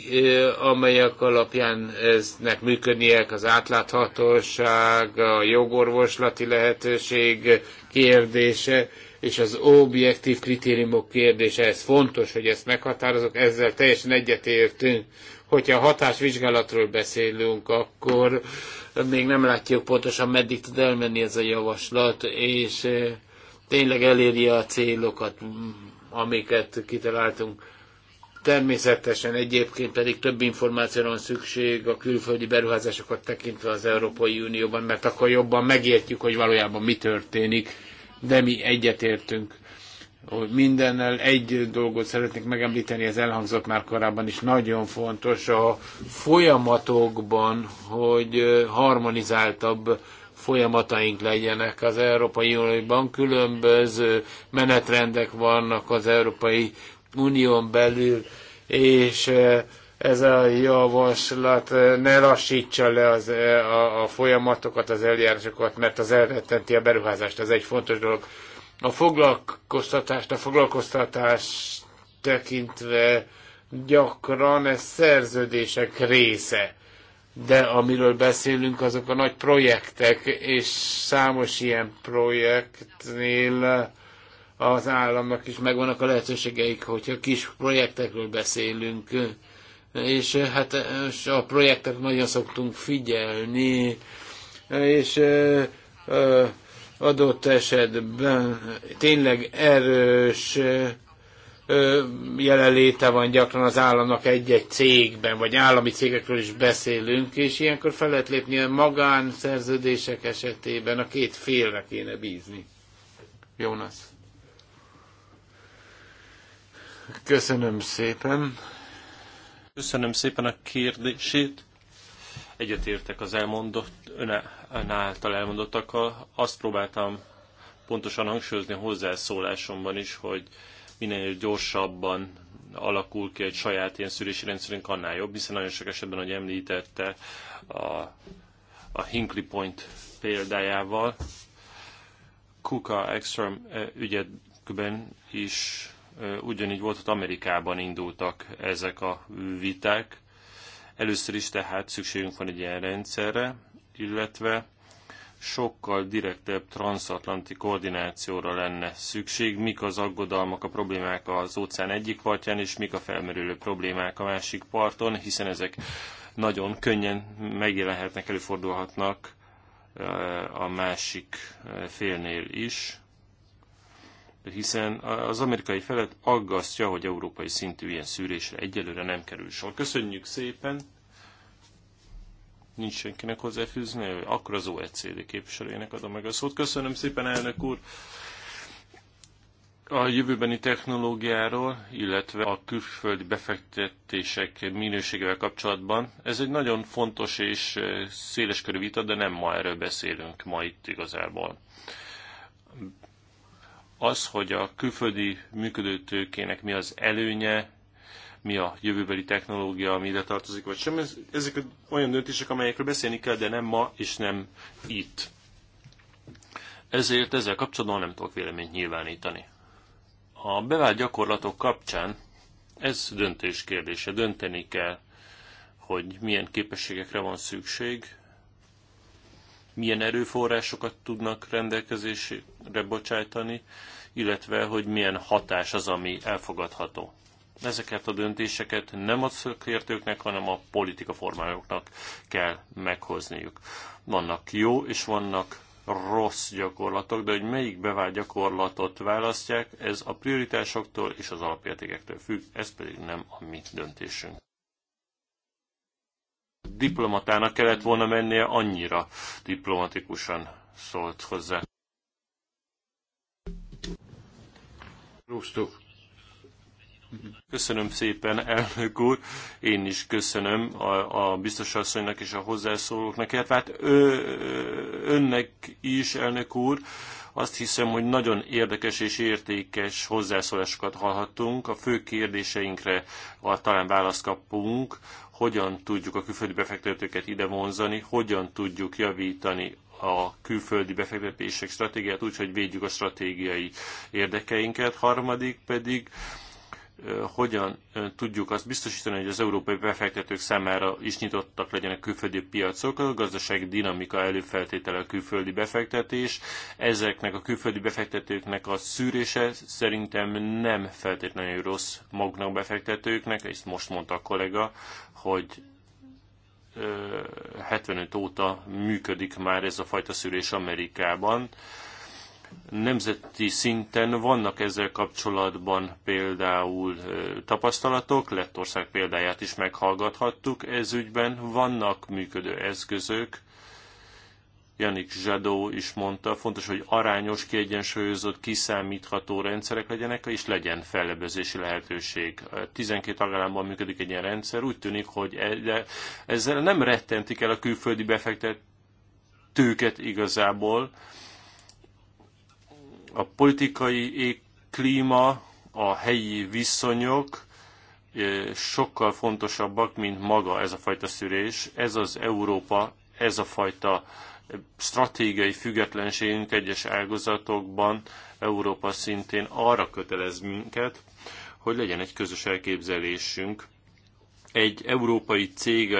amelyek alapján eznek működniek az átláthatóság, a jogorvoslati lehetőség kérdése, és az objektív kritériumok kérdése, ez fontos, hogy ezt meghatározok, ezzel teljesen egyetértünk. Hogyha hatásvizsgálatról beszélünk, akkor még nem látjuk pontosan, meddig tud elmenni ez a javaslat, és tényleg eléri a célokat, amiket kitaláltunk. Természetesen egyébként pedig több információra van szükség a külföldi beruházásokat tekintve az Európai Unióban, mert akkor jobban megértjük, hogy valójában mi történik, de mi egyetértünk. Hogy mindennel egy dolgot szeretnék megemlíteni, ez elhangzott már korábban is, nagyon fontos a folyamatokban, hogy harmonizáltabb folyamataink legyenek az Európai Unióban. Különböző menetrendek vannak az Európai Unión belül, és eh, ez a javaslat eh, ne lassítsa le az, eh, a, a folyamatokat, az eljárásokat, mert az elrettenti a beruházást, ez egy fontos dolog. A foglalkoztatást, a foglalkoztatás tekintve gyakran ez szerződések része de amiről beszélünk, azok a nagy projektek, és számos ilyen projektnél az államnak is megvannak a lehetőségeik, hogyha kis projektekről beszélünk, és hát és a projektek nagyon szoktunk figyelni, és adott esetben tényleg erős jelenléte van gyakran az államnak egy-egy cégben, vagy állami cégekről is beszélünk, és ilyenkor fel lehet lépni a magánszerződések esetében a két félre kéne bízni. Jónas. Köszönöm szépen. Köszönöm szépen a kérdését. Egyetértek az elmondott, ön által elmondottakkal. Azt próbáltam pontosan hangsúlyozni a hozzászólásomban is, hogy minél gyorsabban alakul ki egy saját ilyen szűrési rendszerünk, annál jobb, hiszen nagyon sok esetben, ahogy említette, a, a Hinkley Point példájával, Kuka Extrem e, ügyekben is e, ugyanígy volt, hogy Amerikában indultak ezek a viták. Először is tehát szükségünk van egy ilyen rendszerre, illetve sokkal direktebb transatlanti koordinációra lenne szükség, mik az aggodalmak, a problémák az óceán egyik partján, és mik a felmerülő problémák a másik parton, hiszen ezek nagyon könnyen megjelenhetnek, előfordulhatnak eh, a másik eh, félnél is, hiszen az amerikai felet aggasztja, hogy európai szintű ilyen szűrésre egyelőre nem kerül sor. Köszönjük szépen! nincs senkinek hozzáfűzni, akkor az OECD képviselőjének adom meg a szót. Köszönöm szépen, elnök úr! A jövőbeni technológiáról, illetve a külföldi befektetések minőségével kapcsolatban. Ez egy nagyon fontos és széleskörű vita, de nem ma erről beszélünk ma itt igazából. Az, hogy a külföldi működőtőkének mi az előnye, mi a jövőbeli technológia, ami ide tartozik, vagy sem. ezek olyan döntések, amelyekről beszélni kell, de nem ma és nem itt. Ezért ezzel kapcsolatban nem tudok véleményt nyilvánítani. A bevált gyakorlatok kapcsán ez döntés kérdése. Dönteni kell, hogy milyen képességekre van szükség, milyen erőforrásokat tudnak rendelkezésre bocsájtani, illetve hogy milyen hatás az, ami elfogadható ezeket a döntéseket nem a szakértőknek, hanem a politika formájoknak kell meghozniuk. Vannak jó és vannak rossz gyakorlatok, de hogy melyik bevált gyakorlatot választják, ez a prioritásoktól és az alapértékektől függ, ez pedig nem a mi döntésünk. Diplomatának kellett volna mennie annyira diplomatikusan szólt hozzá. Rúztuk. Köszönöm szépen, elnök úr. Én is köszönöm a, a biztosasszonynak és a hozzászólóknak, illetve hát ö, önnek is, elnök úr. Azt hiszem, hogy nagyon érdekes és értékes hozzászólásokat hallhattunk. A fő kérdéseinkre a, talán választ kapunk, hogyan tudjuk a külföldi befektetőket ide vonzani, hogyan tudjuk javítani a külföldi befektetések stratégiát úgy, hogy védjük a stratégiai érdekeinket. Harmadik pedig hogyan tudjuk azt biztosítani, hogy az európai befektetők számára is nyitottak legyenek külföldi piacok, a gazdasági dinamika előfeltétele a külföldi befektetés. Ezeknek a külföldi befektetőknek a szűrése szerintem nem feltétlenül rossz magnak befektetőknek, ezt most mondta a kollega, hogy 75 óta működik már ez a fajta szűrés Amerikában. Nemzeti szinten vannak ezzel kapcsolatban például tapasztalatok, Lettország példáját is meghallgathattuk ez ügyben, vannak működő eszközök, Janik Zsadó is mondta, fontos, hogy arányos, kiegyensúlyozott, kiszámítható rendszerek legyenek, és legyen fellebezési lehetőség. 12 tagállamban működik egy ilyen rendszer, úgy tűnik, hogy ezzel nem rettentik el a külföldi befektetőket igazából, a politikai klíma, a helyi viszonyok sokkal fontosabbak, mint maga ez a fajta szűrés. Ez az Európa, ez a fajta stratégiai függetlenségünk egyes ágazatokban Európa szintén arra kötelez minket, hogy legyen egy közös elképzelésünk egy európai cég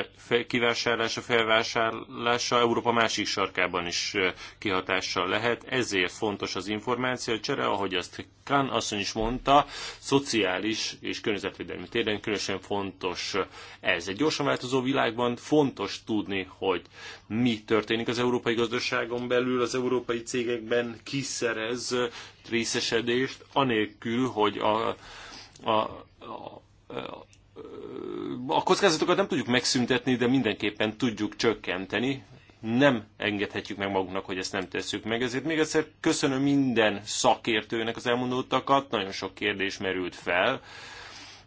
kivásárlása, felvásárlása Európa másik sarkában is kihatással lehet. Ezért fontos az információ csere, ahogy azt Kán asszony is mondta, szociális és környezetvédelmi téren különösen fontos ez. Egy gyorsan változó világban fontos tudni, hogy mi történik az európai gazdaságon belül, az európai cégekben kiszerez részesedést, anélkül, hogy a, a, a, a a kockázatokat nem tudjuk megszüntetni, de mindenképpen tudjuk csökkenteni. Nem engedhetjük meg magunknak, hogy ezt nem tesszük meg. Ezért még egyszer köszönöm minden szakértőnek az elmondottakat. Nagyon sok kérdés merült fel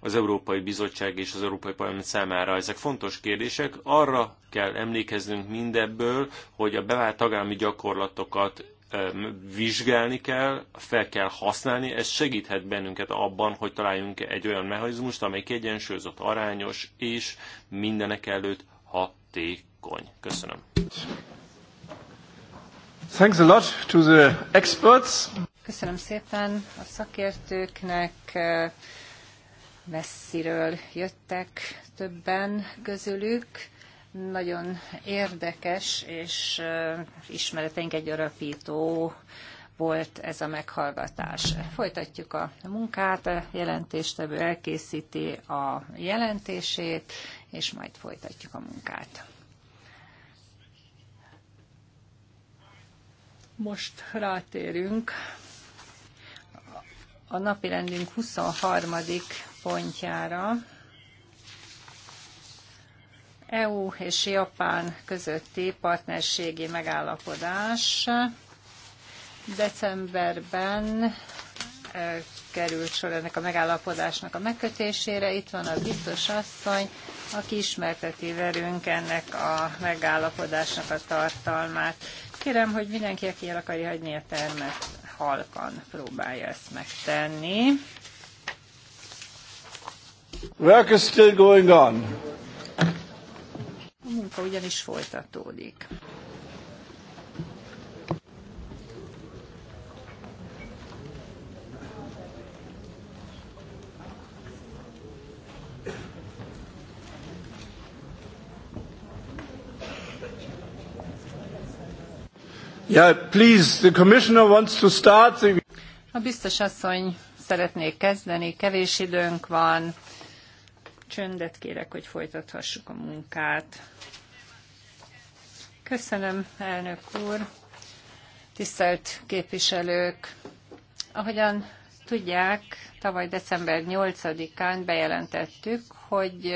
az Európai Bizottság és az Európai Parlament számára. Ezek fontos kérdések. Arra kell emlékeznünk mindebből, hogy a bevált tagállami gyakorlatokat vizsgálni kell, fel kell használni, ez segíthet bennünket abban, hogy találjunk egy olyan mechanizmust, amely kiegyensúlyozott, arányos és mindenek előtt hatékony. Köszönöm. Thanks a lot to the experts. Köszönöm szépen a szakértőknek, messziről jöttek többen közülük. Nagyon érdekes és ismereteink egy arapító volt ez a meghallgatás. Folytatjuk a munkát, a jelentéstevő elkészíti a jelentését, és majd folytatjuk a munkát. Most rátérünk a napirendünk 23. pontjára, EU és Japán közötti partnerségi megállapodás decemberben került sor ennek a megállapodásnak a megkötésére. Itt van a biztos asszony, aki ismerteti velünk ennek a megállapodásnak a tartalmát. Kérem, hogy mindenki, aki el akarja hagyni a termet, halkan próbálja ezt megtenni. Work is still going on munka ugyanis folytatódik. Yeah, please, the commissioner wants to start. A biztos asszony szeretné kezdeni, kevés időnk van. Csöndet kérek, hogy folytathassuk a munkát. Köszönöm, elnök úr. Tisztelt képviselők! Ahogyan tudják, tavaly december 8-án bejelentettük, hogy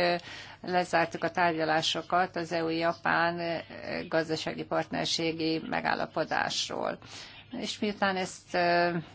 lezártuk a tárgyalásokat az EU-Japán gazdasági partnerségi megállapodásról. És miután ezt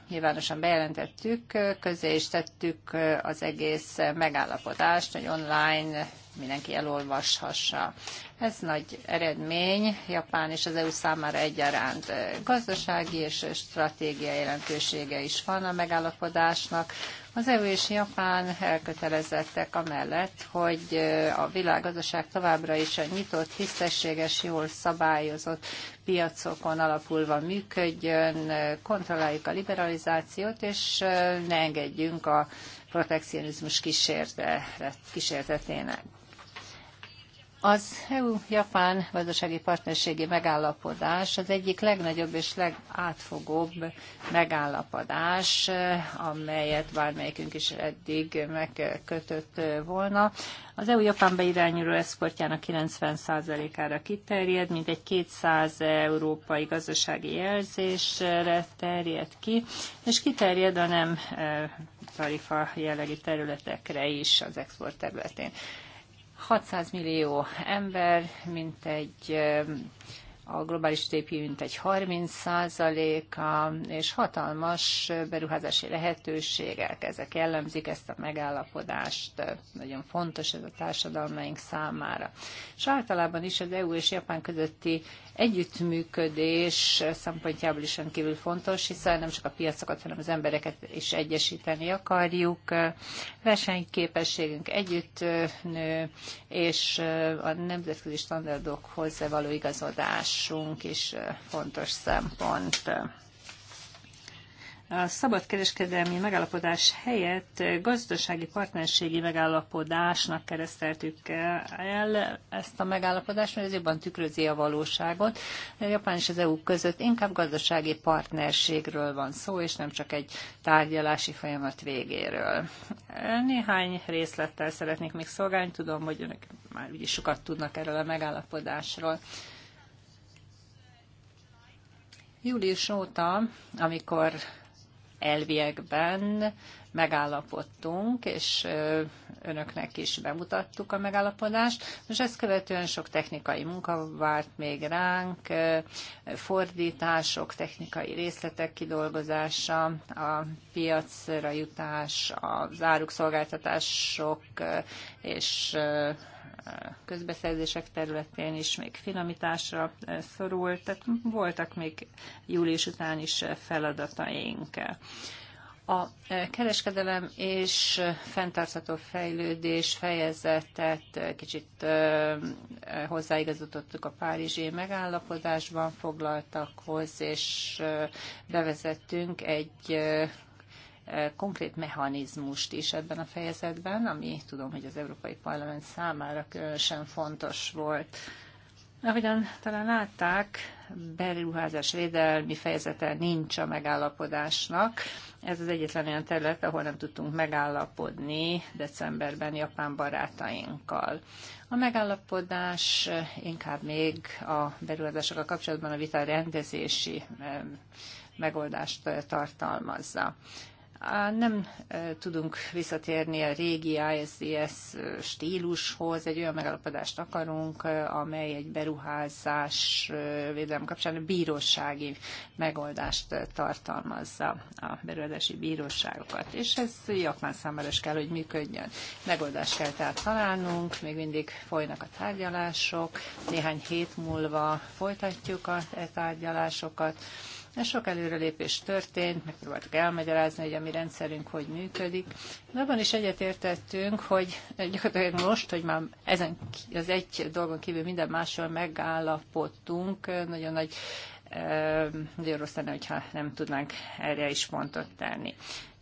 nyilvánosan bejelentettük, közé is tettük az egész megállapodást, egy online mindenki elolvashassa. Ez nagy eredmény Japán és az EU számára egyaránt. Eh, gazdasági és stratégiai jelentősége is van a megállapodásnak. Az EU és Japán elkötelezettek amellett, hogy eh, a világgazdaság továbbra is a nyitott, tisztességes, jól szabályozott piacokon alapulva működjön, kontrolláljuk a liberalizációt, és eh, ne engedjünk a protekcionizmus kísértetének. Az EU-Japán gazdasági partnerségi megállapodás az egyik legnagyobb és legátfogóbb megállapodás, amelyet bármelyikünk is eddig megkötött volna. Az EU-Japán beirányuló eszportjának 90%-ára kiterjed, mintegy 200 európai gazdasági jelzésre terjed ki, és kiterjed a nem tarifa jellegű területekre is az export területén. 600 millió ember, mint egy a globális tépi mint egy 30 százaléka, és hatalmas beruházási lehetőségek, ezek jellemzik ezt a megállapodást, nagyon fontos ez a társadalmaink számára. És általában is az EU és Japán közötti együttműködés szempontjából is rendkívül fontos, hiszen nem csak a piacokat, hanem az embereket is egyesíteni akarjuk. Versenyképességünk együtt nő, és a nemzetközi standardokhoz való igazodásunk is fontos szempont a szabadkereskedelmi megállapodás helyett gazdasági partnerségi megállapodásnak kereszteltük el ezt a megállapodást, mert ez jobban tükrözi a valóságot. Japán és az EU között inkább gazdasági partnerségről van szó, és nem csak egy tárgyalási folyamat végéről. Néhány részlettel szeretnék még szolgálni, tudom, hogy önök már úgyis sokat tudnak erről a megállapodásról. Július óta, amikor elviekben megállapodtunk, és önöknek is bemutattuk a megállapodást. Most ezt követően sok technikai munka várt még ránk, fordítások, technikai részletek kidolgozása, a piacra jutás, az áruk szolgáltatások és közbeszerzések területén is még finomításra szorult, tehát voltak még július után is feladataink. A kereskedelem és fenntartható fejlődés fejezetet kicsit hozzáigazítottuk a Párizsi megállapodásban foglaltakhoz, és bevezettünk egy konkrét mechanizmust is ebben a fejezetben, ami tudom, hogy az Európai Parlament számára különösen fontos volt. Ahogyan talán látták, beruházás védelmi fejezete nincs a megállapodásnak. Ez az egyetlen olyan terület, ahol nem tudtunk megállapodni decemberben japán barátainkkal. A megállapodás inkább még a beruházásokkal kapcsolatban a vita rendezési megoldást tartalmazza. Nem tudunk visszatérni a régi ISDS stílushoz, egy olyan megalapodást akarunk, amely egy beruházás védelem kapcsán bírósági megoldást tartalmazza a beruházási bíróságokat. És ez Japán számára is kell, hogy működjön. Megoldást kell tehát találnunk, még mindig folynak a tárgyalások, néhány hét múlva folytatjuk a tárgyalásokat, de sok előrelépés történt, megpróbáltuk elmagyarázni, hogy a mi rendszerünk hogy működik. De abban is egyetértettünk, hogy gyakorlatilag most, hogy már ezen az egy dolgon kívül minden másról megállapodtunk, nagyon nagy nagyon rossz lenne, hogyha nem tudnánk erre is pontot tenni.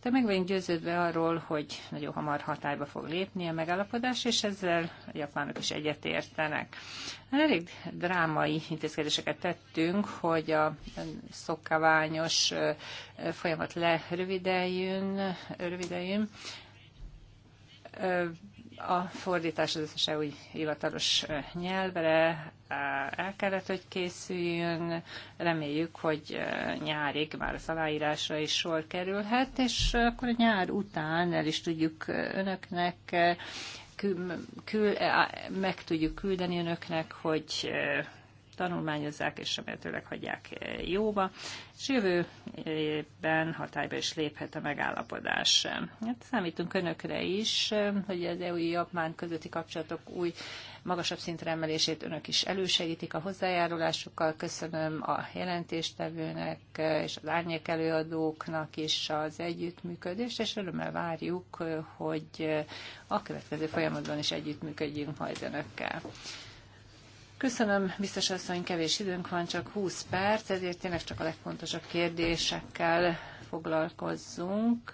De meg vagyunk győződve arról, hogy nagyon hamar hatályba fog lépni a megállapodás, és ezzel a japánok is egyetértenek. Elég drámai intézkedéseket tettünk, hogy a szokkaványos folyamat lerövideljön, rövideljön a fordítás az összes úgy hivatalos nyelvre el kellett, hogy készüljön. Reméljük, hogy nyárig már az aláírásra is sor kerülhet, és akkor a nyár után el is tudjuk önöknek kül, kül, meg tudjuk küldeni önöknek, hogy tanulmányozzák, és remélhetőleg hagyják eh, jóba, és jövőben hatályba is léphet a megállapodás. Hát számítunk önökre is, eh, hogy az EU-japán közötti kapcsolatok új magasabb szintre emelését önök is elősegítik a hozzájárulásukkal. Köszönöm a jelentéstevőnek eh, és az árnyék előadóknak is az együttműködést, és örömmel várjuk, hogy a következő folyamatban is együttműködjünk majd önökkel. Köszönöm, biztos asszony, kevés időnk van, csak 20 perc, ezért tényleg csak a legfontosabb kérdésekkel foglalkozzunk,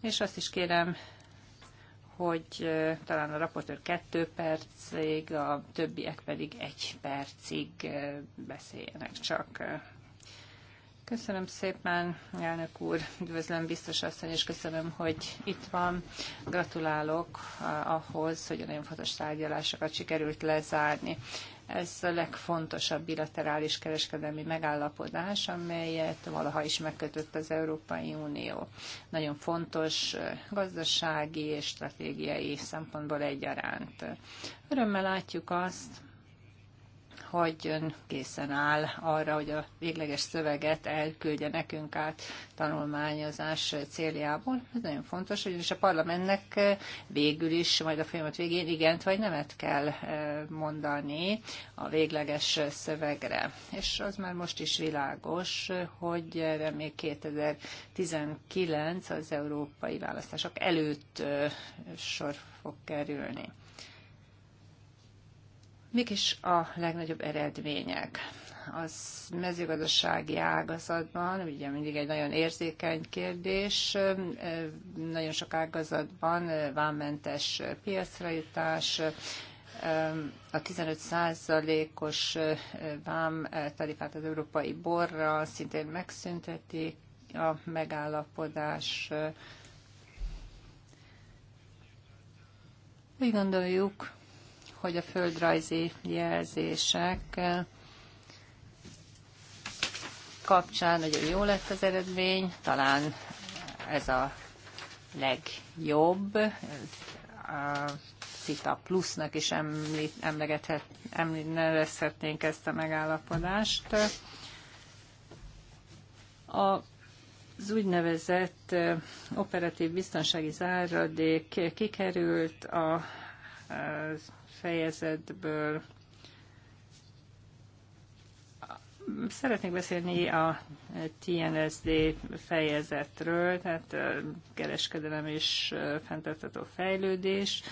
és azt is kérem, hogy talán a raportőr kettő percig, a többiek pedig egy percig beszéljenek csak. Köszönöm szépen, elnök úr, üdvözlöm biztos asszony, és köszönöm, hogy itt van. Gratulálok ahhoz, hogy a nagyon fontos tárgyalásokat sikerült lezárni. Ez a legfontosabb bilaterális kereskedelmi megállapodás, amelyet valaha is megkötött az Európai Unió. Nagyon fontos gazdasági és stratégiai szempontból egyaránt. Örömmel látjuk azt, Hagyjon, készen áll arra, hogy a végleges szöveget elküldje nekünk át tanulmányozás céljából. Ez nagyon fontos, hogy a parlamentnek végül is majd a folyamat végén igent vagy nemet kell eh, mondani a végleges szövegre. És az már most is világos, hogy erre még 2019 az európai választások előtt eh, sor fog kerülni. Mik is a legnagyobb eredmények? Az mezőgazdasági ágazatban, ugye mindig egy nagyon érzékeny kérdés, nagyon sok ágazatban vámmentes piacra jutás, a 15%-os vám tarifát az európai borra szintén megszüntetik, a megállapodás. Úgy gondoljuk, hogy a földrajzi jelzések kapcsán nagyon jó lett az eredmény, talán ez a legjobb. A CITA plusznak is emlegethetnénk ezt a megállapodást. A az úgynevezett operatív biztonsági záradék kikerült a, az fejezetből. Szeretnék beszélni a TNSD fejezetről, tehát kereskedelem és fenntartható fejlődés.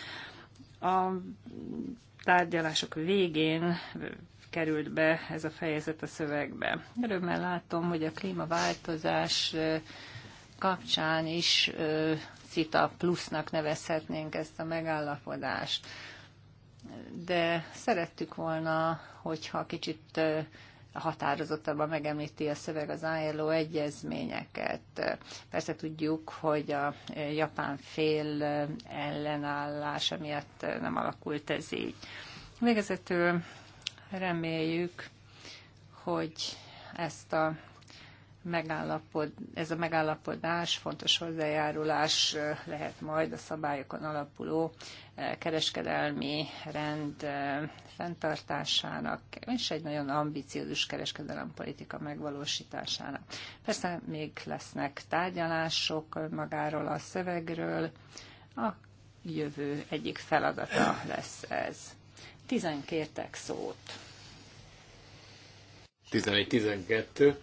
A tárgyalások végén került be ez a fejezet a szövegbe. Örömmel látom, hogy a klímaváltozás kapcsán is CITA plusznak nevezhetnénk ezt a megállapodást de szerettük volna, hogyha kicsit határozottabban megemlíti a szöveg az ILO egyezményeket. Persze tudjuk, hogy a japán fél ellenállása miatt nem alakult ez így. Végezetül reméljük, hogy ezt a megállapod, ez a megállapodás fontos hozzájárulás lehet majd a szabályokon alapuló kereskedelmi rend fenntartásának, és egy nagyon ambiciózus kereskedelempolitika megvalósításának. Persze még lesznek tárgyalások magáról a szövegről, a jövő egyik feladata lesz ez. Tizenkértek szót. 11-12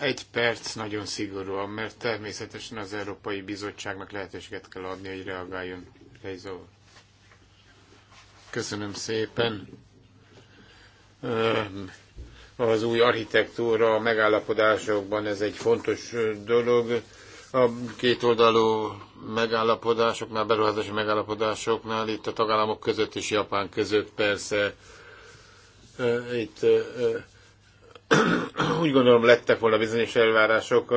egy perc nagyon szigorúan, mert természetesen az Európai Bizottságnak lehetőséget kell adni, hogy reagáljon Reizó. Köszönöm szépen. Az új architektúra a megállapodásokban ez egy fontos dolog. A kétoldalú megállapodásoknál, beruházási megállapodásoknál, itt a tagállamok között és Japán között persze itt úgy gondolom lettek volna bizonyos elvárások.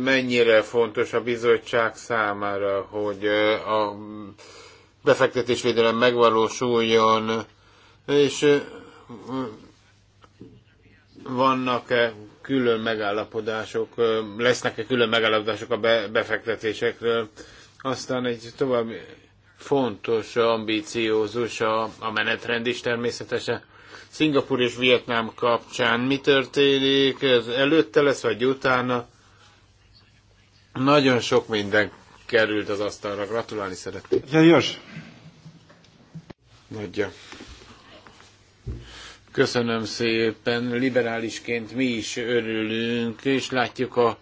Mennyire fontos a bizottság számára, hogy a befektetésvédelem megvalósuljon, és vannak-e külön megállapodások, lesznek-e külön megállapodások a befektetésekről. Aztán egy további fontos, ambíciózus a, a menetrend is természetesen Szingapur és Vietnám kapcsán. Mi történik? Ez előtte lesz, vagy utána? Nagyon sok minden került az asztalra. Gratulálni szeretnék. Ja, Jós! Nagyja. Köszönöm szépen. Liberálisként mi is örülünk, és látjuk a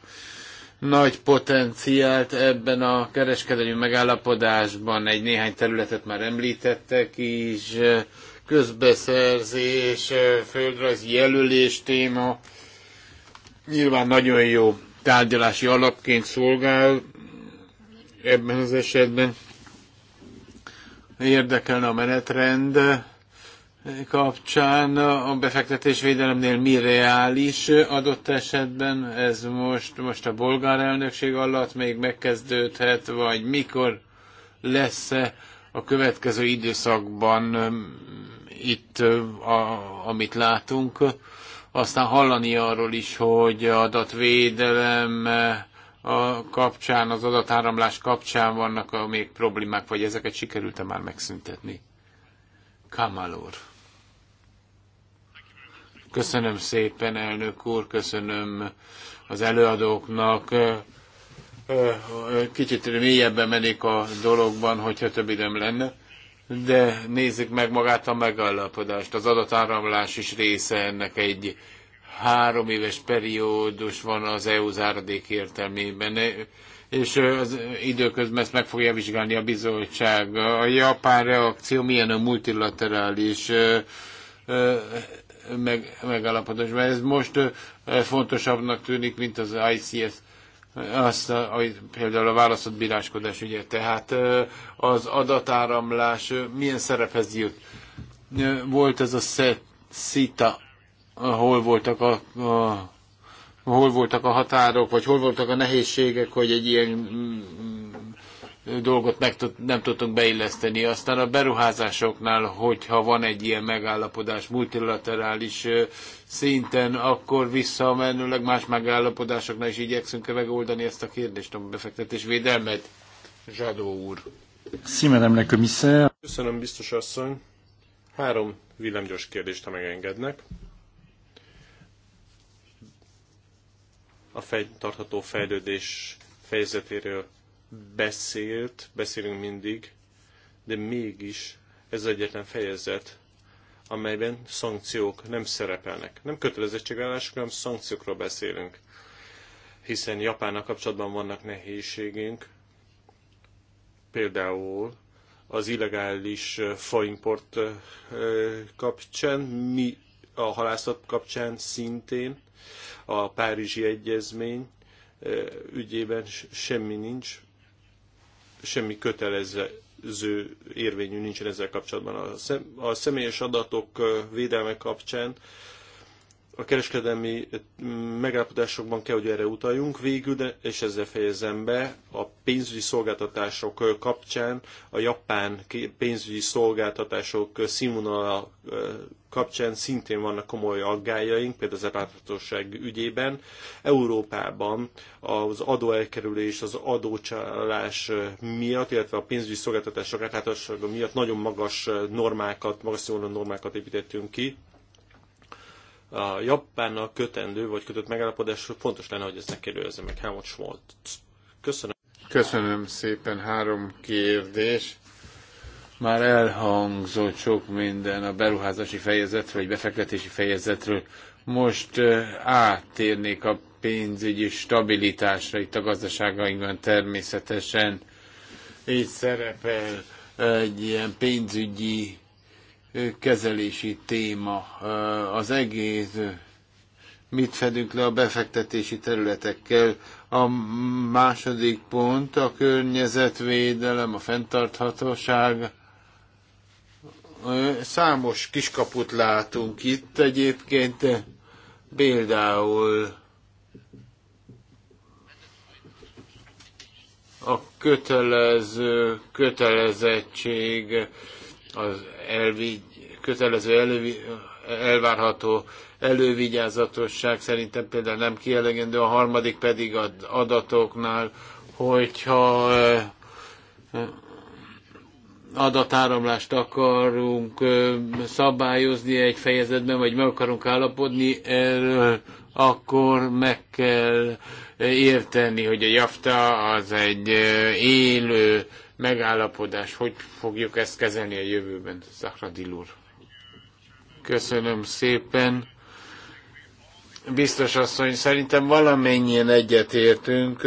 nagy potenciált ebben a kereskedelmi megállapodásban. Egy néhány területet már említettek is közbeszerzés, földrajzi jelölés téma nyilván nagyon jó tárgyalási alapként szolgál ebben az esetben. Érdekelne a menetrend kapcsán a befektetésvédelemnél mi reális adott esetben, ez most, most a bolgár elnökség alatt még megkezdődhet, vagy mikor lesz-e a következő időszakban itt, a, amit látunk. Aztán hallani arról is, hogy adatvédelem a kapcsán, az adatáramlás kapcsán vannak a még problémák, vagy ezeket sikerült-e már megszüntetni? Kamalor. Köszönöm szépen, elnök úr, köszönöm az előadóknak. Kicsit mélyebben menik a dologban, hogyha több időm lenne de nézzük meg magát a megállapodást. Az adatáramlás is része ennek egy három éves periódus van az EU záradék értelmében, és az időközben ezt meg fogja vizsgálni a bizottság. A japán reakció milyen a multilaterális meg, megállapodás, mert ez most fontosabbnak tűnik, mint az ICS azt, ahogy például a válaszott bíráskodás ugye, tehát az adatáramlás milyen szerephez jut? Volt ez a szita, hol voltak a, a hol voltak a határok, vagy hol voltak a nehézségek, hogy egy ilyen dolgot meg tud, nem tudtunk beilleszteni. Aztán a beruházásoknál, hogyha van egy ilyen megállapodás multilaterális szinten, akkor visszamenőleg más megállapodásoknál is igyekszünk-e megoldani ezt a kérdést, a befektetés védelmet? Zsadó úr. Si, madame Köszönöm, biztos asszony. Három villámgyors kérdést, ha megengednek. A fej, tartható fejlődés fejezetéről beszélt, beszélünk mindig, de mégis ez az egyetlen fejezet, amelyben szankciók nem szerepelnek. Nem kötelezettségvállások, hanem szankciókról beszélünk. Hiszen Japánnak kapcsolatban vannak nehézségünk, például az illegális faimport kapcsán, mi a halászat kapcsán szintén, a Párizsi Egyezmény ügyében semmi nincs, semmi kötelező érvényű nincsen ezzel kapcsolatban. A, szem, a személyes adatok védelme kapcsán a kereskedelmi mm, megállapodásokban kell, hogy erre utaljunk végül, de, és ezzel fejezem be, a pénzügyi szolgáltatások kapcsán, a japán pénzügyi szolgáltatások színvonala kapcsán szintén vannak komoly aggájaink, például az átláthatóság ügyében. Európában az adóelkerülés, az adócsalás miatt, illetve a pénzügyi szolgáltatások átláthatósága miatt nagyon magas normákat, magas színvonalú normákat építettünk ki, a Japánnal kötendő vagy kötött megállapodás fontos lenne, hogy ezt ne meg Helmut Schmolt. Köszönöm. Köszönöm szépen. Három kérdés. Már elhangzott sok minden a beruházási fejezetről, vagy befektetési fejezetről. Most áttérnék a pénzügyi stabilitásra itt a gazdaságainkban természetesen. Így szerepel egy ilyen pénzügyi kezelési téma. Az egész mit fedünk le a befektetési területekkel. A második pont a környezetvédelem, a fenntarthatóság. Számos kiskaput látunk itt egyébként, például a kötelező kötelezettség az elvégy, kötelező elő, elvárható elővigyázatosság szerintem például nem kielegendő, a harmadik pedig az adatoknál, hogyha adatáramlást akarunk szabályozni egy fejezetben, vagy meg akarunk állapodni erről, akkor meg kell érteni, hogy a JAFTA az egy élő megállapodás, hogy fogjuk ezt kezelni a jövőben, Zahradil úr. Köszönöm szépen. Biztos asszony, szerintem valamennyien egyetértünk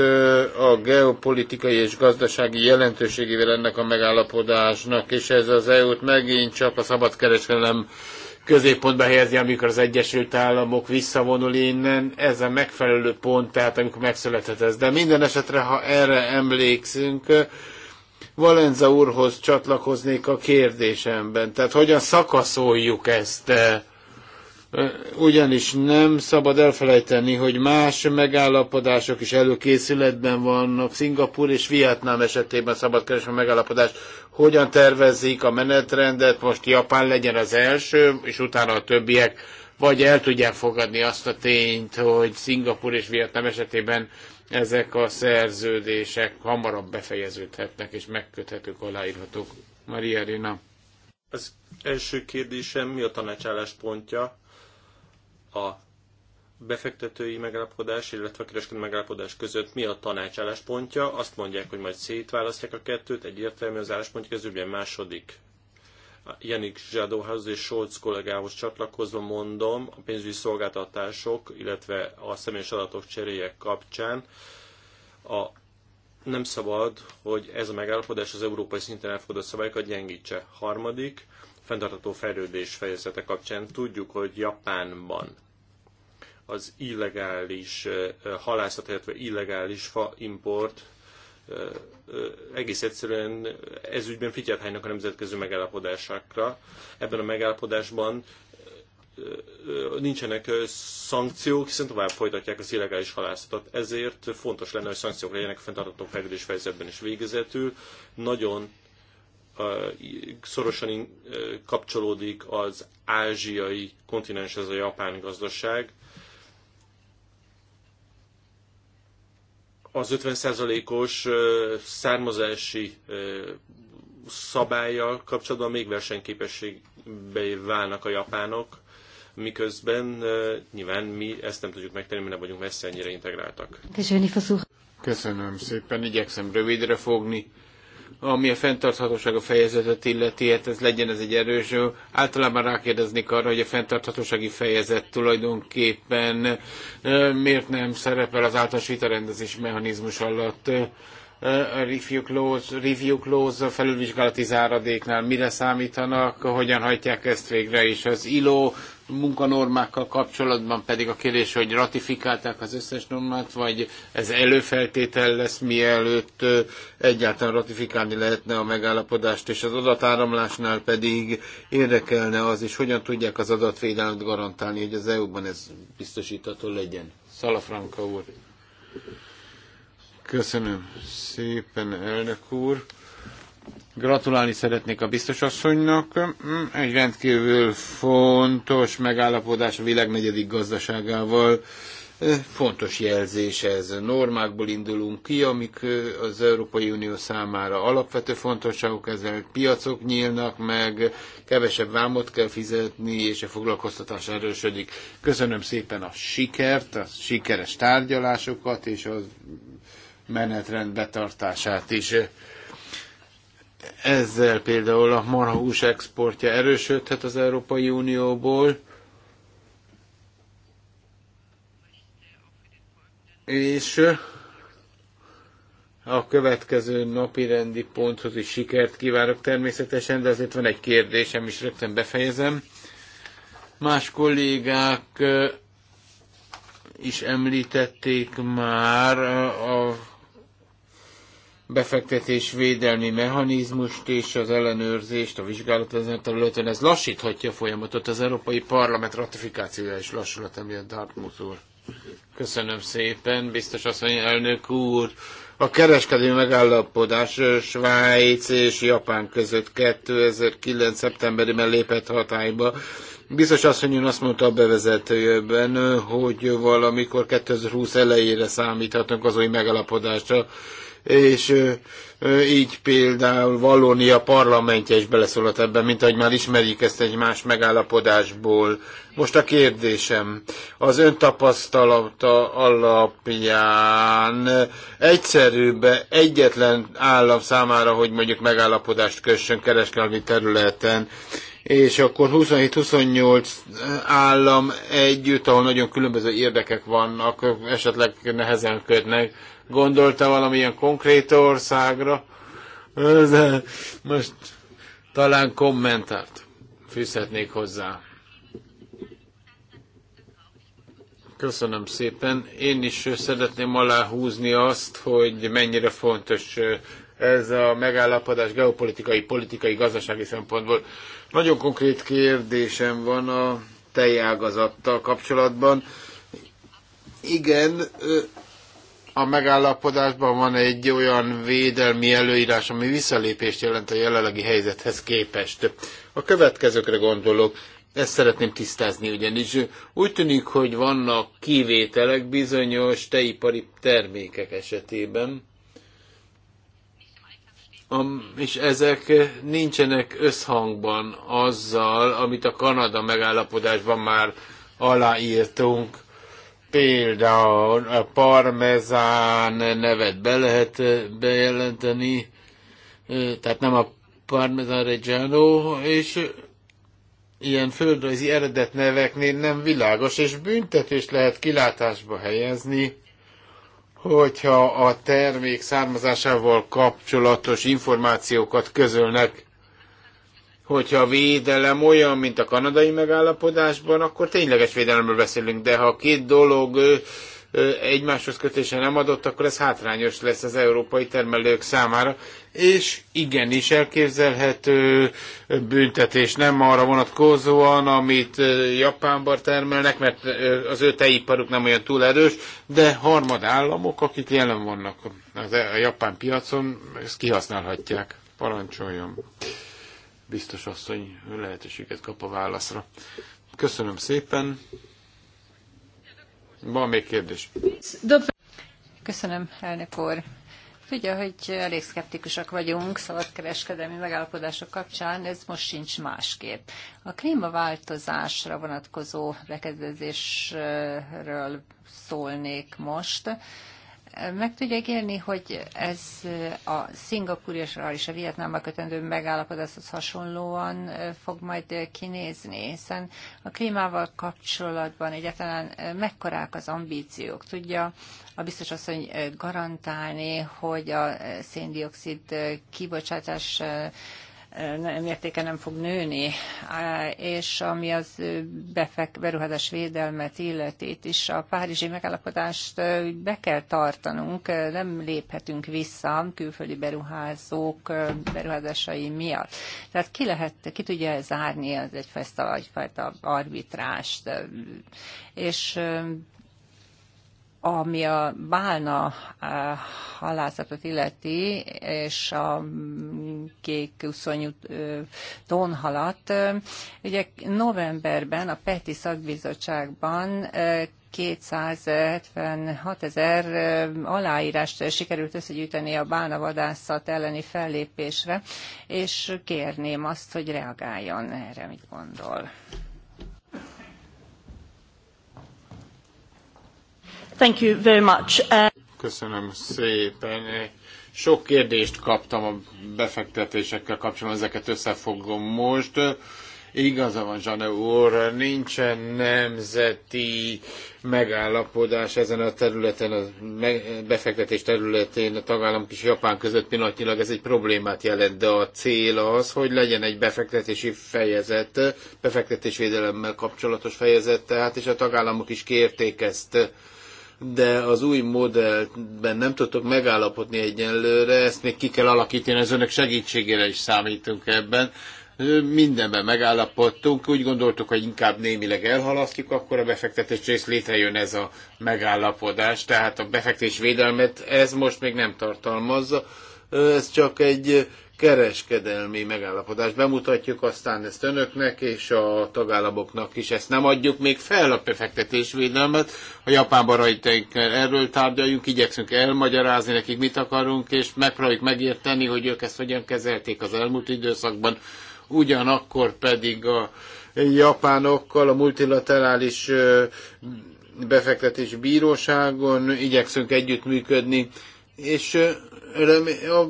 a geopolitikai és gazdasági jelentőségével ennek a megállapodásnak, és ez az EU-t megint csak a szabadkereskedelem középpontba helyezi, amikor az Egyesült Államok visszavonul innen. Ez a megfelelő pont, tehát amikor megszülethet ez. De minden esetre, ha erre emlékszünk, Valenza úrhoz csatlakoznék a kérdésemben. Tehát hogyan szakaszoljuk ezt? E, e, ugyanis nem szabad elfelejteni, hogy más megállapodások is előkészületben vannak. Szingapur és Vietnám esetében szabad a megállapodást. Hogyan tervezik a menetrendet? Most Japán legyen az első, és utána a többiek vagy el tudják fogadni azt a tényt, hogy Szingapur és Vietnám esetében ezek a szerződések hamarabb befejeződhetnek és megköthetők, aláírhatók. Maria Rina. Az első kérdésem, mi a tanácsállás pontja a befektetői megállapodás, illetve a kereskedő megállapodás között mi a tanács pontja? Azt mondják, hogy majd szétválasztják a kettőt, egyértelmű az álláspontja, ez ugye második Janik Zsadóhoz és Scholz kollégához csatlakozva mondom, a pénzügyi szolgáltatások, illetve a személyes adatok cseréje kapcsán a nem szabad, hogy ez a megállapodás az európai szinten elfogadott szabályokat gyengítse. Harmadik, fenntartható fejlődés fejezete kapcsán tudjuk, hogy Japánban az illegális eh, halászat, illetve illegális fa import egész egyszerűen ez ügyben hánynak a nemzetközi megállapodásokra. Ebben a megállapodásban nincsenek szankciók, hiszen tovább folytatják az illegális halászatot. Ezért fontos lenne, hogy szankciók legyenek a fenntartató fejlődés fejezetben is végezetül. Nagyon szorosan kapcsolódik az ázsiai kontinenshez a japán gazdaság. az 50%-os származási szabályjal kapcsolatban még versenyképességbe válnak a japánok, miközben nyilván mi ezt nem tudjuk megtenni, mert nem vagyunk messze ennyire integráltak. Köszönöm szépen, igyekszem rövidre fogni ami a fenntarthatóság a fejezetet illeti, hát ez legyen ez egy erős. Általában rákérdeznék arra, hogy a fenntarthatósági fejezet tulajdonképpen miért nem szerepel az általános vitarendezés mechanizmus alatt a review clause, review clause felülvizsgálati záradéknál mire számítanak, hogyan hajtják ezt végre, és az ILO munkanormákkal kapcsolatban pedig a kérdés, hogy ratifikálták az összes normát, vagy ez előfeltétel lesz, mielőtt egyáltalán ratifikálni lehetne a megállapodást, és az adatáramlásnál pedig érdekelne az is, hogyan tudják az adatvédelmet garantálni, hogy az EU-ban ez biztosítható legyen. Szalafranka úr. Köszönöm szépen, elnök úr. Gratulálni szeretnék a asszonynak. Mm, egy rendkívül fontos megállapodás a világ negyedik gazdaságával. E, fontos jelzés ez. Normákból indulunk ki, amik e, az Európai Unió számára alapvető fontosságok, ezzel piacok nyílnak meg, kevesebb vámot kell fizetni, és a foglalkoztatás erősödik. Köszönöm szépen a sikert, a sikeres tárgyalásokat, és a menetrend betartását is. Ezzel például a marhahús exportja erősödhet az Európai Unióból, és a következő napi rendi ponthoz is sikert kívánok természetesen, de azért van egy kérdésem, is, rögtön befejezem. Más kollégák is említették már a befektetés védelmi mechanizmust és az ellenőrzést, a vizsgálat ezen a területen, ez lassíthatja a folyamatot. Az Európai Parlament ratifikációja is lassulhat, emiatt Dartmouth úr. Köszönöm szépen, biztos asszony elnök úr. A kereskedő megállapodás Svájc és Japán között 2009. szeptemberében lépett hatályba. Biztos asszony ön azt mondta a bevezetőjében, hogy valamikor 2020 elejére számíthatunk az új megállapodásra és így például Vallónia parlamentje is beleszólott ebben, mint ahogy már ismerjük ezt egy más megállapodásból. Most a kérdésem, az ön tapasztalata alapján egyszerűbb egyetlen állam számára, hogy mondjuk megállapodást kössön kereskedelmi területen, és akkor 27-28 állam együtt, ahol nagyon különböző érdekek vannak, esetleg nehezen kötnek, gondolta valamilyen konkrét országra, de most talán kommentárt fűzhetnék hozzá. Köszönöm szépen. Én is szeretném aláhúzni azt, hogy mennyire fontos ez a megállapodás geopolitikai, politikai, gazdasági szempontból. Nagyon konkrét kérdésem van a tejágazattal kapcsolatban. Igen, a megállapodásban van egy olyan védelmi előírás, ami visszalépést jelent a jelenlegi helyzethez képest. A következőkre gondolok, ezt szeretném tisztázni ugyanis. Úgy tűnik, hogy vannak kivételek bizonyos teipari termékek esetében, és ezek nincsenek összhangban azzal, amit a Kanada megállapodásban már aláírtunk Például a parmezán nevet be lehet bejelenteni, tehát nem a parmezán reggiano, és ilyen földrajzi neveknél nem világos, és büntetést lehet kilátásba helyezni, hogyha a termék származásával kapcsolatos információkat közölnek hogyha a védelem olyan, mint a kanadai megállapodásban, akkor tényleges védelemről beszélünk, de ha a két dolog egymáshoz kötése nem adott, akkor ez hátrányos lesz az európai termelők számára, és igenis elképzelhető büntetés nem arra vonatkozóan, amit Japánban termelnek, mert az ő tejiparuk nem olyan túl erős, de harmad államok, akik jelen vannak e- a japán piacon, ezt kihasználhatják. Parancsoljon! biztos asszony lehetőséget kap a válaszra. Köszönöm szépen. Van még kérdés? Köszönöm, elnök úr. Tudja, hogy elég szkeptikusak vagyunk szabadkereskedelmi megállapodások kapcsán, ez most sincs másképp. A klímaváltozásra vonatkozó bekezdezésről szólnék most meg tudják élni, hogy ez a szingapúriasra és a Vietnámba kötendő megállapodáshoz hasonlóan fog majd kinézni, hiszen a klímával kapcsolatban egyáltalán mekkorák az ambíciók. Tudja a biztos asszony garantálni, hogy a széndiokszid kibocsátás mértéke nem fog nőni, és ami az befek, beruházás védelmet illeti, is a párizsi megállapodást be kell tartanunk, nem léphetünk vissza külföldi beruházók beruházásai miatt. Tehát ki lehet, ki tudja zárni az egyfajta, egyfajta arbitrást, és ami a bálna eh, halászatot illeti, és a kék uszonyú eh, tonhalat, eh, ugye novemberben a PETI szakbizottságban 276 ezer aláírást sikerült összegyűjteni a Bálna vadászat elleni fellépésre, és kérném azt, hogy reagáljon erre, mit gondol. Thank you very much. Uh, Köszönöm szépen. Sok kérdést kaptam a befektetésekkel kapcsolatban, ezeket összefogom most. Igaza van, Zsane úr, nincsen nemzeti megállapodás ezen a területen, a befektetés területén a tagállam és Japán között pillanatnyilag ez egy problémát jelent, de a cél az, hogy legyen egy befektetési fejezet, befektetésvédelemmel kapcsolatos fejezet, tehát és a tagállamok is kérték ezt de az új modellben nem tudtok megállapodni egyenlőre, ezt még ki kell alakítani, az önök segítségére is számítunk ebben. Mindenben megállapodtunk, úgy gondoltuk, hogy inkább némileg elhalasztjuk, akkor a befektetés rész létrejön ez a megállapodás, tehát a befektetés védelmet ez most még nem tartalmazza, ez csak egy kereskedelmi megállapodást bemutatjuk, aztán ezt önöknek és a tagállamoknak is. Ezt nem adjuk még fel a befektetésvédelmet. A japán barátainkkel erről tárgyaljunk, igyekszünk elmagyarázni nekik, mit akarunk, és megpróbáljuk megérteni, hogy ők ezt hogyan kezelték az elmúlt időszakban. Ugyanakkor pedig a japánokkal a multilaterális befektetés bíróságon igyekszünk együttműködni, és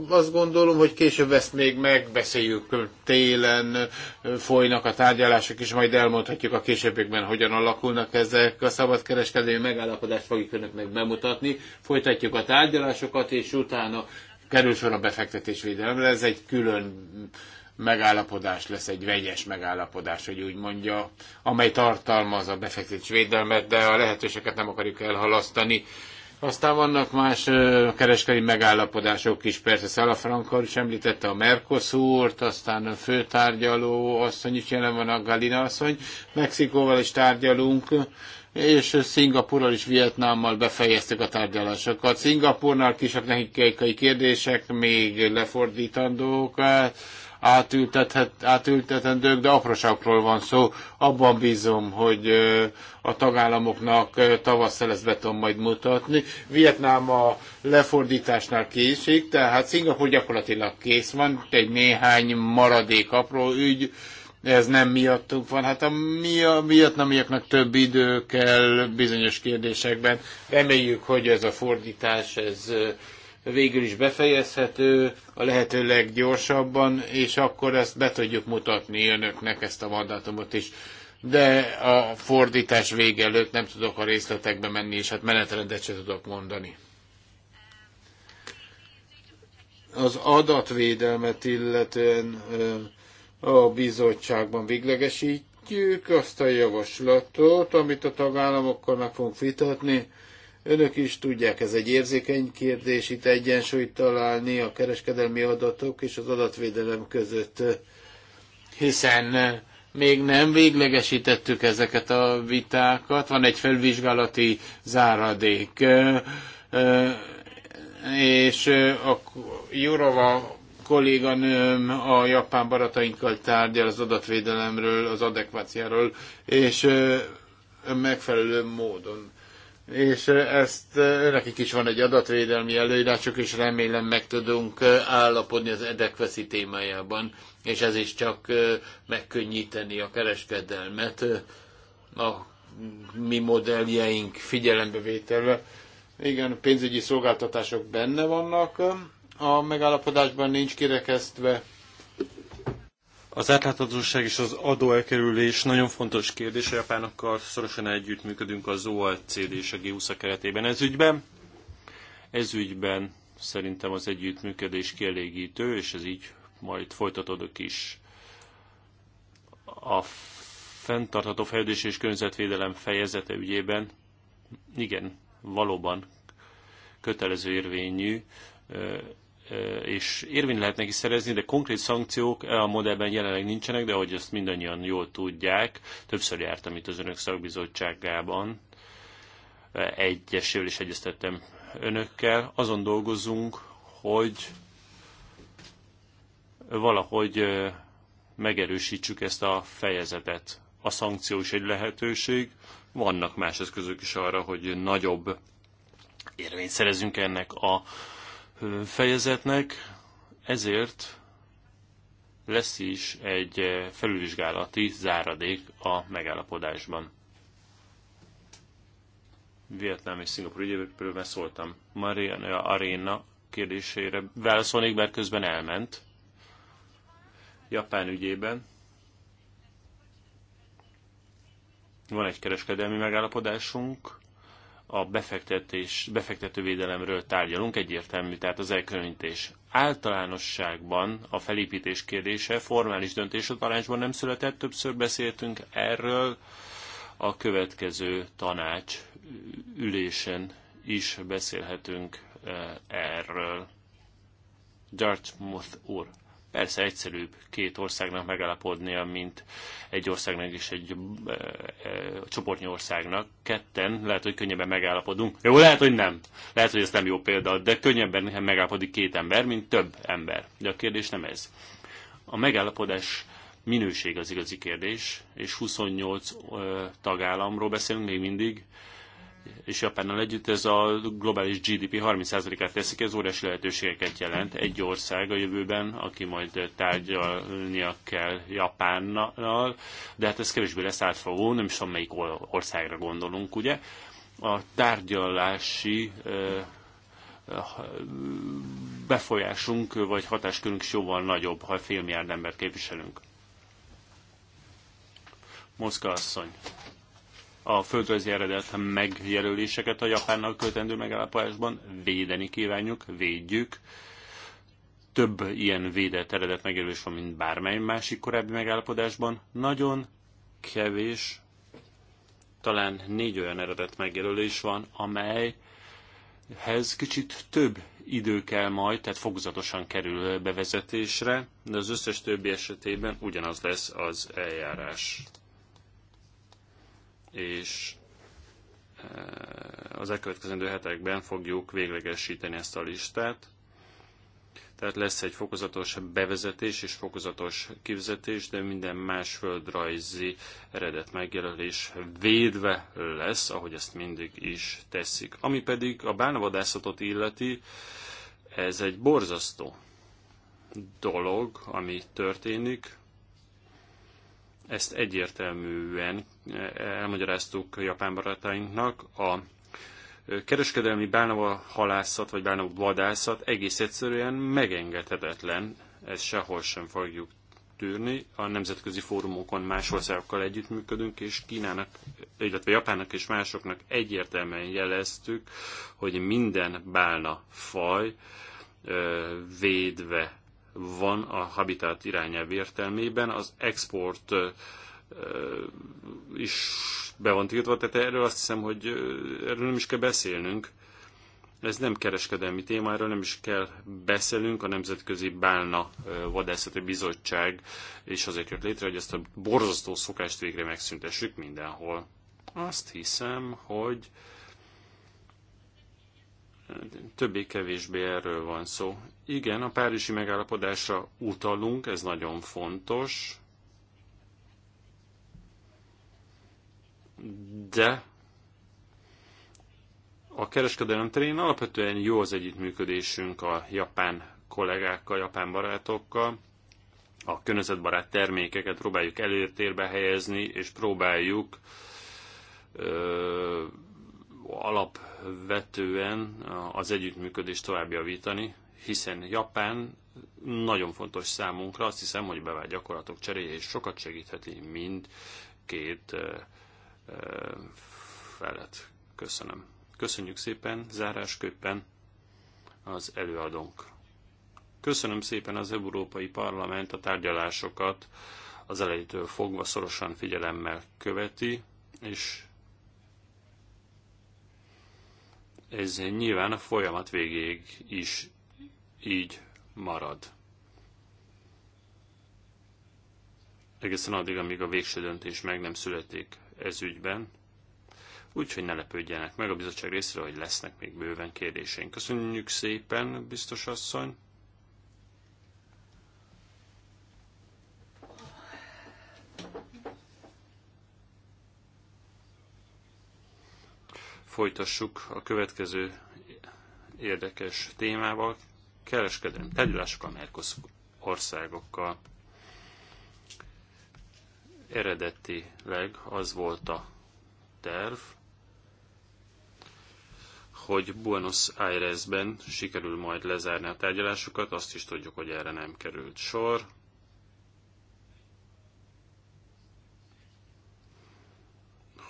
azt gondolom, hogy később ezt még megbeszéljük télen, folynak a tárgyalások, és majd elmondhatjuk a későbbiekben, hogyan alakulnak ezek. A szabadkereskedelmi megállapodást fogjuk önöknek bemutatni. Folytatjuk a tárgyalásokat, és utána kerül sor a befektetésvédelemre. Ez egy külön megállapodás lesz, egy vegyes megállapodás, hogy úgy mondja, amely tartalmaz a befektetésvédelmet, de a lehetőséget nem akarjuk elhalasztani. Aztán vannak más kereskedelmi megállapodások is, persze Szalafrankkal is említette a Mercosurt, aztán a főtárgyaló asszony is jelen van, a Galina asszony, Mexikóval is tárgyalunk, és Szingapurral és Vietnámmal befejeztük a tárgyalásokat. Szingapurnál kisebb technikai kérdések még lefordítandók, átültetendők, de apróságokról van szó. Abban bízom, hogy a tagállamoknak tavasszal ezt beton, majd mutatni. Vietnám a lefordításnál késik, tehát Szingapur gyakorlatilag kész van, egy néhány maradék apró ügy, ez nem miattunk van. Hát a, mi a vietnamiaknak több idő kell bizonyos kérdésekben. Reméljük, hogy ez a fordítás, ez végül is befejezhető a lehető leggyorsabban, és akkor ezt be tudjuk mutatni önöknek ezt a mandátumot is. De a fordítás vége előtt nem tudok a részletekbe menni, és hát menetrendet sem tudok mondani. Az adatvédelmet illetően a bizottságban véglegesítjük azt a javaslatot, amit a tagállamokkal meg fogunk vitatni Önök is tudják, ez egy érzékeny kérdés, itt egyensúlyt találni a kereskedelmi adatok és az adatvédelem között, hiszen még nem véglegesítettük ezeket a vitákat, van egy felvizsgálati záradék, és a Jurova kolléganőm a japán baratainkkal tárgyal az adatvédelemről, az adekváciáról, és megfelelő módon és ezt nekik is van egy adatvédelmi előírásuk, és remélem meg tudunk állapodni az edekveszi témájában, és ez is csak megkönnyíteni a kereskedelmet a mi modelljeink figyelembevételve. Igen, pénzügyi szolgáltatások benne vannak, a megállapodásban nincs kirekesztve az átláthatóság és az adóelkerülés nagyon fontos kérdés. A japánokkal szorosan együttműködünk az OECD és a G20 keretében ez ügyben. Ez ügyben szerintem az együttműködés kielégítő, és ez így majd folytatódok is. A fenntartható fejlődés és környezetvédelem fejezete ügyében igen, valóban kötelező érvényű és érvény lehet neki szerezni, de konkrét szankciók e a modellben jelenleg nincsenek, de ahogy ezt mindannyian jól tudják, többször jártam itt az önök szakbizottságában, egyesével is egyeztettem önökkel, azon dolgozunk, hogy valahogy megerősítsük ezt a fejezetet. A szankció is egy lehetőség, vannak más eszközök is arra, hogy nagyobb érvényt szerezünk ennek a fejezetnek, ezért lesz is egy eh, felülvizsgálati záradék a megállapodásban. Vietnám és Szingapur ügyéből már szóltam. Mariana Arena kérdésére válaszolnék, mert közben elment. Japán ügyében van egy kereskedelmi megállapodásunk, a befektetés, befektetővédelemről tárgyalunk, egyértelmű, tehát az elkülönítés. Általánosságban a felépítés kérdése formális döntés a tanácsban nem született, többször beszéltünk erről, a következő tanács ülésen is beszélhetünk eh, erről. Dartmouth úr. Persze egyszerűbb két országnak megállapodnia, mint egy országnak és egy csoportnyi országnak. Ketten lehet, hogy könnyebben megállapodunk. Jó, lehet, hogy nem. Lehet, hogy ez nem jó példa, de könnyebben megállapodik két ember, mint több ember. De a kérdés nem ez. A megállapodás minőség az igazi kérdés, és 28 ö, tagállamról beszélünk még mindig, és Japánnal együtt ez a globális GDP 30%-át teszik, ez óriási lehetőségeket jelent. Egy ország a jövőben, aki majd tárgyalnia kell Japánnal, de hát ez kevésbé lesz átfogó, nem is tudom melyik országra gondolunk, ugye. A tárgyalási befolyásunk vagy hatáskörünk is jóval nagyobb, ha fél embert képviselünk. Moszka asszony a földrajzi eredet megjelöléseket a Japánnal kötendő megállapodásban védeni kívánjuk, védjük. Több ilyen védett eredet megjelölés van, mint bármely másik korábbi megállapodásban. Nagyon kevés, talán négy olyan eredet megjelölés van, amelyhez kicsit több idő kell majd, tehát fokozatosan kerül bevezetésre, de az összes többi esetében ugyanaz lesz az eljárás és e, az elkövetkezendő hetekben fogjuk véglegesíteni ezt a listát. Tehát lesz egy fokozatos bevezetés és fokozatos kivezetés, de minden más földrajzi eredet megjelölés védve lesz, ahogy ezt mindig is teszik. Ami pedig a bánavadászatot illeti, ez egy borzasztó dolog, ami történik. Ezt egyértelműen eh, elmagyaráztuk japán barátainknak. A eh, kereskedelmi bálnava halászat vagy bálnava vadászat egész egyszerűen megengedhetetlen. Ezt sehol sem fogjuk tűrni. A nemzetközi fórumokon más országokkal együttműködünk, és Kínának, illetve Japánnak és másoknak egyértelműen jeleztük, hogy minden bálna faj eh, védve van a habitat irányelv értelmében, az export is be van tiltva, tehát erről azt hiszem, hogy erről nem is kell beszélnünk. Ez nem kereskedelmi témáról nem is kell beszélnünk, a Nemzetközi Bálna Vadászati Bizottság és azért jött létre, hogy ezt a borzasztó szokást végre megszüntessük mindenhol. Azt hiszem, hogy többé-kevésbé erről van szó. Igen, a párizsi megállapodásra utalunk, ez nagyon fontos. De a kereskedelem terén alapvetően jó az együttműködésünk a japán kollégákkal, japán barátokkal. A környezetbarát termékeket próbáljuk előtérbe helyezni, és próbáljuk ö, alapvetően az együttműködést tovább javítani, hiszen Japán nagyon fontos számunkra, azt hiszem, hogy bevált gyakorlatok cseréje és sokat segítheti mind két felet. Köszönöm. Köszönjük szépen zárásképpen az előadónk. Köszönöm szépen az Európai Parlament a tárgyalásokat az elejétől fogva szorosan figyelemmel követi, és ez nyilván a folyamat végéig is így marad. Egészen addig, amíg a végső döntés meg nem születik ez ügyben, úgyhogy ne lepődjenek meg a bizottság részéről, hogy lesznek még bőven kérdéseink. Köszönjük szépen, biztos asszony! Folytassuk a következő érdekes témával kereskedelmi tárgyalások a Mercosur országokkal. Eredetileg az volt a terv, hogy Buenos Airesben sikerül majd lezárni a tárgyalásokat, azt is tudjuk, hogy erre nem került sor.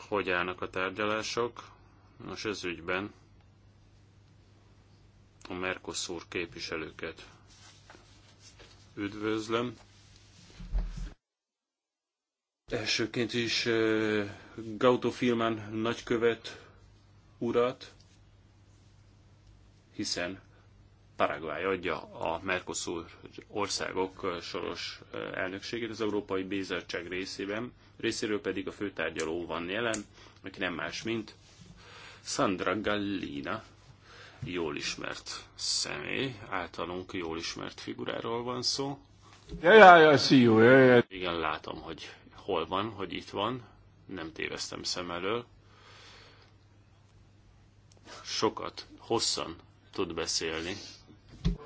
Hogy állnak a tárgyalások? Nos, ez ügyben a Mercosur képviselőket. Üdvözlöm! Elsőként is eh, Gautó Filmán nagykövet urat, hiszen Paraguay adja a Mercosur országok eh, soros eh, elnökségét az Európai Bizottság részében, részéről pedig a főtárgyaló van jelen, aki nem más, mint Sandra Gallina, jól ismert személy, általunk jól ismert figuráról van szó. Ja, ja, ja, see you. ja, Igen, látom, hogy hol van, hogy itt van, nem téveztem szem elől. Sokat, hosszan tud beszélni.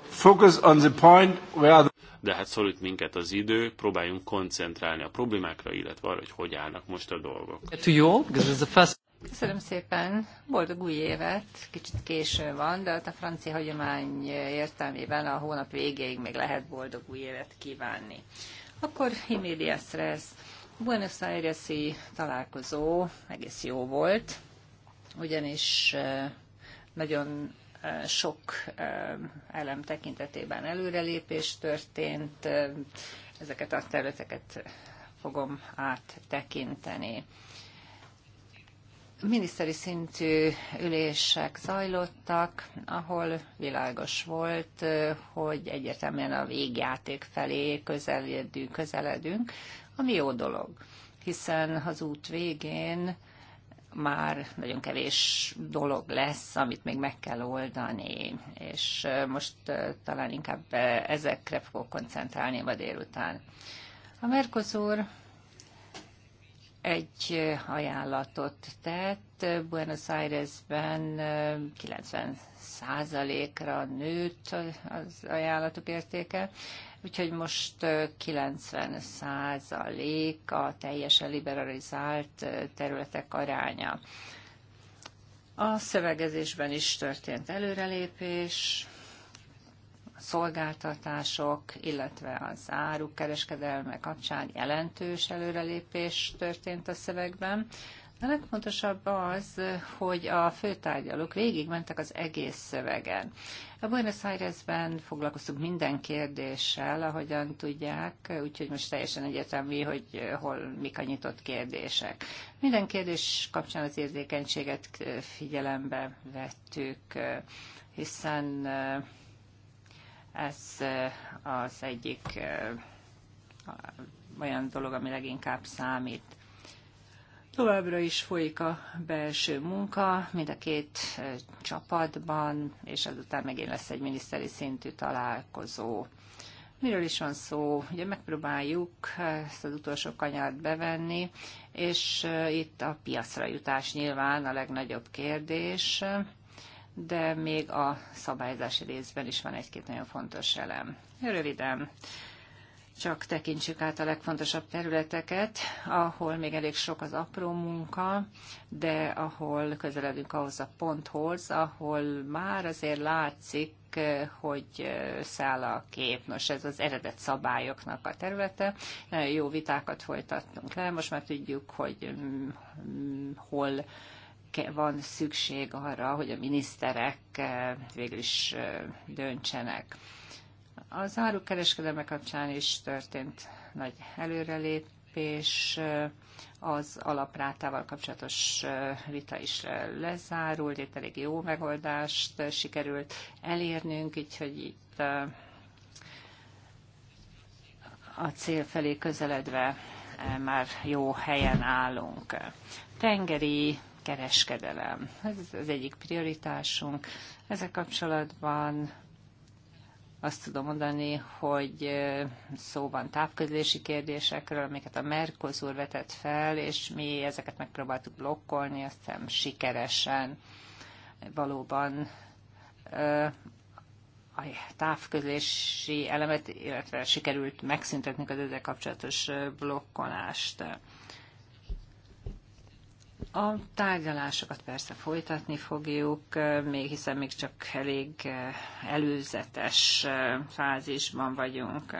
Focus on the point where the... De hát szorít minket az idő, próbáljunk koncentrálni a problémákra, illetve arra, hogy hogy állnak most a dolgok. To you, because it's the first... Köszönöm szépen, boldog új évet, kicsit késő van, de hát a francia hagyomány értelmében a hónap végéig még lehet boldog új évet kívánni. Akkor Himédias lesz. Buenos aires találkozó egész jó volt, ugyanis nagyon sok elem tekintetében előrelépés történt, ezeket a területeket fogom áttekinteni miniszteri szintű ülések zajlottak, ahol világos volt, hogy egyértelműen a végjáték felé közeledünk, közeledünk, ami jó dolog, hiszen az út végén már nagyon kevés dolog lesz, amit még meg kell oldani, és most talán inkább ezekre fogok koncentrálni ma délután. A Mercosur egy ajánlatot tett. Buenos Airesben 90 százalékra nőtt az ajánlatok értéke, úgyhogy most 90 százalék a teljesen liberalizált területek aránya. A szövegezésben is történt előrelépés, szolgáltatások, illetve az áruk kereskedelme kapcsán jelentős előrelépés történt a szövegben. A legfontosabb az, hogy a főtárgyalók végigmentek az egész szövegen. A Buenos Airesben foglalkoztunk minden kérdéssel, ahogyan tudják, úgyhogy most teljesen egyetemű, hogy hol mik a nyitott kérdések. Minden kérdés kapcsán az érzékenységet figyelembe vettük, hiszen ez az egyik olyan dolog, ami leginkább számít. Továbbra is folyik a belső munka, mind a két csapatban, és azután megint lesz egy miniszteri szintű találkozó. Miről is van szó? Ugye megpróbáljuk ezt az utolsó kanyart bevenni, és itt a piacra jutás nyilván a legnagyobb kérdés de még a szabályzási részben is van egy-két nagyon fontos elem. Röviden, csak tekintsük át a legfontosabb területeket, ahol még elég sok az apró munka, de ahol közeledünk ahhoz a ponthoz, ahol már azért látszik, hogy száll a kép. Nos, ez az eredet szabályoknak a területe. Jó vitákat folytattunk le, most már tudjuk, hogy mm, hol van szükség arra, hogy a miniszterek eh, végül is eh, döntsenek. Az árukereskedelme kapcsán is történt nagy előrelépés, eh, az alaprátával kapcsolatos vita is lezárult, itt elég jó megoldást sikerült elérnünk, így hogy itt a cél felé közeledve már jó helyen állunk. Tengeri kereskedelem. Ez az egyik prioritásunk. Ezzel kapcsolatban azt tudom mondani, hogy szó van távközlési kérdésekről, amiket a Mercosur vetett fel, és mi ezeket megpróbáltuk blokkolni, azt sikeresen valóban a távközlési elemet, illetve sikerült megszüntetni az ezzel kapcsolatos blokkolást. A tárgyalásokat persze folytatni fogjuk, még hiszen még csak elég előzetes fázisban vagyunk.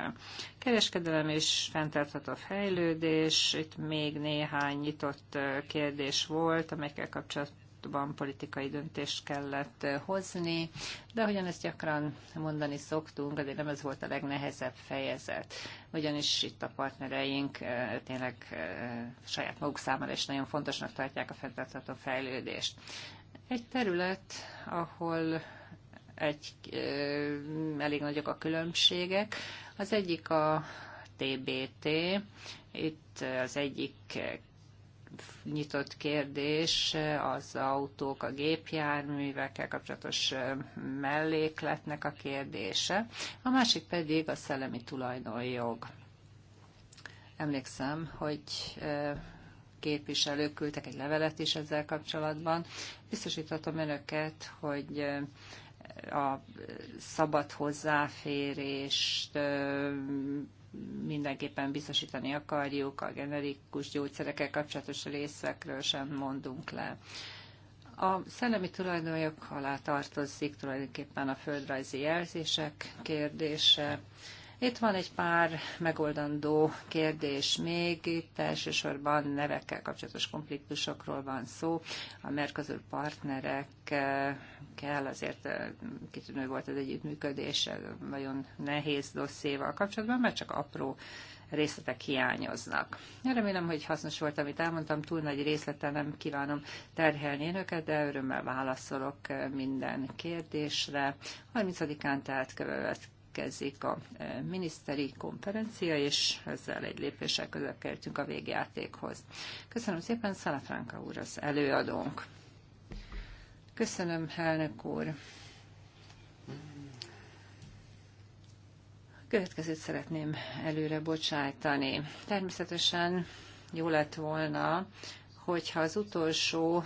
Kereskedelem és fenntartható fejlődés, itt még néhány nyitott kérdés volt, amelyekkel kapcsolatban csoportban politikai döntést kellett eh, hozni, de ahogyan ezt gyakran mondani szoktunk, azért nem ez volt a legnehezebb fejezet, ugyanis itt a partnereink eh, tényleg eh, saját maguk számára is nagyon fontosnak tartják a fenntartható fejlődést. Egy terület, ahol egy, elég nagyok a különbségek. Az egyik a TBT, itt az egyik nyitott kérdés az autók, a gépjárművekkel kapcsolatos mellékletnek a kérdése, a másik pedig a szellemi tulajdonjog. Emlékszem, hogy képviselők küldtek egy levelet is ezzel kapcsolatban. Biztosítatom önöket, hogy a szabad hozzáférést mindenképpen biztosítani akarjuk, a generikus gyógyszerekkel kapcsolatos részekről sem mondunk le. A szellemi tulajdonjog alá tartozik tulajdonképpen a földrajzi jelzések kérdése. Itt van egy pár megoldandó kérdés még, itt elsősorban nevekkel kapcsolatos konfliktusokról van szó. A Mercosur partnerek kell, azért kitűnő volt az együttműködés, nagyon nehéz dosszéval kapcsolatban, mert csak apró részletek hiányoznak. Remélem, hogy hasznos volt, amit elmondtam, túl nagy részleten nem kívánom terhelni önöket, de örömmel válaszolok minden kérdésre. 30-án tehát következik a miniszteri konferencia, és ezzel egy lépéssel közel kerültünk a végjátékhoz. Köszönöm szépen, Franka úr az előadónk. Köszönöm, elnök úr. Következőt szeretném előre bocsájtani. Természetesen jó lett volna, hogyha az utolsó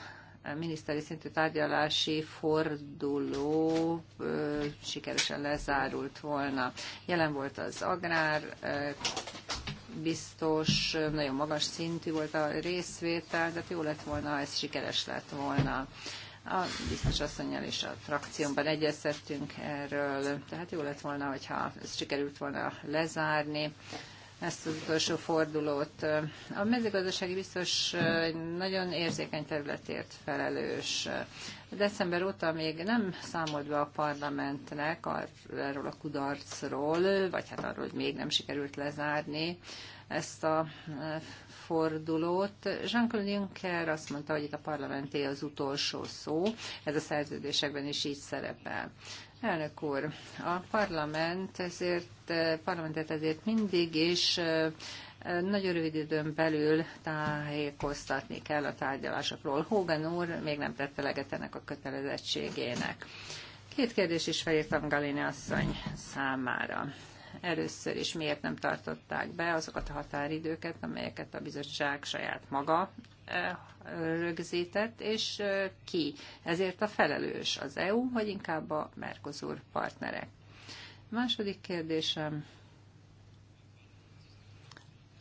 miniszteri szintű tárgyalási forduló ö, sikeresen lezárult volna. Jelen volt az agrár, ö, biztos, nagyon magas szintű volt a részvétel, tehát jó lett volna, ha ez sikeres lett volna. A biztos asszonyjal és a frakciómban egyeztettünk erről, tehát jó lett volna, hogyha ezt sikerült volna lezárni ezt az utolsó fordulót. A mezőgazdasági biztos nagyon érzékeny területért felelős. December óta még nem számolt be a parlamentnek erről a kudarcról, vagy hát arról, hogy még nem sikerült lezárni ezt a fordulót. Jean-Claude Juncker azt mondta, hogy itt a parlamenté az utolsó szó, ez a szerződésekben is így szerepel. Elnök úr, a parlament ezért, eh, parlamentet ezért mindig is eh, nagyon rövid időn belül tájékoztatni kell a tárgyalásokról. Hogan úr még nem tette leget ennek a kötelezettségének. Két kérdés is felírtam Galina asszony számára először is miért nem tartották be azokat a határidőket, amelyeket a bizottság saját maga eh, rögzített, és eh, ki. Ezért a felelős az EU, vagy inkább a Mercosur partnerek. A második kérdésem.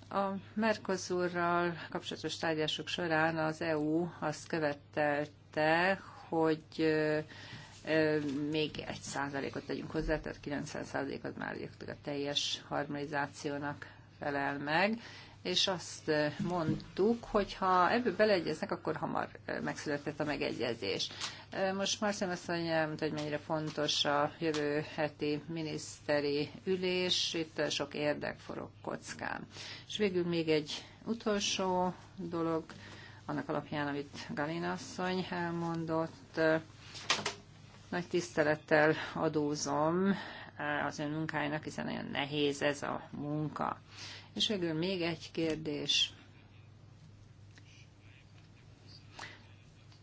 A Mercosurral kapcsolatos tárgyások során az EU azt követelte, hogy eh, még egy százalékot tegyünk hozzá, tehát 90 százalékot már a teljes harmonizációnak felel meg, és azt mondtuk, hogy ha ebből beleegyeznek, akkor hamar megszületett a megegyezés. Most már azt mondja, elmondta, hogy mennyire fontos a jövő heti miniszteri ülés, itt sok érdek forog kockán. És végül még egy utolsó dolog, annak alapján, amit Galina asszony elmondott, nagy tisztelettel adózom eh, az ön munkájának, hiszen nagyon nehéz ez a munka. És végül még egy kérdés.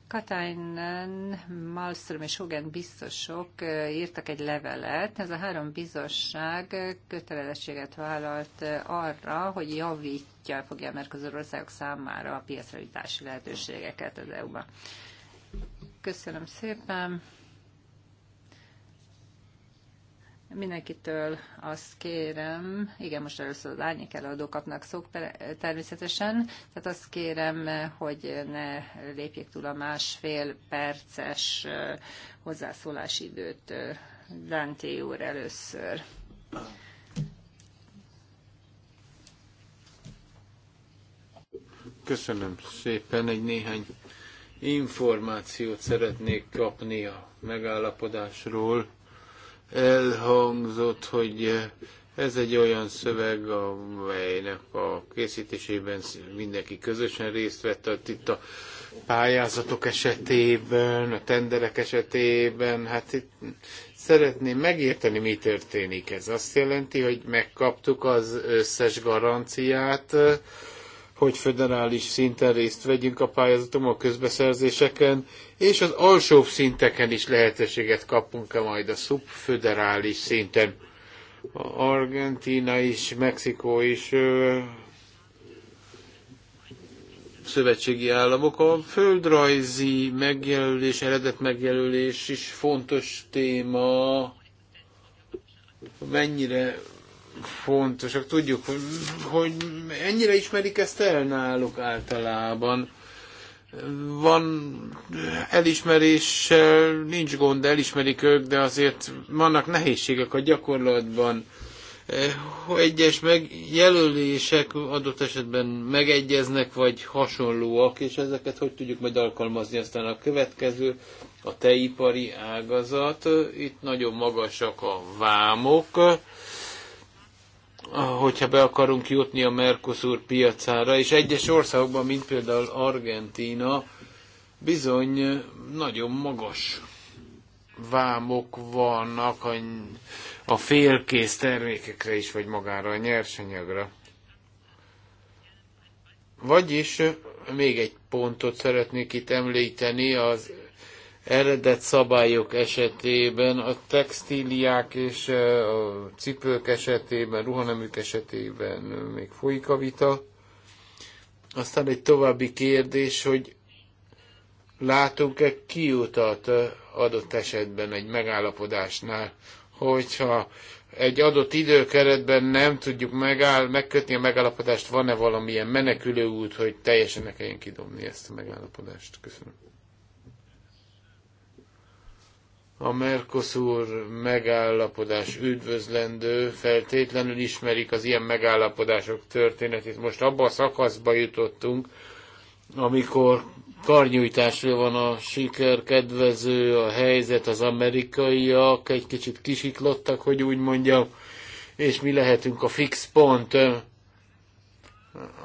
Katainen, Malmström és Hogan biztosok eh, írtak egy levelet. Ez a három bizottság kötelezettséget vállalt eh, arra, hogy javítja, fogja a az országok számára a piacra jutási lehetőségeket az EU-ban. Köszönöm szépen. Mindenkitől azt kérem, igen, most először az árnyék előadó kapnak természetesen, tehát azt kérem, hogy ne lépjék túl a másfél perces hozzászólási időt Dante úr először. Köszönöm szépen, egy néhány információt szeretnék kapni a megállapodásról elhangzott, hogy eh, ez egy olyan szöveg, amelynek a készítésében mindenki közösen részt vett, itt a pályázatok esetében, a tenderek esetében, hát itt szeretném megérteni, mi történik ez. Azt jelenti, hogy megkaptuk az összes garanciát, hogy föderális szinten részt vegyünk a pályázatom, a közbeszerzéseken, és az alsóbb szinteken is lehetőséget kapunk-e majd a szubföderális szinten. A Argentina is, Mexikó is ö, szövetségi államok. A földrajzi megjelölés, eredet megjelölés is fontos téma. Mennyire fontosak. Tudjuk, hogy ennyire ismerik ezt el náluk általában. Van elismeréssel, nincs gond, elismerik ők, de azért vannak nehézségek a gyakorlatban. Egyes megjelölések adott esetben megegyeznek, vagy hasonlóak, és ezeket hogy tudjuk majd alkalmazni aztán a következő a teipari ágazat, itt nagyon magasak a vámok, hogyha be akarunk jutni a Mercosur piacára, és egyes országokban, mint például Argentína, bizony nagyon magas vámok vannak a, a félkész termékekre is, vagy magára a nyersanyagra. Vagyis még egy pontot szeretnék itt említeni, az eredet szabályok esetében, a textíliák és a cipők esetében, ruhaneműk esetében még folyik a vita. Aztán egy további kérdés, hogy látunk-e kiutat adott esetben egy megállapodásnál, hogyha egy adott időkeretben nem tudjuk megáll, megkötni a megállapodást, van-e valamilyen menekülő út, hogy teljesen ne kelljen kidobni ezt a megállapodást? Köszönöm. A Mercosur megállapodás üdvözlendő, feltétlenül ismerik az ilyen megállapodások történetét. Most abba a szakaszba jutottunk, amikor karnyújtásra van a siker kedvező, a helyzet, az amerikaiak egy kicsit kisiklottak, hogy úgy mondjam, és mi lehetünk a fix pont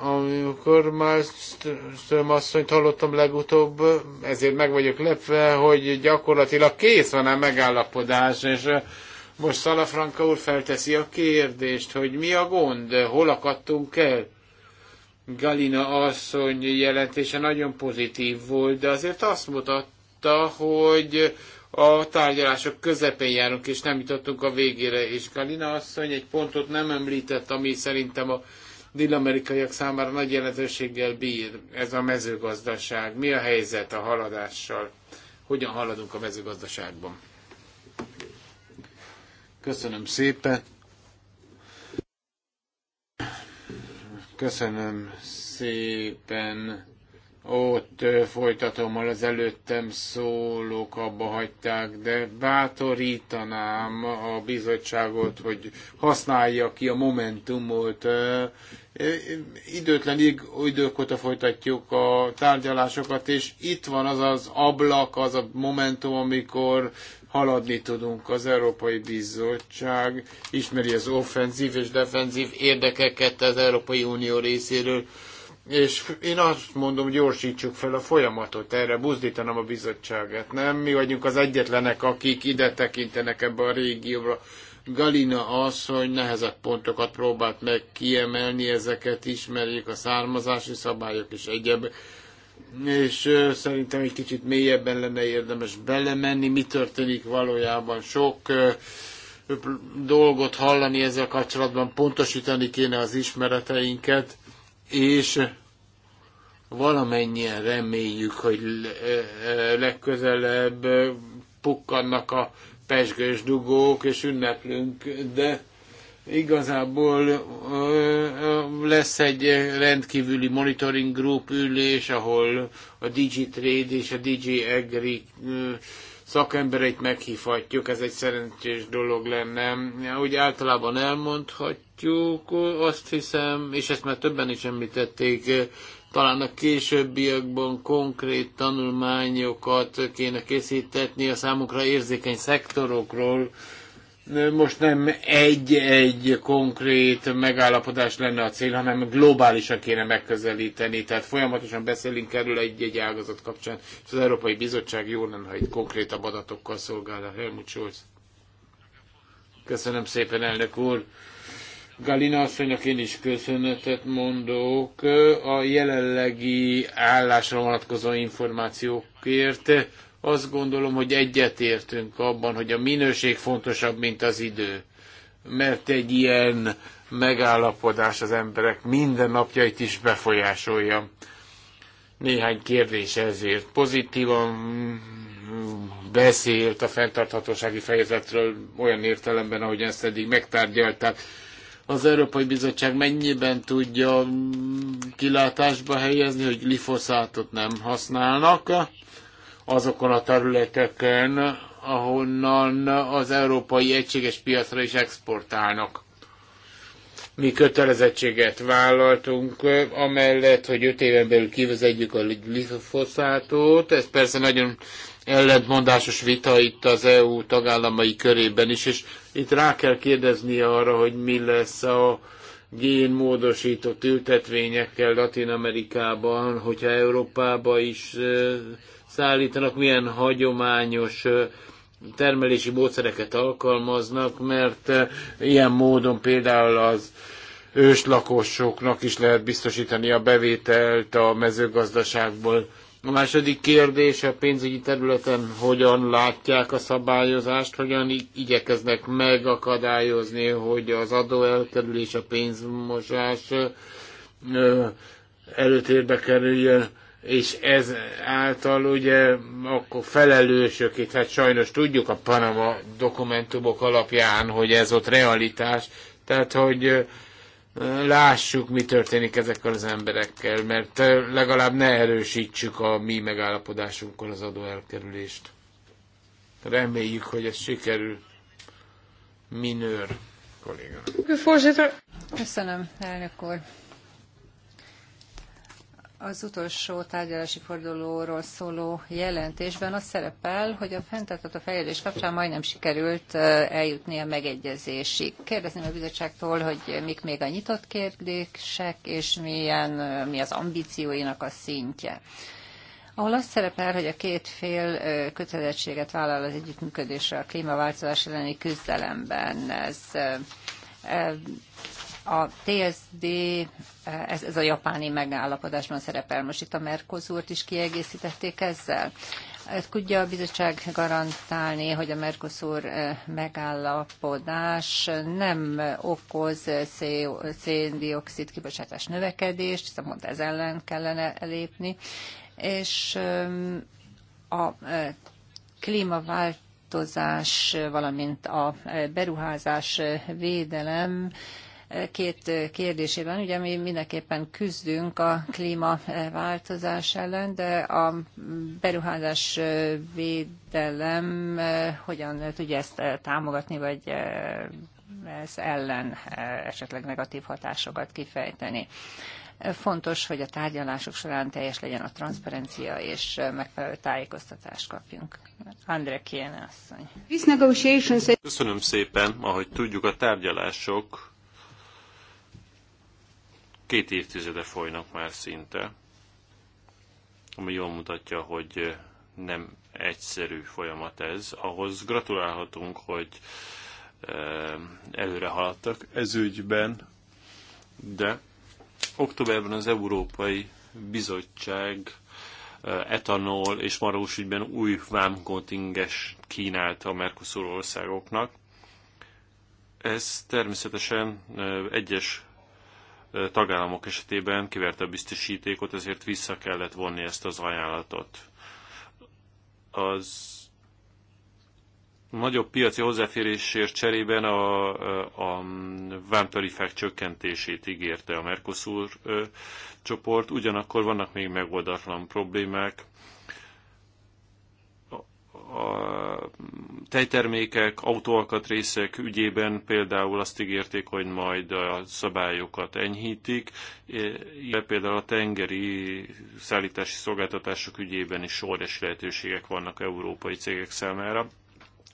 amikor Malmström asszonyt hallottam legutóbb, ezért meg vagyok lepve, hogy gyakorlatilag kész van a megállapodás, és most Szalafranka úr felteszi a kérdést, hogy mi a gond, hol akadtunk el. Galina asszony jelentése nagyon pozitív volt, de azért azt mutatta, hogy a tárgyalások közepén járunk, és nem jutottunk a végére. És Galina asszony egy pontot nem említett, ami szerintem a dél-amerikaiak számára nagy jelentőséggel bír ez a mezőgazdaság. Mi a helyzet a haladással? Hogyan haladunk a mezőgazdaságban? Köszönöm szépen. Köszönöm szépen ott folytatom, ahol az előttem szólók abba hagyták, de bátorítanám a bizottságot, hogy használja ki a momentumot. Időtlenig idők óta folytatjuk a tárgyalásokat, és itt van az az ablak, az a momentum, amikor haladni tudunk. Az Európai Bizottság ismeri az offenzív és defenzív érdekeket az Európai Unió részéről és én azt mondom, gyorsítsuk fel a folyamatot, erre buzdítanom a bizottságát. Nem mi vagyunk az egyetlenek, akik ide tekintenek ebbe a régióra. Galina az, hogy nehezebb pontokat próbált meg kiemelni, ezeket ismerjük, a származási szabályok és egyéb. És szerintem egy kicsit mélyebben lenne érdemes belemenni, mi történik valójában. Sok dolgot hallani ezzel kapcsolatban, pontosítani kéne az ismereteinket, és valamennyien reméljük, hogy legközelebb pukkannak a pesgős dugók, és ünneplünk, de igazából lesz egy rendkívüli monitoring group ülés, ahol a DigiTrade és a DigiAgri szakembereit meghívhatjuk, ez egy szerencsés dolog lenne. Úgy általában elmondhatjuk, azt hiszem, és ezt már többen is említették, talán a későbbiakban konkrét tanulmányokat kéne készítetni a számukra érzékeny szektorokról. Most nem egy-egy konkrét megállapodás lenne a cél, hanem globálisan kéne megközelíteni. Tehát folyamatosan beszélünk erről egy-egy ágazat kapcsán, és az Európai Bizottság jó lenne, ha itt konkrétabb adatokkal szolgál a Helmut Scholz. Köszönöm szépen, elnök úr. Galina asszonynak én is köszönetet mondok a jelenlegi állásra vonatkozó információkért. Azt gondolom, hogy egyetértünk abban, hogy a minőség fontosabb, mint az idő. Mert egy ilyen megállapodás az emberek minden napjait is befolyásolja. Néhány kérdés ezért. Pozitívan beszélt a fenntarthatósági fejezetről olyan értelemben, ahogy ezt eddig megtárgyalták az Európai Bizottság mennyiben tudja mm, kilátásba helyezni, hogy glifoszátot nem használnak azokon a területeken, ahonnan az európai egységes piacra is exportálnak. Mi kötelezettséget vállaltunk, amellett, hogy öt éven belül kivezetjük a glifoszátot, ez persze nagyon ellentmondásos vita itt az EU tagállamai körében is, és itt rá kell kérdezni arra, hogy mi lesz a génmódosított ültetvényekkel Latin Amerikában, hogyha Európába is szállítanak, milyen hagyományos termelési módszereket alkalmaznak, mert ilyen módon például az őslakosoknak is lehet biztosítani a bevételt a mezőgazdaságból a második kérdés a pénzügyi területen hogyan látják a szabályozást, hogyan igyekeznek megakadályozni, hogy az adóelkerülés, a pénzmosás előtérbe kerüljön, és ez által ugye akkor felelősök itt, hát sajnos tudjuk a Panama dokumentumok alapján, hogy ez ott realitás, tehát hogy lássuk, mi történik ezekkel az emberekkel, mert legalább ne erősítsük a mi megállapodásunkkal az adóelkerülést. Reméljük, hogy ez sikerül. Minőr kolléga. Köszönöm, elnök úr. Az utolsó tárgyalási fordulóról szóló jelentésben az szerepel, hogy a fenntartható fejlődés kapcsán majdnem sikerült eljutni a megegyezésig. Kérdezném a bizottságtól, hogy mik még a nyitott kérdések, és milyen, mi az ambícióinak a szintje ahol az szerepel, hogy a két fél kötelezettséget vállal az együttműködésre a klímaváltozás elleni küzdelemben. Ez a TSD, ez, ez a japáni megállapodásban szerepel, most itt a Mercosurt is kiegészítették ezzel. Tudja a bizottság garantálni, hogy a Mercosur eh, megállapodás nem okoz széndiokszid kibocsátás növekedést, hiszen mondta, ez ellen kellene lépni, és a eh, klímaváltozás, valamint a eh, beruházás védelem két kérdésében. Ugye mi mindenképpen küzdünk a klímaváltozás ellen, de a beruházás védelem eh, hogyan tudja ezt eh, támogatni, vagy eh, ez ellen esetleg negatív hatásokat kifejteni. Fontos, hogy a tárgyalások során teljes legyen a transzparencia, és megfelelő tájékoztatást kapjunk. André Kiene asszony. Köszönöm szépen, ahogy tudjuk, a tárgyalások két évtizede folynak már szinte, ami jól mutatja, hogy nem egyszerű folyamat ez. Ahhoz gratulálhatunk, hogy e, előre haladtak ez ügyben, de októberben az Európai Bizottság e, etanol és marós ügyben új vámkontinges kínálta a Mercosur országoknak. Ez természetesen e, egyes tagállamok esetében kiverte a biztosítékot, ezért vissza kellett vonni ezt az ajánlatot. Az nagyobb piaci hozzáférésért cserében a, a vámtarifák csökkentését ígérte a Mercosur csoport, ugyanakkor vannak még megoldatlan problémák, a tejtermékek, autóalkatrészek ügyében például azt ígérték, hogy majd a szabályokat enyhítik, illetve például a tengeri szállítási szolgáltatások ügyében is óriási lehetőségek vannak európai cégek számára.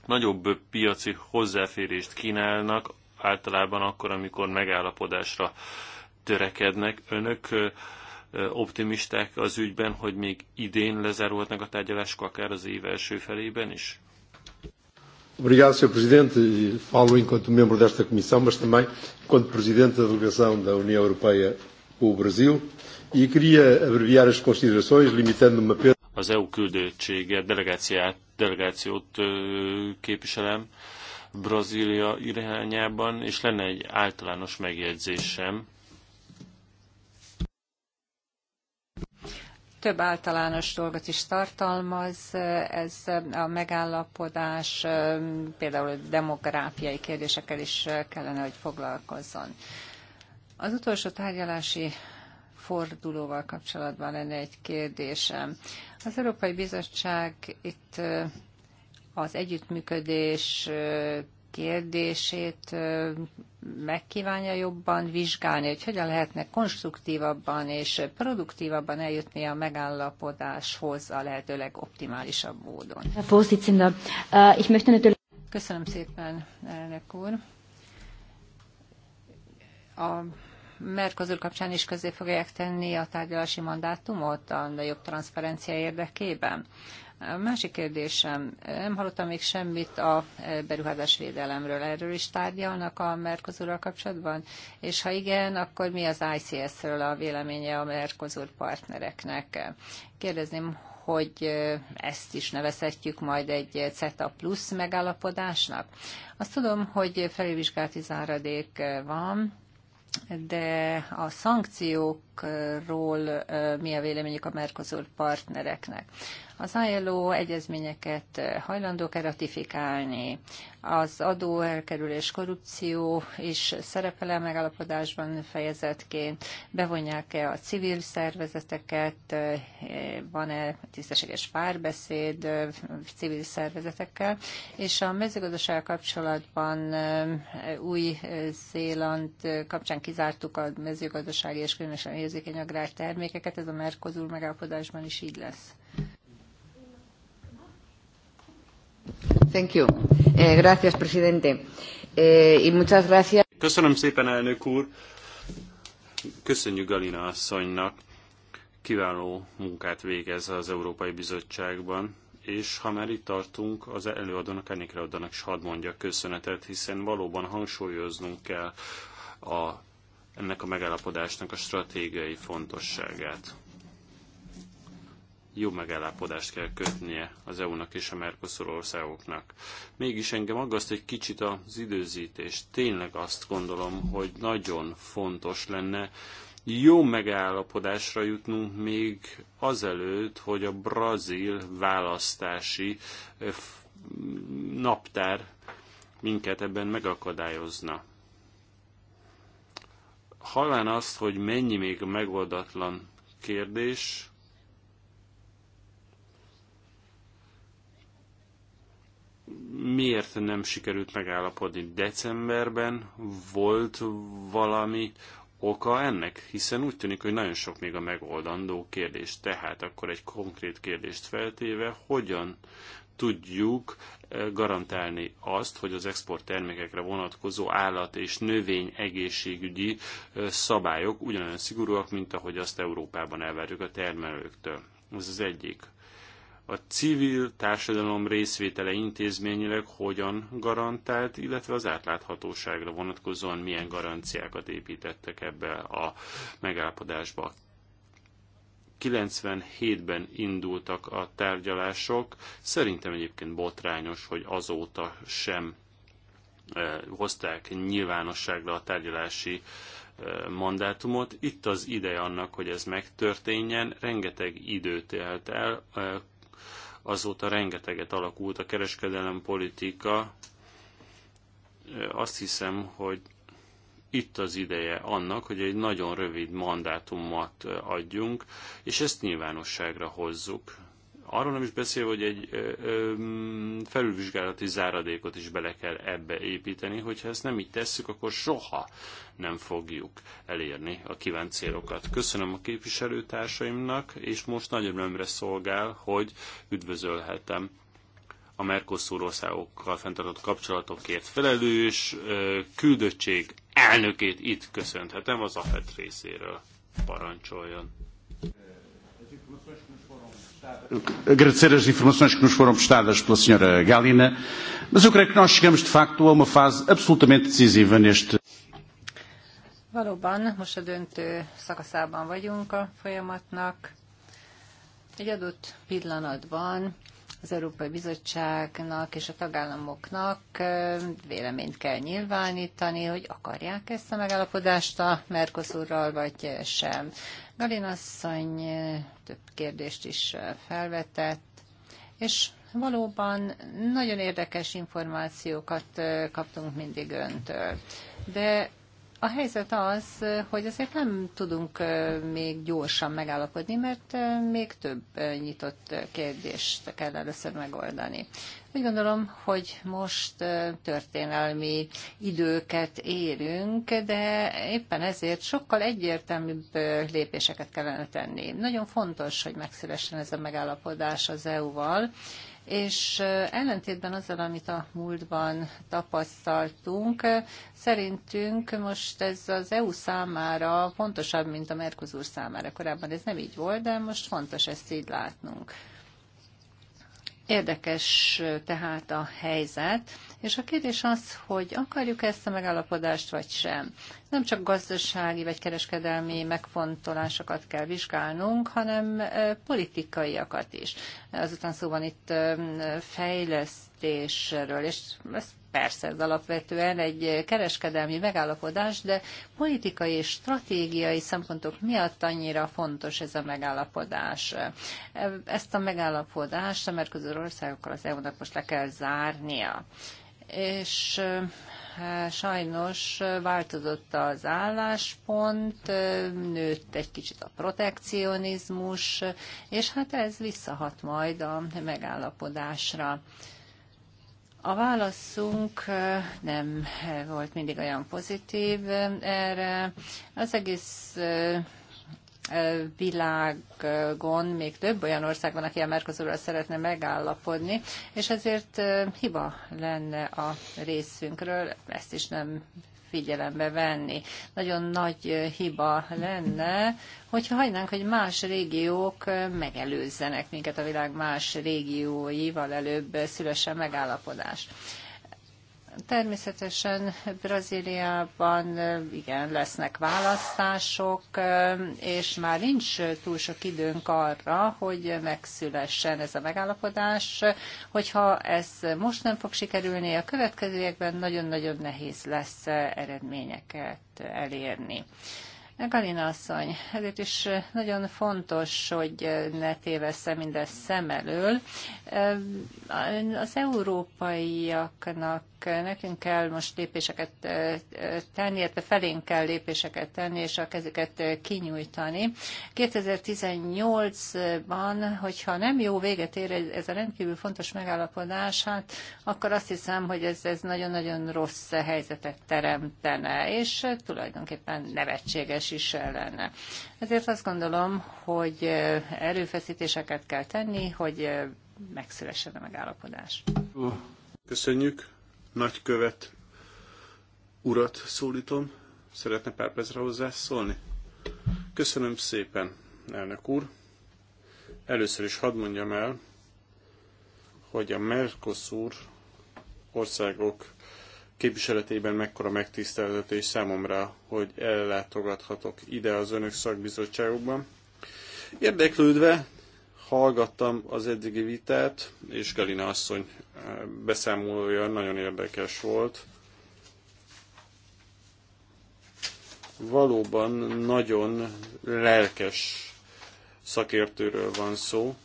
Nagyobb piaci hozzáférést kínálnak általában akkor, amikor megállapodásra törekednek. Önök optimisták az ügyben, hogy még idén lezárulhatnak a tárgyalások, akár az év első felében is? Obrigado, Sr. Presidente. E falo enquanto membro desta comissão, mas também enquanto Presidente da Delegação da União Europeia com o Brasil. E queria abreviar as considerações, limitando-me apenas... Az EU küldöttsége delegáciát, delegációt képviselem Brazília irányában, és lenne egy általános megjegyzésem több általános dolgot is tartalmaz ez a megállapodás, például demográfiai kérdésekkel is kellene, hogy foglalkozzon. Az utolsó tárgyalási fordulóval kapcsolatban lenne egy kérdésem. Az Európai Bizottság itt az együttműködés kérdését megkívánja jobban vizsgálni, hogy hogyan lehetne konstruktívabban és produktívabban eljutni a megállapodáshoz a lehető legoptimálisabb módon. Äh, Köszönöm szépen, elnök úr. A Merkozul kapcsán is közé fogják tenni a tárgyalási mandátumot a nagyobb transzparencia érdekében. A másik kérdésem, nem hallottam még semmit a beruházásvédelemről. Erről is tárgyalnak a Mercosurral kapcsolatban? És ha igen, akkor mi az ICS-ről a véleménye a Mercosur partnereknek? Kérdezném, hogy ezt is nevezhetjük majd egy CETA plusz megállapodásnak. Azt tudom, hogy felülvizsgálati záradék van, de a szankciók országokról mi a véleményük a Mercosur partnereknek. Az ILO egyezményeket hajlandók-e ratifikálni? Az elkerülés korrupció is szerepel -e megállapodásban fejezetként? Bevonják-e a civil szervezeteket? Van-e tisztességes párbeszéd civil szervezetekkel? És a mezőgazdaság kapcsolatban új Zéland kapcsán kizártuk a mezőgazdasági és különösen érzékeny termékeket, ez a Mercosur megállapodásban is így lesz. Thank you. Eh, gracias, presidente. Eh, y muchas gracias. Köszönöm szépen, elnök úr. Köszönjük Galina asszonynak. Kiváló munkát végez az Európai Bizottságban és ha már itt tartunk, az előadónak, ennek előadónak is hadd mondja köszönetet, hiszen valóban hangsúlyoznunk kell a ennek a megállapodásnak a stratégiai fontosságát. Jó megállapodást kell kötnie az EU-nak és a Mercosur országoknak. Mégis engem aggaszt egy kicsit az időzítés. Tényleg azt gondolom, hogy nagyon fontos lenne jó megállapodásra jutnunk még azelőtt, hogy a brazil választási eh, naptár minket ebben megakadályozna hallván azt, hogy mennyi még a megoldatlan kérdés, miért nem sikerült megállapodni decemberben, volt valami oka ennek? Hiszen úgy tűnik, hogy nagyon sok még a megoldandó kérdés. Tehát akkor egy konkrét kérdést feltéve, hogyan tudjuk garantálni azt, hogy az exporttermékekre vonatkozó állat és növény egészségügyi szabályok ugyanolyan szigorúak, mint ahogy azt Európában elvárjuk a termelőktől. Ez az egyik. A civil társadalom részvétele intézményileg hogyan garantált, illetve az átláthatóságra vonatkozóan milyen garanciákat építettek ebbe a megállapodásba. 97-ben indultak a tárgyalások. Szerintem egyébként botrányos, hogy azóta sem hozták nyilvánosságra a tárgyalási mandátumot. Itt az ideje annak, hogy ez megtörténjen. Rengeteg időt élt el, azóta rengeteget alakult a kereskedelem politika. Azt hiszem, hogy itt az ideje annak, hogy egy nagyon rövid mandátumot adjunk, és ezt nyilvánosságra hozzuk. Arról nem is beszél, hogy egy ö, ö, felülvizsgálati záradékot is bele kell ebbe építeni, hogyha ezt nem így tesszük, akkor soha nem fogjuk elérni a kívánt célokat. Köszönöm a képviselőtársaimnak, és most nagyon ömre szolgál, hogy üdvözölhetem a Mercosur országokkal fenntartott kapcsolatokért felelős küldöttség elnökét itt köszönhetem az AFET részéről. Parancsoljon! Agradecer as informações que nos foram prestadas pela senhora Galina, mas eu creio que nós chegamos de facto a uma fase absolutamente decisiva neste. Valóban most a döntő szakaszában vagyunk a folyamatnak. Egy adott pillanatban az Európai Bizottságnak és a tagállamoknak véleményt kell nyilvánítani, hogy akarják ezt a megállapodást a Mercosurral, vagy sem. Galin asszony több kérdést is felvetett, és valóban nagyon érdekes információkat kaptunk mindig öntől. De a helyzet az, hogy azért nem tudunk még gyorsan megállapodni, mert még több nyitott kérdést kell először megoldani. Úgy gondolom, hogy most történelmi időket érünk, de éppen ezért sokkal egyértelműbb lépéseket kellene tenni. Nagyon fontos, hogy megszülessen ez a megállapodás az EU-val, és ellentétben azzal, amit a múltban tapasztaltunk, szerintünk most ez az EU számára fontosabb, mint a Mercosur számára. Korábban ez nem így volt, de most fontos ezt így látnunk. Érdekes tehát a helyzet, és a kérdés az, hogy akarjuk ezt a megállapodást, vagy sem nem csak gazdasági vagy kereskedelmi megfontolásokat kell vizsgálnunk, hanem politikaiakat is. Azután szó van itt fejlesztésről, és ez persze ez alapvetően egy kereskedelmi megállapodás, de politikai és stratégiai szempontok miatt annyira fontos ez a megállapodás. Ezt a megállapodást a merkező országokkal az EU-nak most le kell zárnia és hát sajnos változott az álláspont, nőtt egy kicsit a protekcionizmus, és hát ez visszahat majd a megállapodásra. A válaszunk nem volt mindig olyan pozitív erre. Az egész világon még több olyan ország van, aki a Mercosurral szeretne megállapodni, és ezért hiba lenne a részünkről ezt is nem figyelembe venni. Nagyon nagy hiba lenne, hogyha hagynánk, hogy más régiók megelőzzenek minket a világ más régióival előbb szülesen megállapodás. Természetesen Brazíliában igen, lesznek választások, és már nincs túl sok időnk arra, hogy megszülessen ez a megállapodás. Hogyha ez most nem fog sikerülni, a következőekben nagyon-nagyon nehéz lesz eredményeket elérni. Galina asszony, ezért is nagyon fontos, hogy ne tévessze mindezt szem elől. Az európaiaknak nekünk kell most lépéseket tenni, illetve felén kell lépéseket tenni, és a kezüket kinyújtani. 2018-ban, hogyha nem jó véget ér ez a rendkívül fontos megállapodás, hát akkor azt hiszem, hogy ez, ez nagyon-nagyon rossz helyzetet teremtene, és tulajdonképpen nevetséges is lenne. Ezért azt gondolom, hogy erőfeszítéseket kell tenni, hogy megszülessen a megállapodás. Köszönjük nagykövet urat szólítom. Szeretne pár percre hozzászólni? Köszönöm szépen, elnök úr. Először is hadd mondjam el, hogy a Mercosur országok képviseletében mekkora megtiszteltetés számomra, hogy ellátogathatok ide az önök szakbizottságokban. Érdeklődve hallgattam az eddigi vitát, és Galina asszony eh, beszámolója nagyon érdekes volt. Valóban nagyon lelkes szakértőről van szó,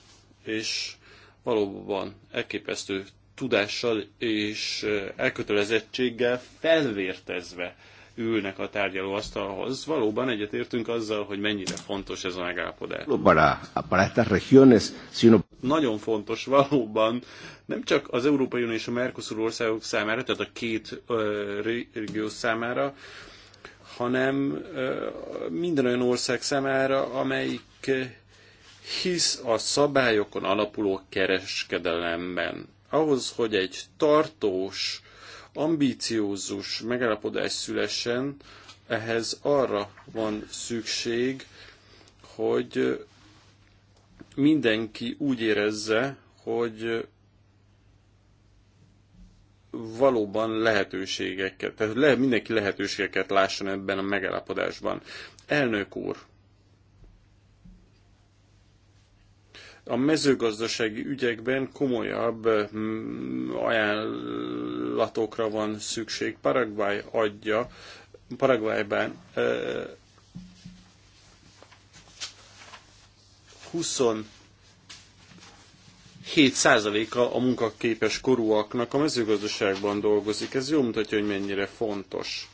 és valóban elképesztő tudással és eh, elkötelezettséggel felvértezve ülnek a tárgyalóasztalhoz. Valóban egyetértünk azzal, hogy mennyire fontos ez a megállapodás. Para, para estas regiones, sino... Nagyon fontos valóban, nem csak az Európai Unió és a Mercosur országok számára, tehát a két régió számára, hanem minden olyan ország számára, amelyik hisz a szabályokon alapuló kereskedelemben. Ahhoz, hogy egy tartós ambíciózus megállapodás szülessen, ehhez arra van szükség, hogy mindenki úgy érezze, hogy valóban lehetőségeket, tehát le, mindenki lehetőségeket lásson ebben a megállapodásban. Elnök úr, a mezőgazdasági ügyekben komolyabb mm, ajánlatokra van szükség. Paraguay adja, Paraguayban 7 a a munkaképes korúaknak a mezőgazdaságban dolgozik. Ez jól mutatja, hogy mennyire fontos.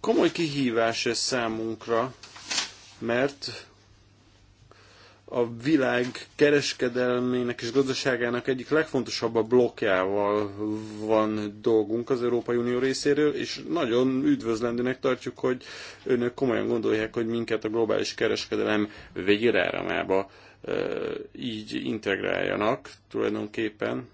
Komoly kihívás ez számunkra, mert a világ kereskedelmének és gazdaságának egyik legfontosabb a blokkjával van dolgunk az Európai Unió részéről, és nagyon üdvözlendőnek tartjuk, hogy önök komolyan gondolják, hogy minket a globális kereskedelem végiráramába e, így integráljanak tulajdonképpen.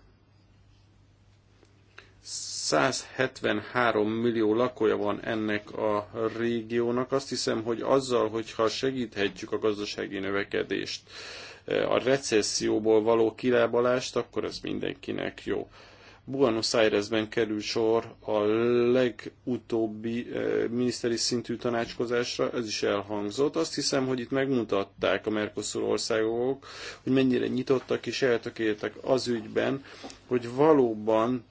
173 millió lakója van ennek a régiónak. Azt hiszem, hogy azzal, hogyha segíthetjük a gazdasági növekedést, eh, a recesszióból való kilábalást, akkor ez mindenkinek jó. Buenos Airesben kerül sor a legutóbbi eh, miniszteri szintű tanácskozásra, ez is elhangzott. Azt hiszem, hogy itt megmutatták a Mercosur országok, hogy mennyire nyitottak és eltökéltek az ügyben, hogy valóban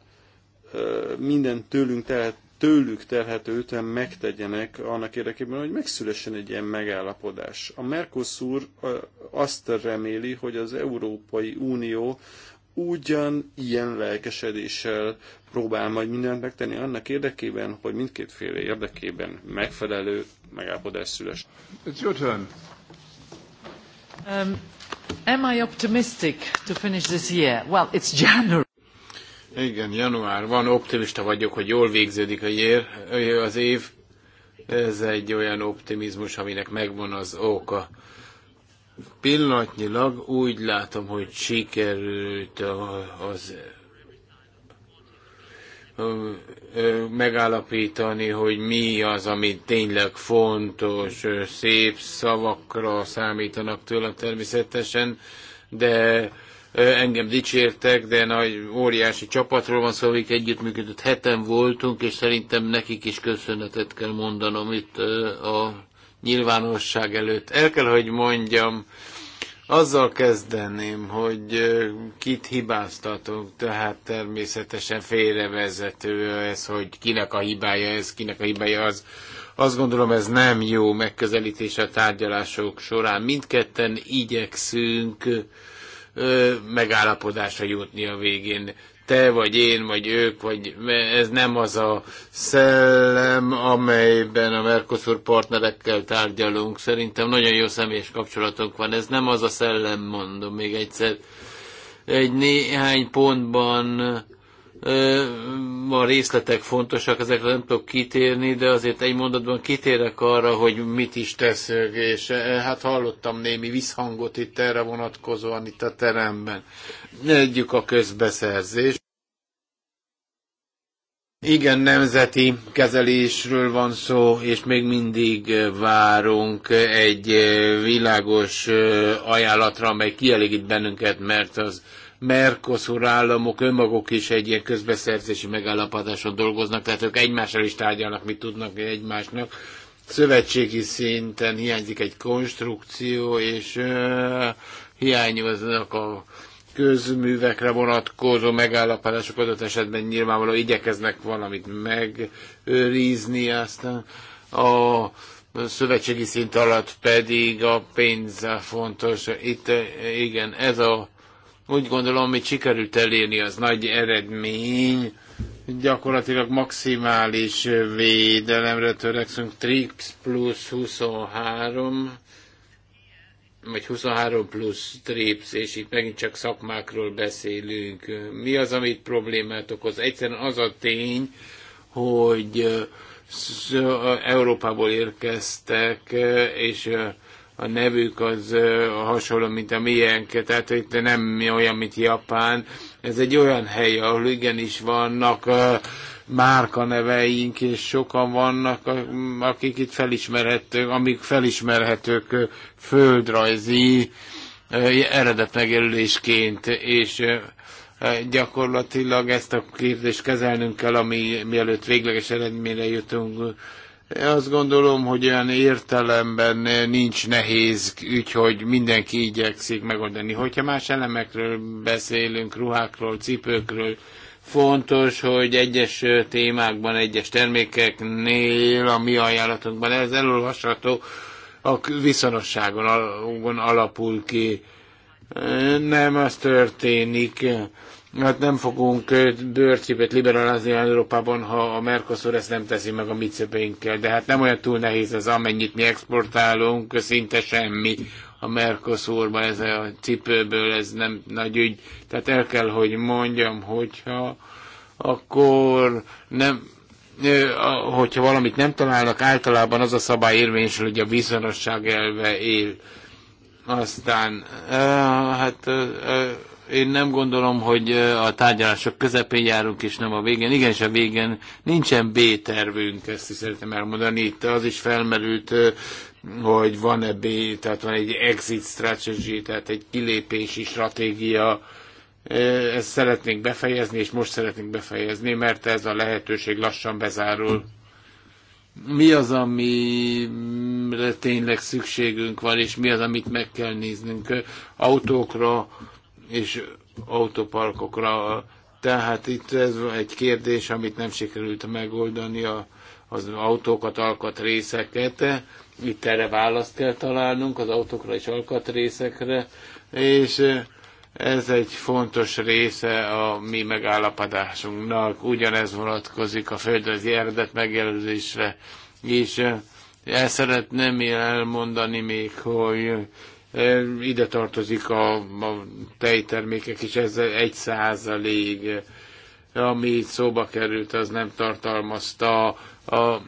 minden tőlünk telhet, tőlük telhető ütem megtegyenek annak érdekében, hogy megszülessen egy ilyen megállapodás. A Mercosur azt reméli, hogy az Európai Unió ugyan ilyen lelkesedéssel próbál majd mindent megtenni annak érdekében, hogy mindkét fél érdekében megfelelő megállapodás szüles. It's your turn. Um, am I optimistic to finish this year? Well, it's January. Igen, január van, optimista vagyok, hogy jól végződik a jér, az év. Ez egy olyan optimizmus, aminek megvan az oka. Pillanatnyilag úgy látom, hogy sikerült az megállapítani, hogy mi az, ami tényleg fontos, szép szavakra számítanak tőlem természetesen, de engem dicsértek, de nagy óriási csapatról van szó, akik együttműködött heten voltunk, és szerintem nekik is köszönetet kell mondanom itt a nyilvánosság előtt. El kell, hogy mondjam, azzal kezdeném, hogy kit hibáztatunk, tehát természetesen félrevezető ez, hogy kinek a hibája ez, kinek a hibája az. Azt gondolom, ez nem jó megközelítés a tárgyalások során. Mindketten igyekszünk ö, megállapodásra jutni a végén. Te vagy én, vagy ők, vagy ez nem az a szellem, amelyben a Mercosur partnerekkel tárgyalunk. Szerintem nagyon jó személyes kapcsolatunk van. Ez nem az a szellem, mondom még egyszer. Egy néhány pontban a részletek fontosak, ezekre nem tudok kitérni, de azért egy mondatban kitérek arra, hogy mit is tesz és hát hallottam némi visszhangot itt erre vonatkozóan itt a teremben. Együk a közbeszerzés. Igen, nemzeti kezelésről van szó, és még mindig várunk egy világos ajánlatra, amely kielégít bennünket, mert az Mercosur államok önmaguk is egy ilyen közbeszerzési megállapodáson dolgoznak, tehát ők egymással is tárgyalnak, mit tudnak egymásnak. Szövetségi szinten hiányzik egy konstrukció, és uh, hiányoznak a közművekre vonatkozó megállapodások adott esetben nyilvánvalóan igyekeznek valamit megőrizni, aztán a szövetségi szint alatt pedig a pénz fontos. Itt igen, ez a úgy gondolom, hogy sikerült elérni, az nagy eredmény. Gyakorlatilag maximális védelemre törekszünk. Trix plusz 23 vagy 23 plusz trips, és itt megint csak szakmákról beszélünk. Mi az, amit problémát okoz? Egyszerűen az a tény, hogy Európából érkeztek, és a nevük az hasonló, mint a miénk, tehát itt nem olyan, mint Japán. Ez egy olyan hely, ahol igenis vannak márkaneveink, és sokan vannak, akik itt felismerhetők, amik felismerhetők földrajzi eredetmegjelölésként, és gyakorlatilag ezt a kérdést kezelnünk kell, ami mielőtt végleges eredményre jutunk, én Azt gondolom, hogy olyan értelemben nincs nehéz ügy, hogy mindenki igyekszik megoldani. Hogyha más elemekről beszélünk, ruhákról, cipőkről, fontos, hogy egyes témákban, egyes termékeknél, a mi ajánlatunkban ez elolvasható, a viszonosságon alapul ki. Nem az történik, Hát nem fogunk eh, bőrcipet liberalizálni Európában, ha a Mercosur ezt nem teszi meg a mi cipeinkkel. De hát nem olyan túl nehéz az, amennyit mi exportálunk, szinte semmi a Mercosurban, ez a cipőből, ez nem nagy ügy. Tehát el kell, hogy mondjam, hogyha akkor nem, eh, hogyha valamit nem találnak, általában az a szabály érvényesül, hogy a bizonyosság elve él. Aztán, eh, hát én nem gondolom, hogy a tárgyalások közepén járunk, és nem a végén. Igenis a végén nincsen B-tervünk, ezt is szeretném elmondani. Itt az is felmerült, hogy van-e B, tehát van egy exit strategy, tehát egy kilépési stratégia. Ezt szeretnénk befejezni, és most szeretnénk befejezni, mert ez a lehetőség lassan bezárul mi az, amire tényleg szükségünk van, és mi az, amit meg kell néznünk. Autókra, és autoparkokra. Tehát itt ez egy kérdés, amit nem sikerült megoldani a, az autókat, alkatrészeket. Itt erre választ kell találnunk az autókra és alkatrészekre, és ez egy fontos része a mi megállapodásunknak. Ugyanez vonatkozik a földrajzi eredet megjelölésre is. El szeretném elmondani még, hogy ide tartozik a, a tejtermékek is, ez egy százalék, ami itt szóba került, az nem tartalmazta a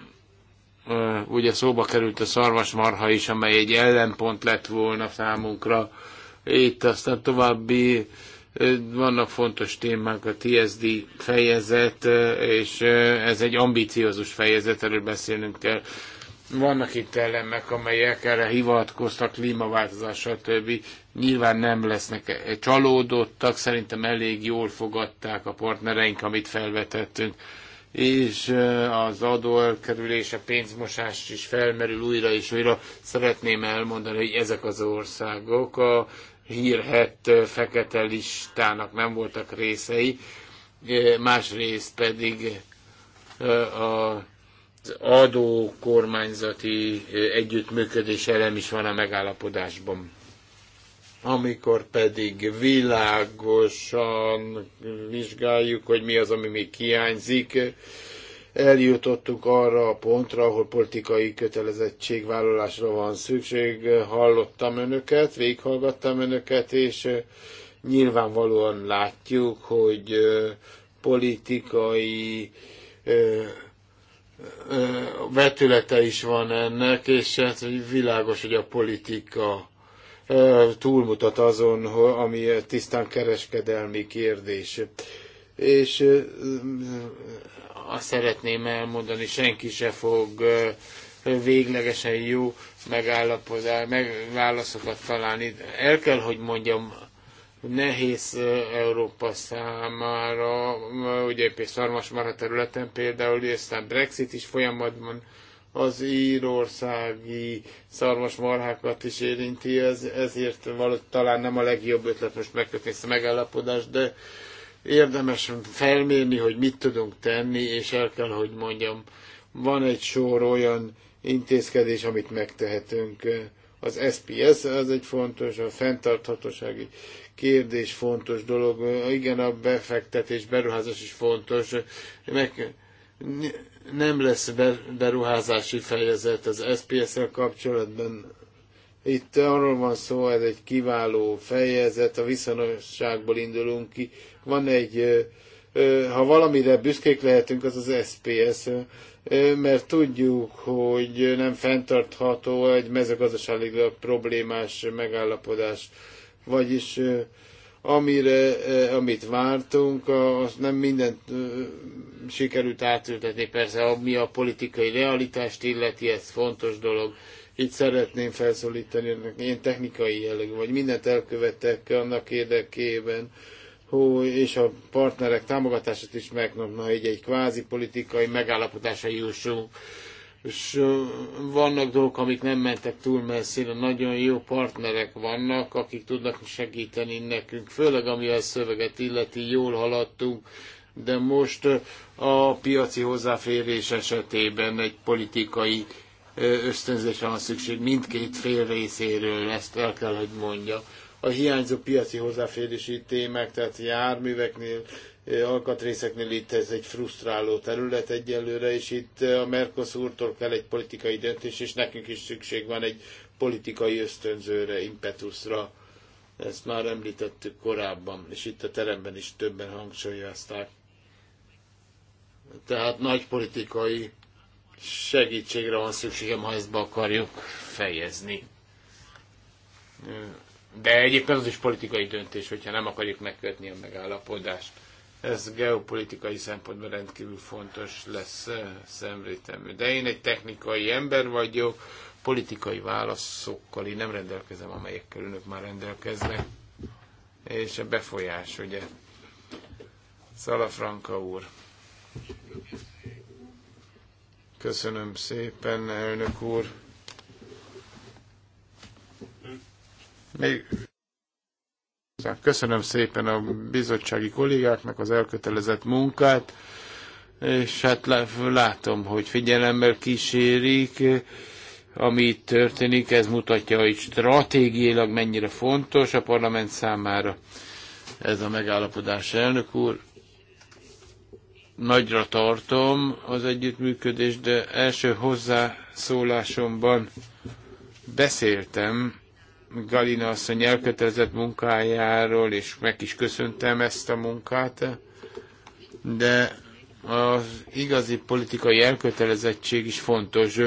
ugye szóba került a szarvasmarha is, amely egy ellenpont lett volna számunkra. Itt aztán további vannak fontos témák, a TSD fejezet, és ez egy ambiciózus fejezet, erről beszélnünk kell. Vannak itt elemek, amelyek erre hivatkoztak, klímaváltozás, stb. Nyilván nem lesznek csalódottak, szerintem elég jól fogadták a partnereink, amit felvetettünk és az adóelkerülés, a pénzmosás is felmerül újra és újra. Szeretném elmondani, hogy ezek az országok a hírhett fekete listának nem voltak részei, másrészt pedig a adó kormányzati együttműködés elem is van a megállapodásban. Amikor pedig világosan vizsgáljuk, hogy mi az, ami még hiányzik, eljutottuk arra a pontra, ahol politikai kötelezettségvállalásra van szükség. Hallottam önöket, véghallgattam önöket, és nyilvánvalóan látjuk, hogy politikai vetülete is van ennek, és hát világos, hogy a politika túlmutat azon, ami tisztán kereskedelmi kérdés. És azt szeretném elmondani, senki se fog véglegesen jó megállapodás, megválaszokat találni. El kell, hogy mondjam, nehéz Európa számára, ugye a területen például, és aztán Brexit is folyamatban az írországi marhákat is érinti, ez, ezért való, talán nem a legjobb ötlet most megkötni ezt a megállapodást, de érdemes felmérni, hogy mit tudunk tenni, és el kell, hogy mondjam, van egy sor olyan intézkedés, amit megtehetünk. Az SPS, az egy fontos, a fenntarthatósági kérdés fontos dolog. Igen, a befektetés, beruházás is fontos. Meg nem lesz beruházási fejezet az SPS-rel kapcsolatban. Itt arról van szó, ez egy kiváló fejezet, a viszonosságból indulunk ki. Van egy, ha valamire büszkék lehetünk, az az SPS, mert tudjuk, hogy nem fenntartható egy mezőgazdaságilag problémás megállapodás vagyis amire, amit vártunk, az nem mindent sikerült átültetni. Persze, ami a politikai realitást illeti, ez fontos dolog. Itt szeretném felszólítani, én technikai jellegű, vagy mindent elkövettek annak érdekében, hú, és a partnerek támogatását is megkapna, hogy egy kvázi politikai megállapodásra jussunk és vannak dolgok, amik nem mentek túl messzire, nagyon jó partnerek vannak, akik tudnak segíteni nekünk, főleg ami a szöveget illeti, jól haladtunk, de most a piaci hozzáférés esetében egy politikai ösztönzésre van szükség mindkét fél részéről, ezt el kell, hogy mondja. A hiányzó piaci hozzáférési témák, tehát járműveknél alkatrészeknél ez egy frusztráló terület egyelőre, és itt a Mercosurtól kell egy politikai döntés, és nekünk is szükség van egy politikai ösztönzőre, impetusra. Ezt már említettük korábban, és itt a teremben is többen hangsúlyozták. Tehát nagy politikai segítségre van szükségem, ha ezt be akarjuk fejezni. De egyébként az is politikai döntés, hogyha nem akarjuk megkötni a megállapodást. Ez geopolitikai szempontból rendkívül fontos lesz eh, szemrétemű. De én egy technikai ember vagyok, politikai válaszokkal én nem rendelkezem, amelyekkel önök már rendelkeznek. És a befolyás, ugye. Szalafranka úr. Köszönöm szépen, elnök úr. Még Köszönöm szépen a bizottsági kollégáknak az elkötelezett munkát, és hát látom, hogy figyelemmel kísérik, ami itt történik, ez mutatja, hogy stratégiailag mennyire fontos a parlament számára ez a megállapodás, elnök úr. Nagyra tartom az együttműködést, de első hozzászólásomban beszéltem Galina asszony elkötelezett munkájáról, és meg is köszöntem ezt a munkát, de az igazi politikai elkötelezettség is fontos.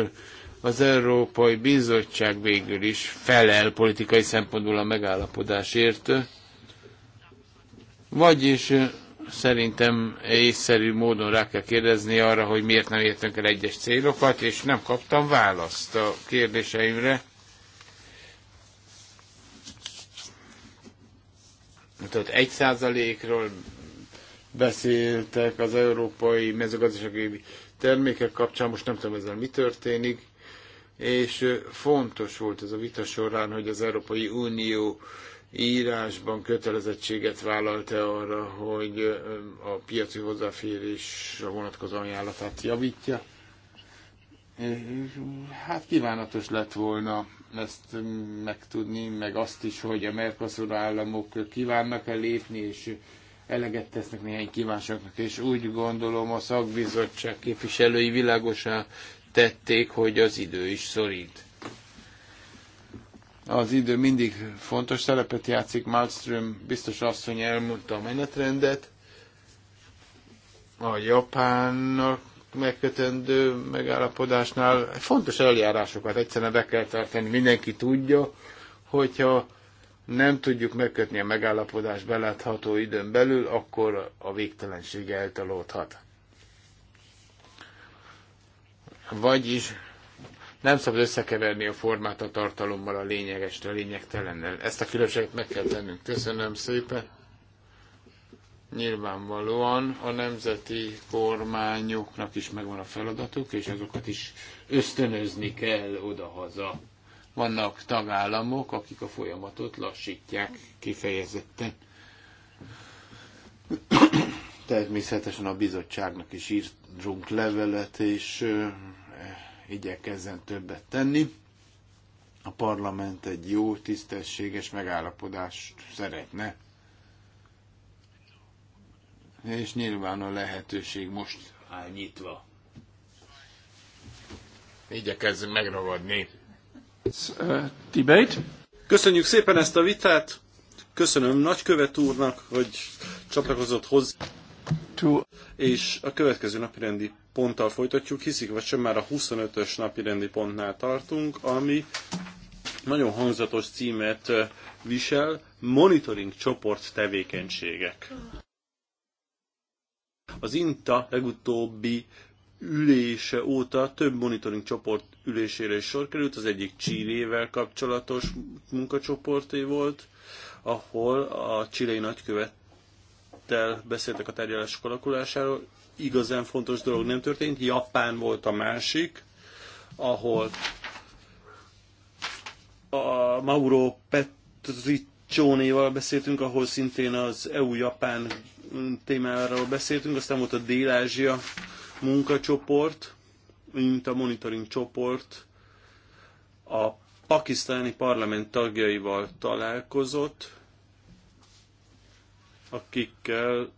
Az Európai Bizottság végül is felel politikai szempontból a megállapodásért, vagyis szerintem észszerű módon rá kell kérdezni arra, hogy miért nem értünk el egyes célokat, és nem kaptam választ a kérdéseimre. Tehát egy százalékról beszéltek az európai mezőgazdasági termékek kapcsán, most nem tudom ezzel mi történik, és fontos volt ez a vita során, hogy az Európai Unió írásban kötelezettséget vállalta arra, hogy a piaci hozzáférés a vonatkozó ajánlatát javítja. Mm-hmm. Hát kívánatos lett volna ezt megtudni, meg azt is, hogy a Mercosur államok kívánnak-e lépni, és eleget tesznek néhány kívánságnak, és úgy gondolom a szakbizottság képviselői világosá tették, hogy az idő is szorít. Az idő mindig fontos szerepet játszik, Malmström biztos asszony elmondta a menetrendet, a japánnak megkötendő megállapodásnál fontos eljárásokat egyszerűen be kell tartani. Mindenki tudja, hogyha nem tudjuk megkötni a megállapodás belátható időn belül, akkor a végtelenség eltalódhat. Vagyis nem szabad összekeverni a formát a tartalommal, a lényegestől, a lényegtelennel. Ezt a különbséget meg kell tennünk. Köszönöm szépen. Nyilvánvalóan a nemzeti kormányoknak is megvan a feladatuk, és azokat is ösztönözni kell oda-haza. Vannak tagállamok, akik a folyamatot lassítják kifejezetten. Természetesen a bizottságnak is írtunk levelet, és e, igyekezzen többet tenni. A parlament egy jó, tisztességes megállapodást szeretne és nyilván a lehetőség most áll nyitva. Igyekezzünk megragadni. Uh, debate. Köszönjük szépen ezt a vitát. Köszönöm nagykövet úrnak, hogy csatlakozott hozzá. To. És a következő napirendi ponttal folytatjuk, hiszik vagy sem már a 25-ös napirendi pontnál tartunk, ami nagyon hangzatos címet uh, visel, monitoring csoport tevékenységek. Az INTA legutóbbi ülése óta több monitoring csoport ülésére is sor került, az egyik Csillével kapcsolatos munkacsoporté volt, ahol a csilei nagykövettel beszéltek a tárgyalások alakulásáról. Igazán fontos dolog nem történt. Japán volt a másik, ahol a Mauro Petrit Csónéval beszéltünk, ahol szintén az EU-Japán témáról beszéltünk, aztán volt a Dél-Ázsia munkacsoport, mint a monitoring csoport, a pakisztáni parlament tagjaival találkozott, akikkel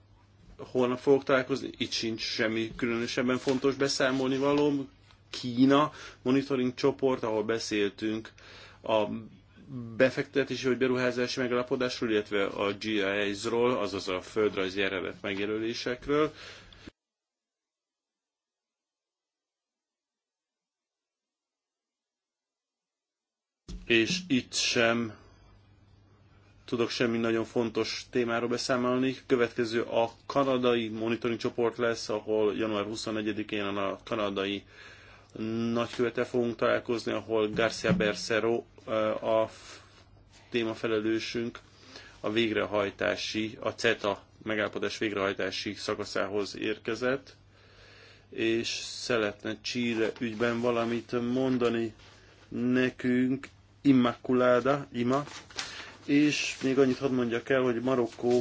holnap fogok találkozni, itt sincs semmi különösebben fontos beszámolni való. Kína monitoring csoport, ahol beszéltünk a befektetési vagy beruházási megalapodásról, illetve a GIS-ról, azaz a földrajzi eredet megjelölésekről. És itt sem tudok semmi nagyon fontos témáról beszámolni. Következő a kanadai monitoring csoport lesz, ahol január 24-én a kanadai nagykövete fogunk találkozni, ahol Garcia Bercero eh, a témafelelősünk a végrehajtási, a CETA megállapodás végrehajtási szakaszához érkezett, és szeretne Chile ügyben valamit mondani nekünk. Immaculada, Ima, és még annyit hadd mondjak el, hogy marokkói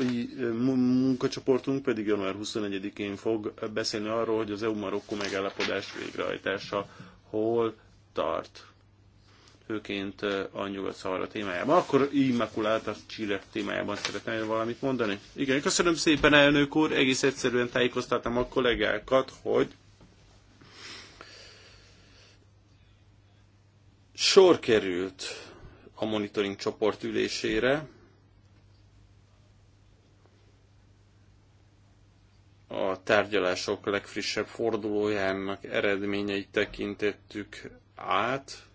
eh, munkacsoportunk pedig január 21-én fog beszélni arról, hogy az EU-Marokkó megállapodás végrehajtása hol tart főként eh, a nyugat szahara témájában. Akkor a Chile témájában szeretném valamit mondani. Igen, köszönöm szépen, elnök úr. Egész egyszerűen tájékoztattam a kollégákat, hogy sor került a monitoring csoport ülésére. A tárgyalások legfrissebb fordulójának eredményeit tekintettük át.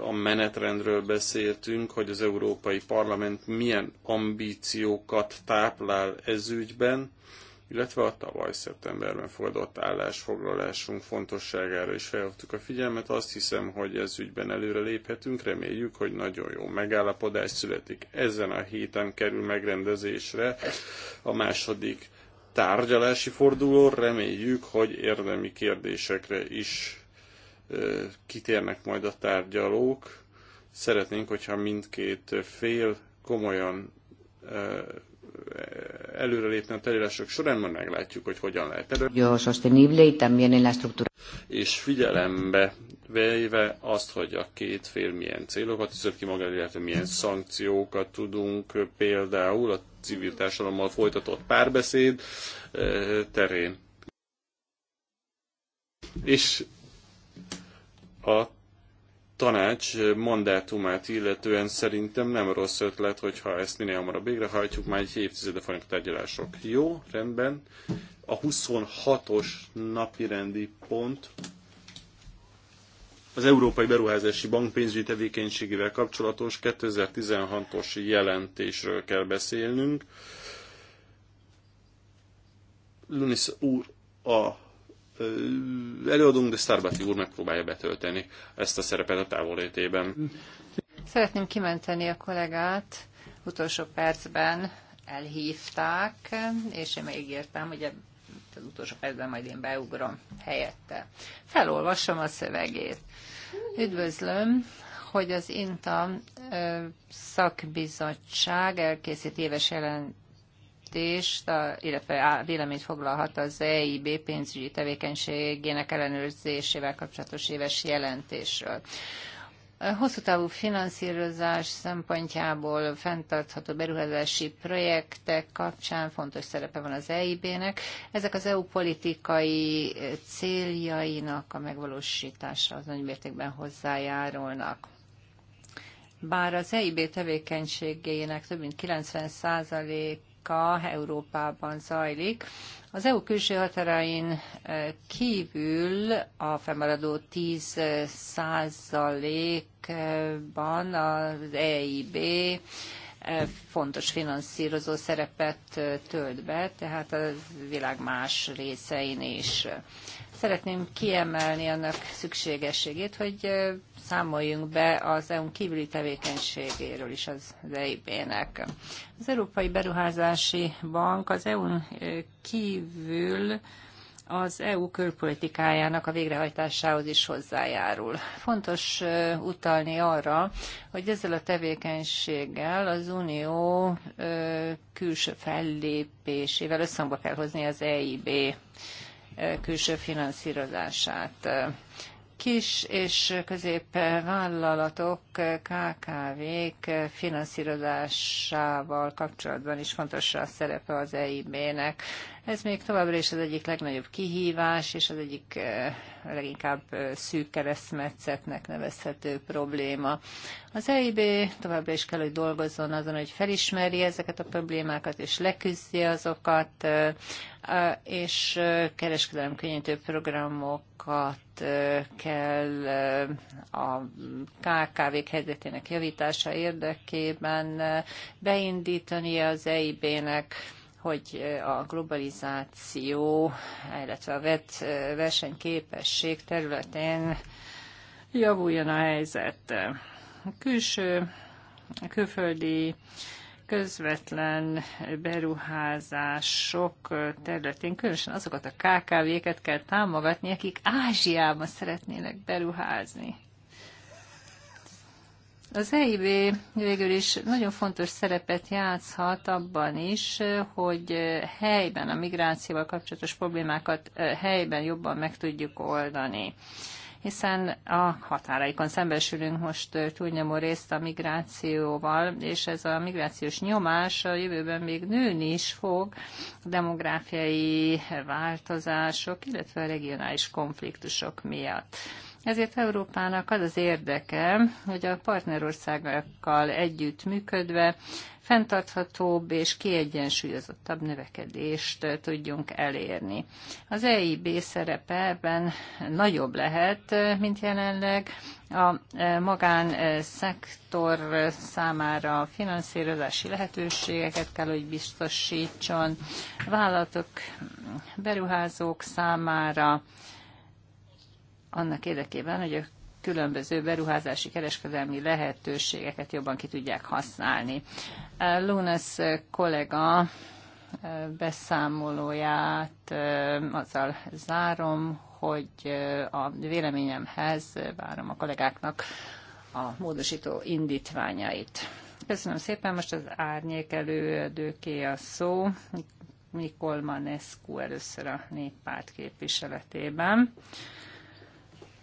A menetrendről beszéltünk, hogy az Európai Parlament milyen ambíciókat táplál ezügyben illetve a tavaly szeptemberben fogadott állásfoglalásunk fontosságára is felhívtuk a figyelmet. Azt hiszem, hogy ez ügyben előre léphetünk, reméljük, hogy nagyon jó megállapodás születik. Ezen a héten kerül megrendezésre a második tárgyalási forduló, reméljük, hogy érdemi kérdésekre is kitérnek majd a tárgyalók. Szeretnénk, hogyha mindkét fél komolyan előrelépni a tárgyalások során, majd meglátjuk, hogy hogyan lehet elő. És figyelembe véve azt, hogy a két fél milyen célokat tűzött ki magára, illetve milyen szankciókat tudunk például a civil társadalommal folytatott párbeszéd eh, terén. És a tanács mandátumát illetően szerintem nem rossz ötlet, hogyha ezt minél hamarabb végrehajtjuk, már egy évtizede folyamatos tárgyalások. Jó, rendben. A 26-os napirendi pont az Európai Beruházási Bank pénzügyi tevékenységével kapcsolatos 2016-os jelentésről kell beszélnünk. Lunis úr a előadunk, de Starbati úr megpróbálja betölteni ezt a szerepet a távolétében. Szeretném kimenteni a kollégát. Utolsó percben elhívták, és én megígértem, hogy az utolsó percben majd én beugrom helyette. Felolvasom a szövegét. Üdvözlöm, hogy az INTA szakbizottság elkészít éves jelent jelentést, illetve véleményt foglalhat az EIB pénzügyi tevékenységének ellenőrzésével kapcsolatos éves jelentésről. Hosszú távú finanszírozás szempontjából fenntartható beruházási projektek kapcsán fontos szerepe van az EIB-nek. Ezek az EU politikai céljainak a megvalósítása az mértékben hozzájárulnak. Bár az EIB tevékenységének több mint 90% politika Európában zajlik. Az EU külső határain e, kívül a felmaradó 10 százalékban az EIB e, fontos finanszírozó szerepet e, tölt be, tehát a világ más részein is. Szeretném kiemelni annak szükségességét, hogy számoljunk be az EU-n kívüli tevékenységéről is az EIB-nek. Az Európai Beruházási Bank az EU-n kívül az EU külpolitikájának a végrehajtásához is hozzájárul. Fontos utalni arra, hogy ezzel a tevékenységgel az Unió külső fellépésével összhangba kell hozni az EIB külső finanszírozását kis és középvállalatok, KKV-k finanszírozásával kapcsolatban is fontos a szerepe az EIB-nek. Ez még továbbra is az egyik legnagyobb kihívás, és az egyik eh, leginkább eh, szűk keresztmetszetnek nevezhető probléma. Az EIB továbbra is kell, hogy dolgozzon azon, hogy felismeri ezeket a problémákat, és leküzdje azokat, eh, és kereskedelem könnyítő programokat kell a KKV-k helyzetének javítása érdekében beindítani az EIB-nek hogy a globalizáció, illetve a vet, versenyképesség területén javuljon a helyzet. A külső a külföldi közvetlen beruházások területén különösen azokat a KKV-ket kell támogatni, akik Ázsiába szeretnének beruházni. Az EIB végül is nagyon fontos szerepet játszhat abban is, hogy helyben a migrációval kapcsolatos problémákat eh, helyben jobban meg tudjuk oldani hiszen a határaikon szembesülünk most túlnyomó részt a migrációval, és ez a migrációs nyomás a jövőben még nőni is fog, a demográfiai változások, illetve a regionális konfliktusok miatt. Ezért Európának az az érdeke, hogy a partnerországokkal együtt működve fenntarthatóbb és kiegyensúlyozottabb növekedést eh, tudjunk elérni. Az EIB szerepe ebben nagyobb lehet, eh, mint jelenleg a eh, magánszektor számára finanszírozási lehetőségeket kell, hogy biztosítson, vállalatok, beruházók számára annak érdekében, hogy a különböző beruházási kereskedelmi lehetőségeket jobban ki tudják használni. Uh, Lunas kollega uh, beszámolóját uh, azzal zárom, hogy a véleményemhez várom a kollégáknak a módosító indítványait. Köszönöm szépen, most az árnyék előadőké a szó. Nikol Manescu először a néppárt képviseletében.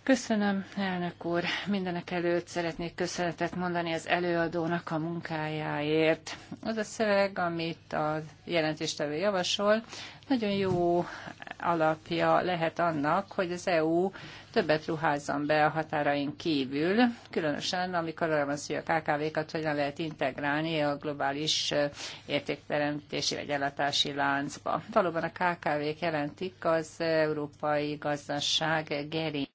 Köszönöm, elnök úr. Mindenek előtt szeretnék köszönetet mondani az előadónak a munkájáért. Az a szöveg, amit a jelentéstevő javasol, nagyon jó alapja lehet annak, hogy az EU többet ruházzon be a határain kívül, különösen amikor arra van szó, hogy a KKV-kat hogyan lehet integrálni a globális értékteremtési vagy ellátási láncba. Valóban a KKV-k jelentik az európai gazdaság gerint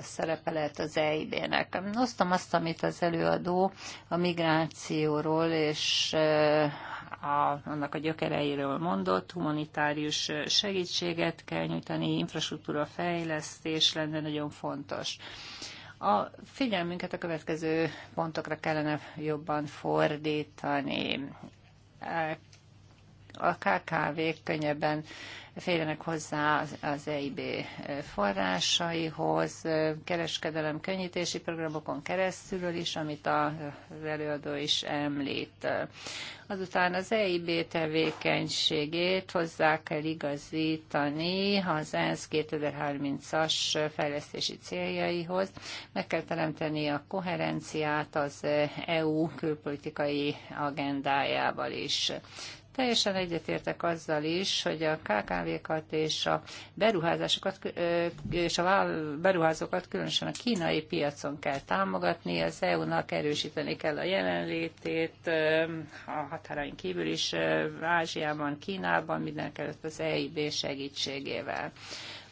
szerepe lehet az EIB-nek. Osztom azt, amit az előadó a migrációról és a, annak a gyökereiről mondott, humanitárius segítséget kell nyújtani, infrastruktúra fejlesztés lenne nagyon fontos. A figyelmünket a következő pontokra kellene jobban fordítani a kkv könnyebben férjenek hozzá az EIB eh, forrásaihoz, eh, kereskedelem könnyítési programokon keresztül, is, amit az előadó is említ. Azután az EIB tevékenységét hozzá kell igazítani az ENSZ 2030-as fejlesztési céljaihoz. Meg kell teremteni a koherenciát az EU külpolitikai agendájával is. Teljesen egyetértek azzal is, hogy a KKV-kat és a beruházásokat és a beruházókat különösen a kínai piacon kell támogatni, az EU-nak erősíteni kell a jelenlétét a határain kívül is Ázsiában, Kínában, mindenkelőtt az EIB segítségével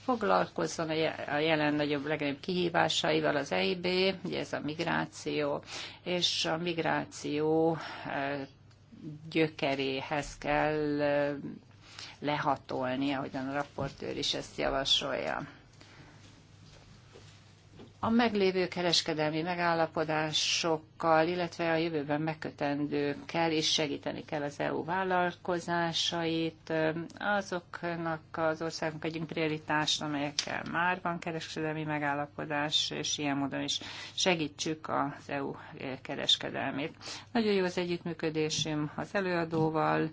foglalkozzon a jelen nagyobb, legnagyobb kihívásaival az EIB, ugye ez a migráció, és a migráció gyökeréhez kell lehatolni, ahogyan a raportőr is ezt javasolja a meglévő kereskedelmi megállapodásokkal, illetve a jövőben megkötendőkkel is segíteni kell az EU vállalkozásait, azoknak az országnak egyik prioritás, amelyekkel már van kereskedelmi megállapodás, és ilyen módon is segítsük az EU kereskedelmét. Nagyon jó az együttműködésünk az előadóval,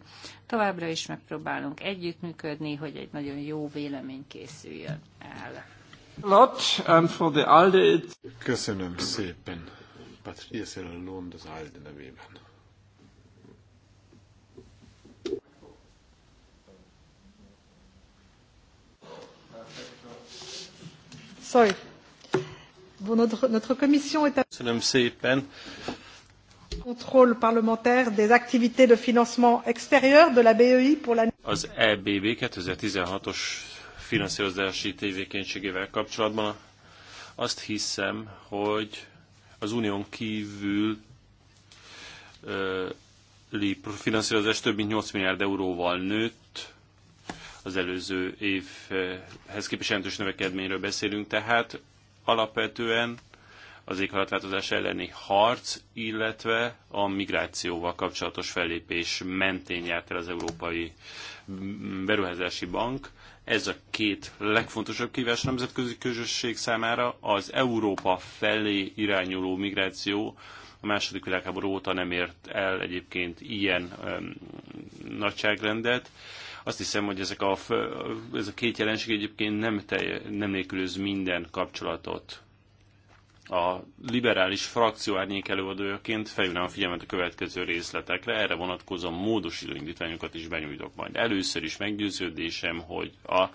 továbbra is megpróbálunk együttműködni, hogy egy nagyon jó vélemény készüljön el. Lot, and for the ALDE Köszönöm szépen. Patrice Lund az ALDE nevében. Sorry. Notre, notre commission est... Köszönöm szépen contrôle parlementaire des activités de financement extérieur de la BEI pour l'année. Az EBB 2016-os finanszírozási tevékenységével kapcsolatban azt hiszem, hogy az unión kívül finanszírozás több mint 8 milliárd euróval nőtt, az előző évhez képest jelentős növekedményről beszélünk, tehát alapvetően az éghajlatváltozás elleni harc, illetve a migrációval kapcsolatos fellépés mentén járt el az Európai Beruházási Bank. Ez a két legfontosabb kívás nemzetközi közösség számára az Európa felé irányuló migráció, a második világháború óta nem ért el egyébként ilyen öm, nagyságrendet. Azt hiszem, hogy ezek a, ez a két jelenség egyébként nem, telje, nem nélkülöz minden kapcsolatot a liberális frakció árnyék előadójaként felhívnám a figyelmet a következő részletekre, erre vonatkozó módosító indítványokat is benyújtok majd. Először is meggyőződésem, hogy a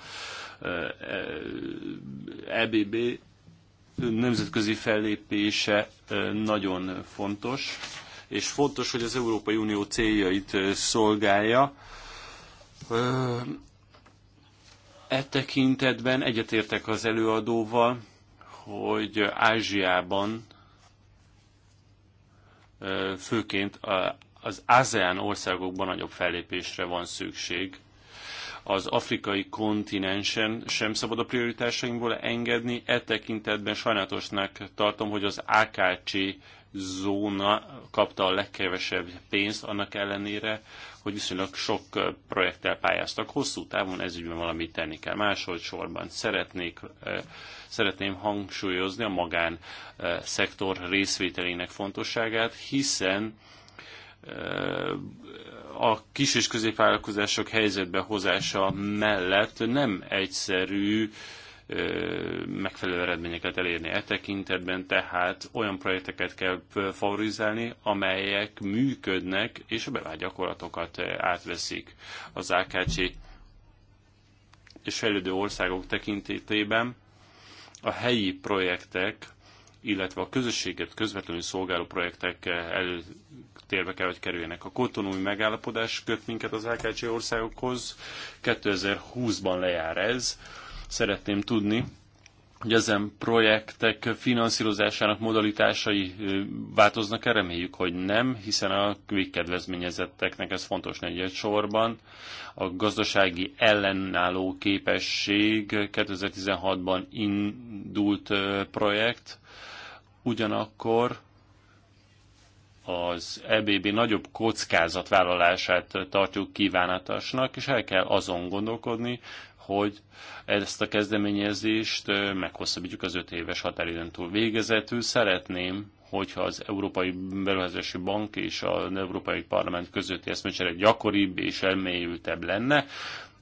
EBB e, e nemzetközi fellépése e, nagyon fontos, és fontos, hogy az Európai Unió céljait szolgálja. E tekintetben egyetértek az előadóval, hogy Ázsiában főként az ASEAN országokban nagyobb fellépésre van szükség. Az afrikai kontinensen sem szabad a prioritásainkból engedni. E tekintetben sajnálatosnak tartom, hogy az AKC zóna kapta a legkevesebb pénzt, annak ellenére, hogy viszonylag sok projekttel pályáztak. Hosszú távon ez ügyben valamit tenni kell. Másodszorban szeretnék, szeretném hangsúlyozni a magán szektor részvételének fontosságát, hiszen a kis és középvállalkozások helyzetbe hozása mellett nem egyszerű megfelelő eredményeket elérni e tekintetben, tehát olyan projekteket kell favorizálni, amelyek működnek, és a bevált gyakorlatokat átveszik az AKC és fejlődő országok tekintetében. A helyi projektek, illetve a közösséget közvetlenül szolgáló projektek előtérbe térbe kell, hogy kerüljenek. A kotonúi megállapodás köt minket az AKC országokhoz, 2020-ban lejár ez, Szeretném tudni, hogy ezen projektek finanszírozásának modalitásai változnak-e? Reméljük, hogy nem, hiszen a kedvezményezetteknek ez fontos negyed sorban. A gazdasági ellenálló képesség 2016-ban indult projekt, ugyanakkor az EBB nagyobb kockázatvállalását tartjuk kívánatosnak, és el kell azon gondolkodni, hogy ezt a kezdeményezést meghosszabbítjuk az öt éves határidőn túl. Végezetül szeretném, hogyha az Európai Beruházási Bank és az Európai Parlament közötti eszmecsere gyakoribb és elmélyültebb lenne,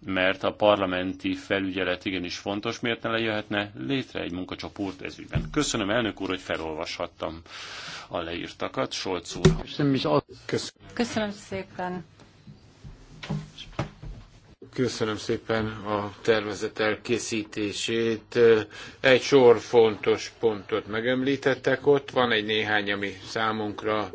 mert a parlamenti felügyelet igenis fontos, miért ne lejöhetne létre egy munkacsoport ezügyben. Köszönöm elnök úr, hogy felolvashattam a leírtakat. Solc úr. Köszönöm szépen. Köszönöm szépen a tervezet elkészítését. Egy sor fontos pontot megemlítettek ott, van egy néhány, ami számunkra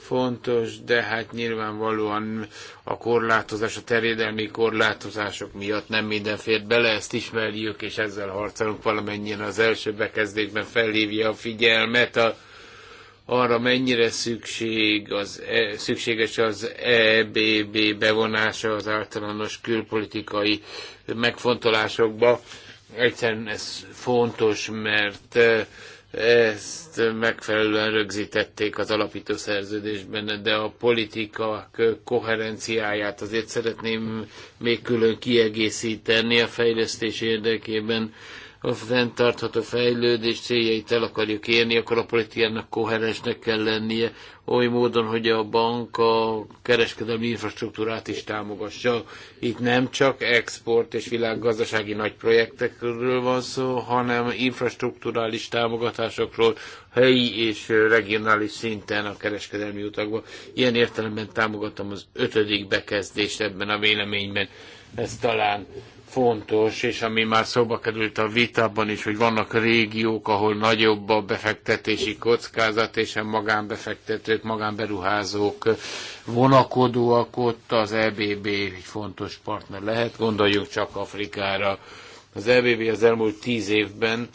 fontos, de hát nyilvánvalóan a korlátozás, a terjedelmi korlátozások miatt nem minden fér bele, ezt ismerjük, és ezzel harcolunk valamennyien az első bekezdésben felhívja a figyelmet a arra mennyire szükség az, e, szükséges az EBB bevonása az általános külpolitikai megfontolásokba. Egyszerűen ez fontos, mert e, ezt megfelelően rögzítették az alapító szerződésben, de a politika koherenciáját azért szeretném még külön kiegészíteni a fejlesztés érdekében a fenntartható fejlődés céljait el akarjuk érni, akkor a politikának koherensnek kell lennie, oly módon, hogy a bank a kereskedelmi infrastruktúrát is támogassa. Itt nem csak export és világgazdasági nagy projektekről van szó, hanem infrastruktúrális támogatásokról helyi és regionális szinten a kereskedelmi utakban. Ilyen értelemben támogatom az ötödik bekezdést ebben a véleményben. Ez talán fontos, és ami már szóba került a vitában is, hogy vannak régiók, ahol nagyobb a befektetési kockázat, és a magánbefektetők, magánberuházók vonakodóak, ott az EBB egy fontos partner lehet, gondoljunk csak Afrikára. Az EBB az elmúlt tíz évben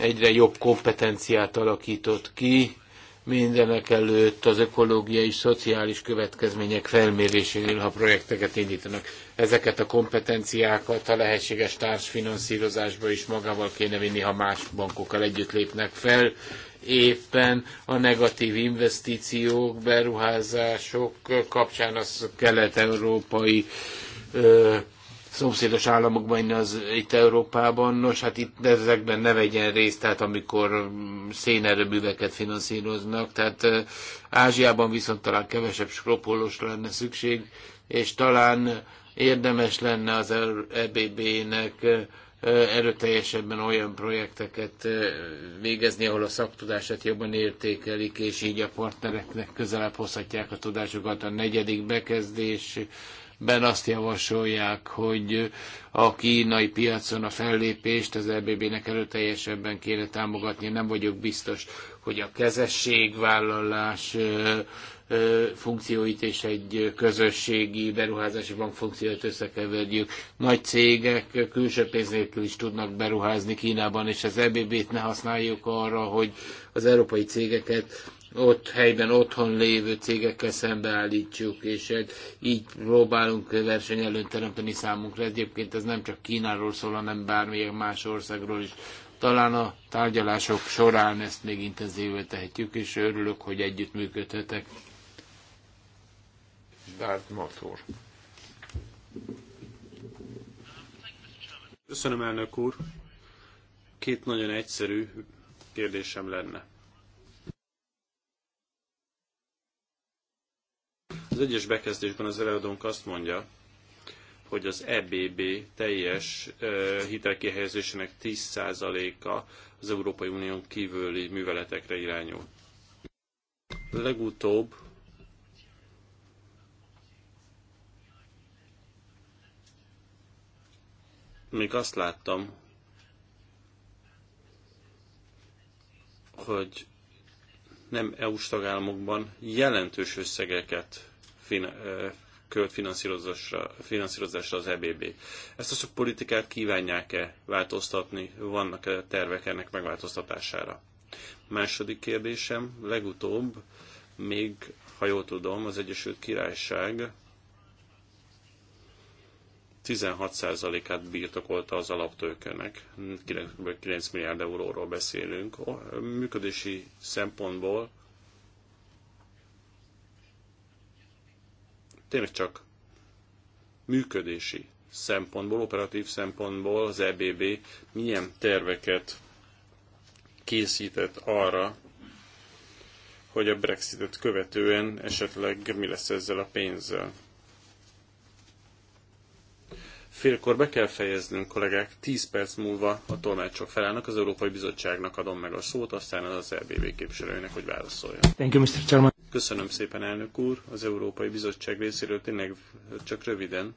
egyre jobb kompetenciát alakított ki, mindenek előtt az ökológiai és szociális következmények felmérésénél, ha projekteket indítanak ezeket a kompetenciákat a lehetséges társfinanszírozásba is magával kéne vinni, ha más bankokkal együtt lépnek fel. Éppen a negatív investíciók, beruházások kapcsán az kelet-európai szomszédos államokban, én az itt Európában, nos, hát itt ezekben ne vegyen részt, tehát amikor szénerőműveket finanszíroznak, tehát Ázsiában viszont talán kevesebb skropolos lenne szükség, és talán érdemes lenne az EBB-nek erőteljesebben olyan projekteket végezni, ahol a szaktudását jobban értékelik, és így a partnereknek közelebb hozhatják a tudásukat. A negyedik bekezdésben azt javasolják, hogy a kínai piacon a fellépést az EBB-nek erőteljesebben kéne támogatni. Nem vagyok biztos, hogy a kezességvállalás funkcióit és egy közösségi beruházási bank funkciót összekeverjük. Nagy cégek külső pénz nélkül is tudnak beruházni Kínában, és az EBB-t ne használjuk arra, hogy az európai cégeket ott helyben otthon lévő cégekkel szembeállítsuk, és így próbálunk versenyelőn teremteni számunkra. Egyébként ez nem csak Kínáról szól, hanem bármilyen más országról is. Talán a tárgyalások során ezt még intenzívül tehetjük, és örülök, hogy együtt működhetek Dartmouth úr. Köszönöm, elnök úr. Két nagyon egyszerű kérdésem lenne. Az egyes bekezdésben az előadónk azt mondja, hogy az EBB teljes hitelkihelyezésének 10%-a az Európai Unión kívüli műveletekre irányul. Legutóbb még azt láttam, hogy nem EU-s tagállamokban jelentős összegeket fin- költ finanszírozásra, finanszírozásra az EBB. Ezt a politikát kívánják-e változtatni, vannak-e tervek ennek megváltoztatására? Második kérdésem, legutóbb még, ha jól tudom, az Egyesült Királyság 16%-át birtokolta az alaptőkönek, 9 milliárd euróról beszélünk. A működési szempontból tényleg csak működési szempontból, operatív szempontból az EBB milyen terveket készített arra, hogy a Brexitet követően esetleg mi lesz ezzel a pénzzel. Félkor be kell fejeznünk, kollégák, 10 perc múlva a tolmácsok felállnak, az Európai Bizottságnak adom meg a szót, aztán az RBB képviselőjének, hogy válaszoljon. Thank you, Mr. Chairman. Köszönöm szépen, elnök úr. Az Európai Bizottság részéről tényleg csak röviden.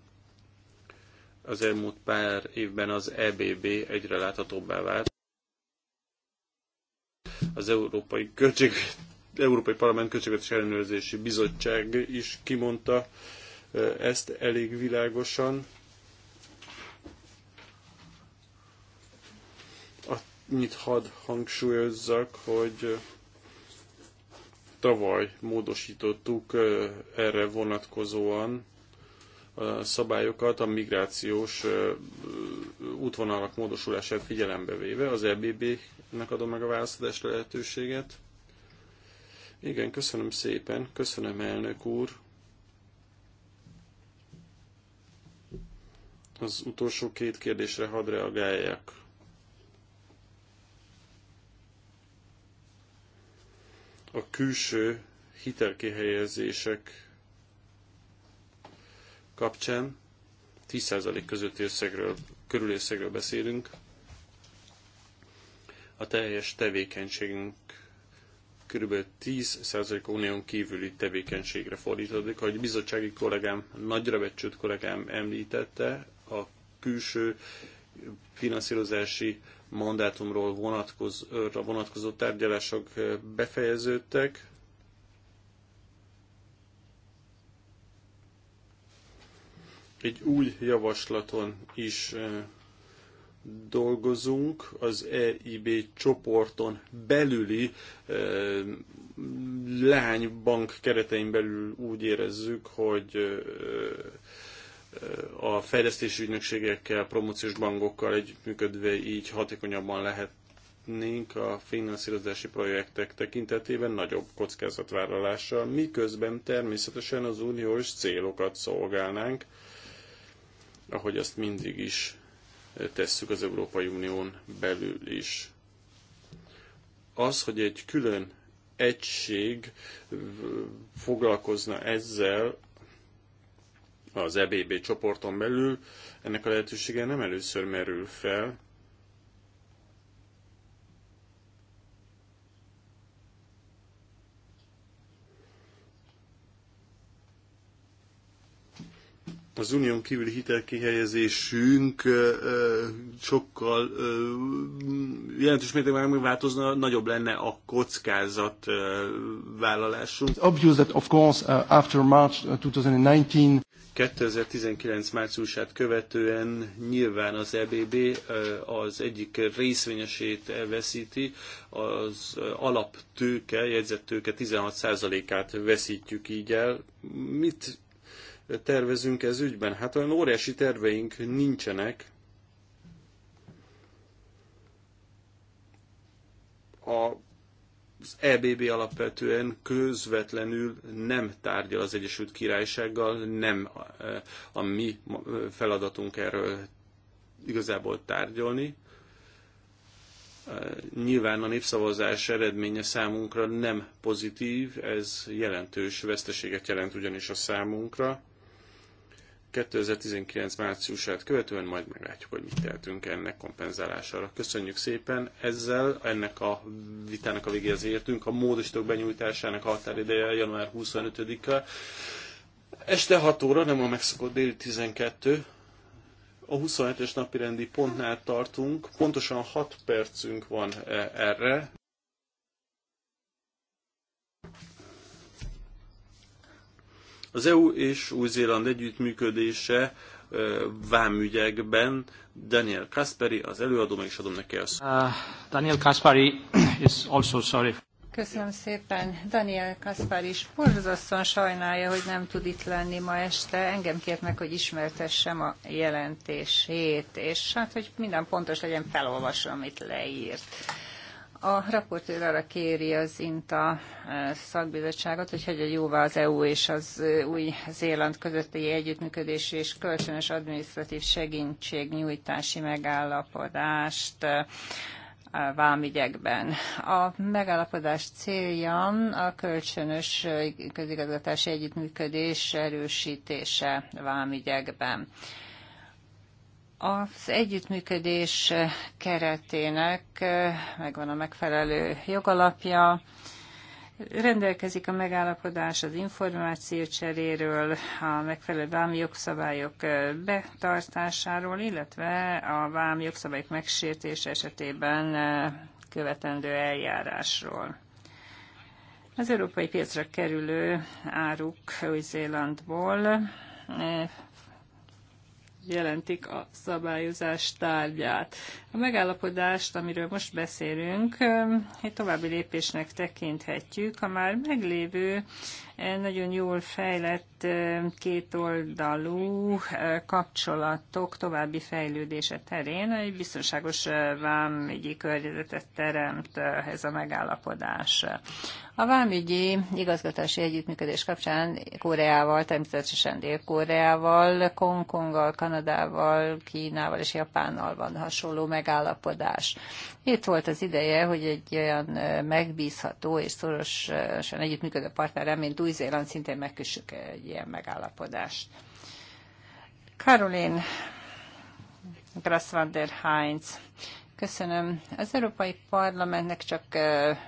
Az elmúlt pár évben az EBB egyre láthatóbbá vált. Az Európai Költség... Európai Parlament Költségvetés Ellenőrzési Bizottság is kimondta ezt elég világosan annyit hadd hangsúlyozzak, hogy tavaly módosítottuk erre vonatkozóan szabályokat a migrációs útvonalak módosulását figyelembe véve. Az EBB-nek adom meg a választás lehetőséget. Igen, köszönöm szépen, köszönöm elnök úr. Az utolsó két kérdésre hadd reagáljak. a külső hitelkihelyezések kapcsán 10% közötti összegről, körül beszélünk. A teljes tevékenységünk kb. 10% unión kívüli tevékenységre fordítódik. Ahogy bizottsági kollégám, nagyra becsült kollégám említette, a külső finanszírozási mandátumról vonatkozó, vonatkozó tárgyalások befejeződtek. Egy új javaslaton is dolgozunk az EIB csoporton belüli lánybank keretein belül úgy érezzük, hogy a fejlesztési ügynökségekkel, promóciós bankokkal együttműködve így hatékonyabban lehetnénk a finanszírozási projektek tekintetében nagyobb kockázatvállalással, miközben természetesen az uniós célokat szolgálnánk, ahogy azt mindig is tesszük az Európai Unión belül is. Az, hogy egy külön egység foglalkozna ezzel, az EBB csoporton belül. Ennek a lehetősége nem először merül fel, az unión kívüli hitelkihelyezésünk sokkal jelentős mértékben megváltozna, nagyobb lenne a kockázat vállalásunk. It's obvious that of course uh, after March 2019 uh, 2019 márciusát követően nyilván az EBB az egyik részvényesét veszíti, az alaptőke, jegyzettőke 16%-át veszítjük így el. Mit tervezünk ez ügyben? Hát olyan óriási terveink nincsenek. A az EBB alapvetően közvetlenül nem tárgyal az Egyesült Királysággal, nem eh, a mi eh, feladatunk erről igazából tárgyalni. Eh, nyilván a népszavazás eredménye számunkra nem pozitív, ez jelentős veszteséget jelent ugyanis a számunkra. 2019 márciusát követően majd meglátjuk, hogy mit tehetünk ennek kompenzálására. Köszönjük szépen. Ezzel ennek a vitának a végéhez értünk. A módosítók benyújtásának a határideje január 25 a Este 6 óra, nem a megszokott déli 12. A 27-es napi rendi pontnál tartunk. Pontosan 6 percünk van eh, erre. Az EU és Új-Zéland együttműködése vámügyekben Daniel Kasperi, az előadó, meg is adom neki a Uh, Daniel Kaspari is also sorry. Köszönöm szépen. Daniel Kaspar is borzasztóan sajnálja, hogy nem tud itt lenni ma este. Engem kért meg, hogy ismertessem a jelentését, és hát, hogy minden pontos legyen, felolvasom, amit leírt. A raportőr arra kéri az INTA eh, szakbizottságot, hogy hagyja jóvá az EU és az eh, Új-Zéland közötti együttműködés és kölcsönös adminisztratív segítség nyújtási megállapodást eh, vámügyekben. A megállapodás célja a kölcsönös közigazgatási együttműködés erősítése vámügyekben. Az együttműködés keretének eh, megvan a megfelelő jogalapja, Rendelkezik a megállapodás az információ cseréről, a megfelelő vámjogszabályok eh, betartásáról, illetve a vámjogszabályok megsértése esetében eh, követendő eljárásról. Az európai piacra kerülő áruk Új-Zélandból jelentik a szabályozás tárgyát. A megállapodást, amiről most beszélünk, egy további lépésnek tekinthetjük a már meglévő, eh, nagyon jól fejlett eh, kétoldalú eh, kapcsolatok további fejlődése terén egy biztonságos vámügyi környezetet teremt ez a megállapodás. A vámügyi igazgatási együttműködés kapcsán Koreával, természetesen Dél-Koreával, Hongkonggal, Kanadával, Kínával és Japánnal van hasonló meg megállapodás. Itt volt az ideje, hogy egy olyan megbízható és szorosan együttműködő partnerem, mint Új-Zéland, szintén megkössük egy ilyen megállapodást. Karolin Grass van der Heinz Köszönöm. Az Európai Parlamentnek csak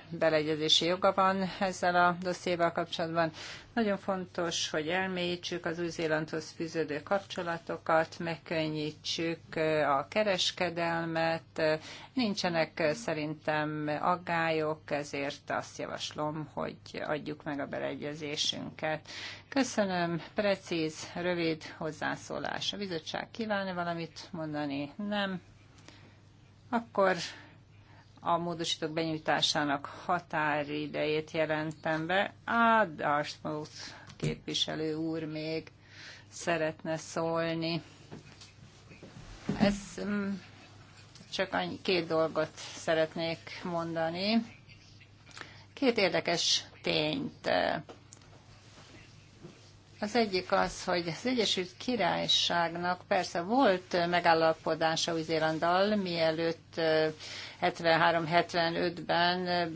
beleegyezési joga van ezzel a dossziéval kapcsolatban. Nagyon fontos, hogy elmélyítsük az Új-Zélandhoz fűződő kapcsolatokat, megkönnyítsük a kereskedelmet. Nincsenek szerintem aggályok, ezért azt javaslom, hogy adjuk meg a beleegyezésünket. Köszönöm, precíz, rövid hozzászólás. A bizottság kíván valamit mondani? Nem akkor a módosítók benyújtásának határidejét jelentem be. Á, Dartmouth képviselő úr még szeretne szólni. Ez mm, csak annyi, két dolgot szeretnék mondani. Két érdekes tényt eh, az egyik az, hogy az Egyesült Királyságnak persze volt megállapodása Új-Zélanddal, mielőtt 73-75-ben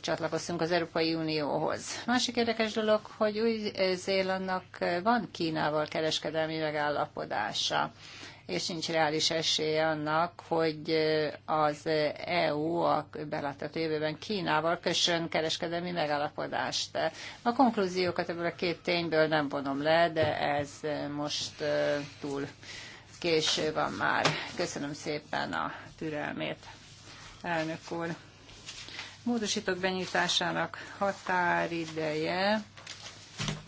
csatlakoztunk az Európai Unióhoz. Másik érdekes dolog, hogy Új-Zélandnak van Kínával kereskedelmi megállapodása és nincs reális esély annak, hogy az EU a belátható jövőben Kínával kössön kereskedelmi megalapodást. A konklúziókat ebből a két tényből nem vonom le, de ez most túl késő van már. Köszönöm szépen a türelmét, elnök úr. Módosítók benyújtásának határideje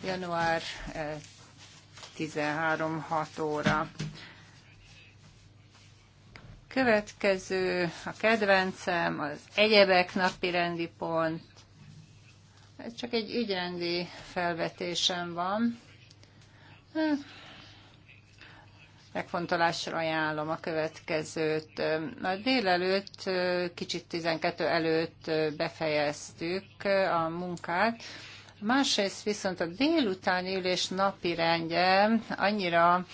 január 13-6 óra. Következő, a kedvencem, az egyebek napirendi pont. Ez csak egy ügyrendi felvetésem van. Hát, megfontolásra ajánlom a következőt. A délelőtt, kicsit 12 előtt befejeztük a munkát, Másrészt viszont a délutáni ülés napi rendje annyira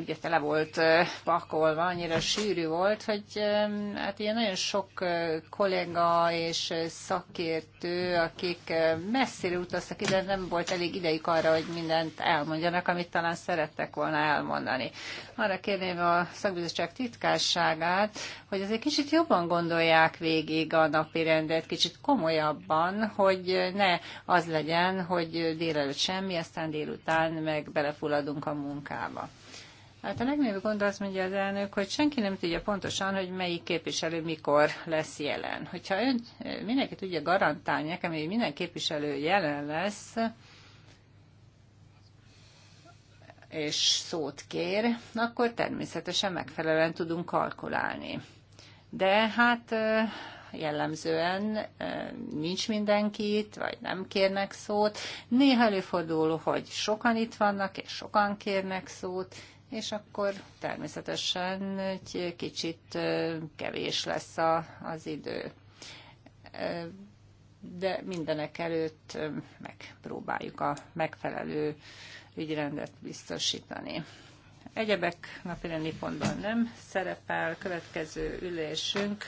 ugye tele volt pakolva, annyira sűrű volt, hogy hát ilyen nagyon sok kollega és szakértő, akik messzire utaztak ide, nem volt elég idejük arra, hogy mindent elmondjanak, amit talán szerettek volna elmondani. Arra kérném a szakbizottság titkásságát, hogy azért kicsit jobban gondolják végig a napi rendet, kicsit komolyabban, hogy ne az legyen, hogy délelőtt semmi, aztán délután meg belefulladunk a munkába. Hát a legnagyobb gond az, mondja az elnök, hogy senki nem tudja pontosan, hogy melyik képviselő mikor lesz jelen. Hogyha ön, mindenki tudja garantálni nekem, hogy minden képviselő jelen lesz, és szót kér, akkor természetesen megfelelően tudunk kalkulálni. De hát jellemzően nincs mindenki itt, vagy nem kérnek szót. Néha előfordul, hogy sokan itt vannak, és sokan kérnek szót, és akkor természetesen egy kicsit kevés lesz a, az idő. De mindenek előtt megpróbáljuk a megfelelő ügyrendet biztosítani. Egyebek napirendi pontban nem szerepel. Következő ülésünk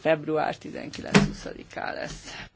február 19-20-án lesz.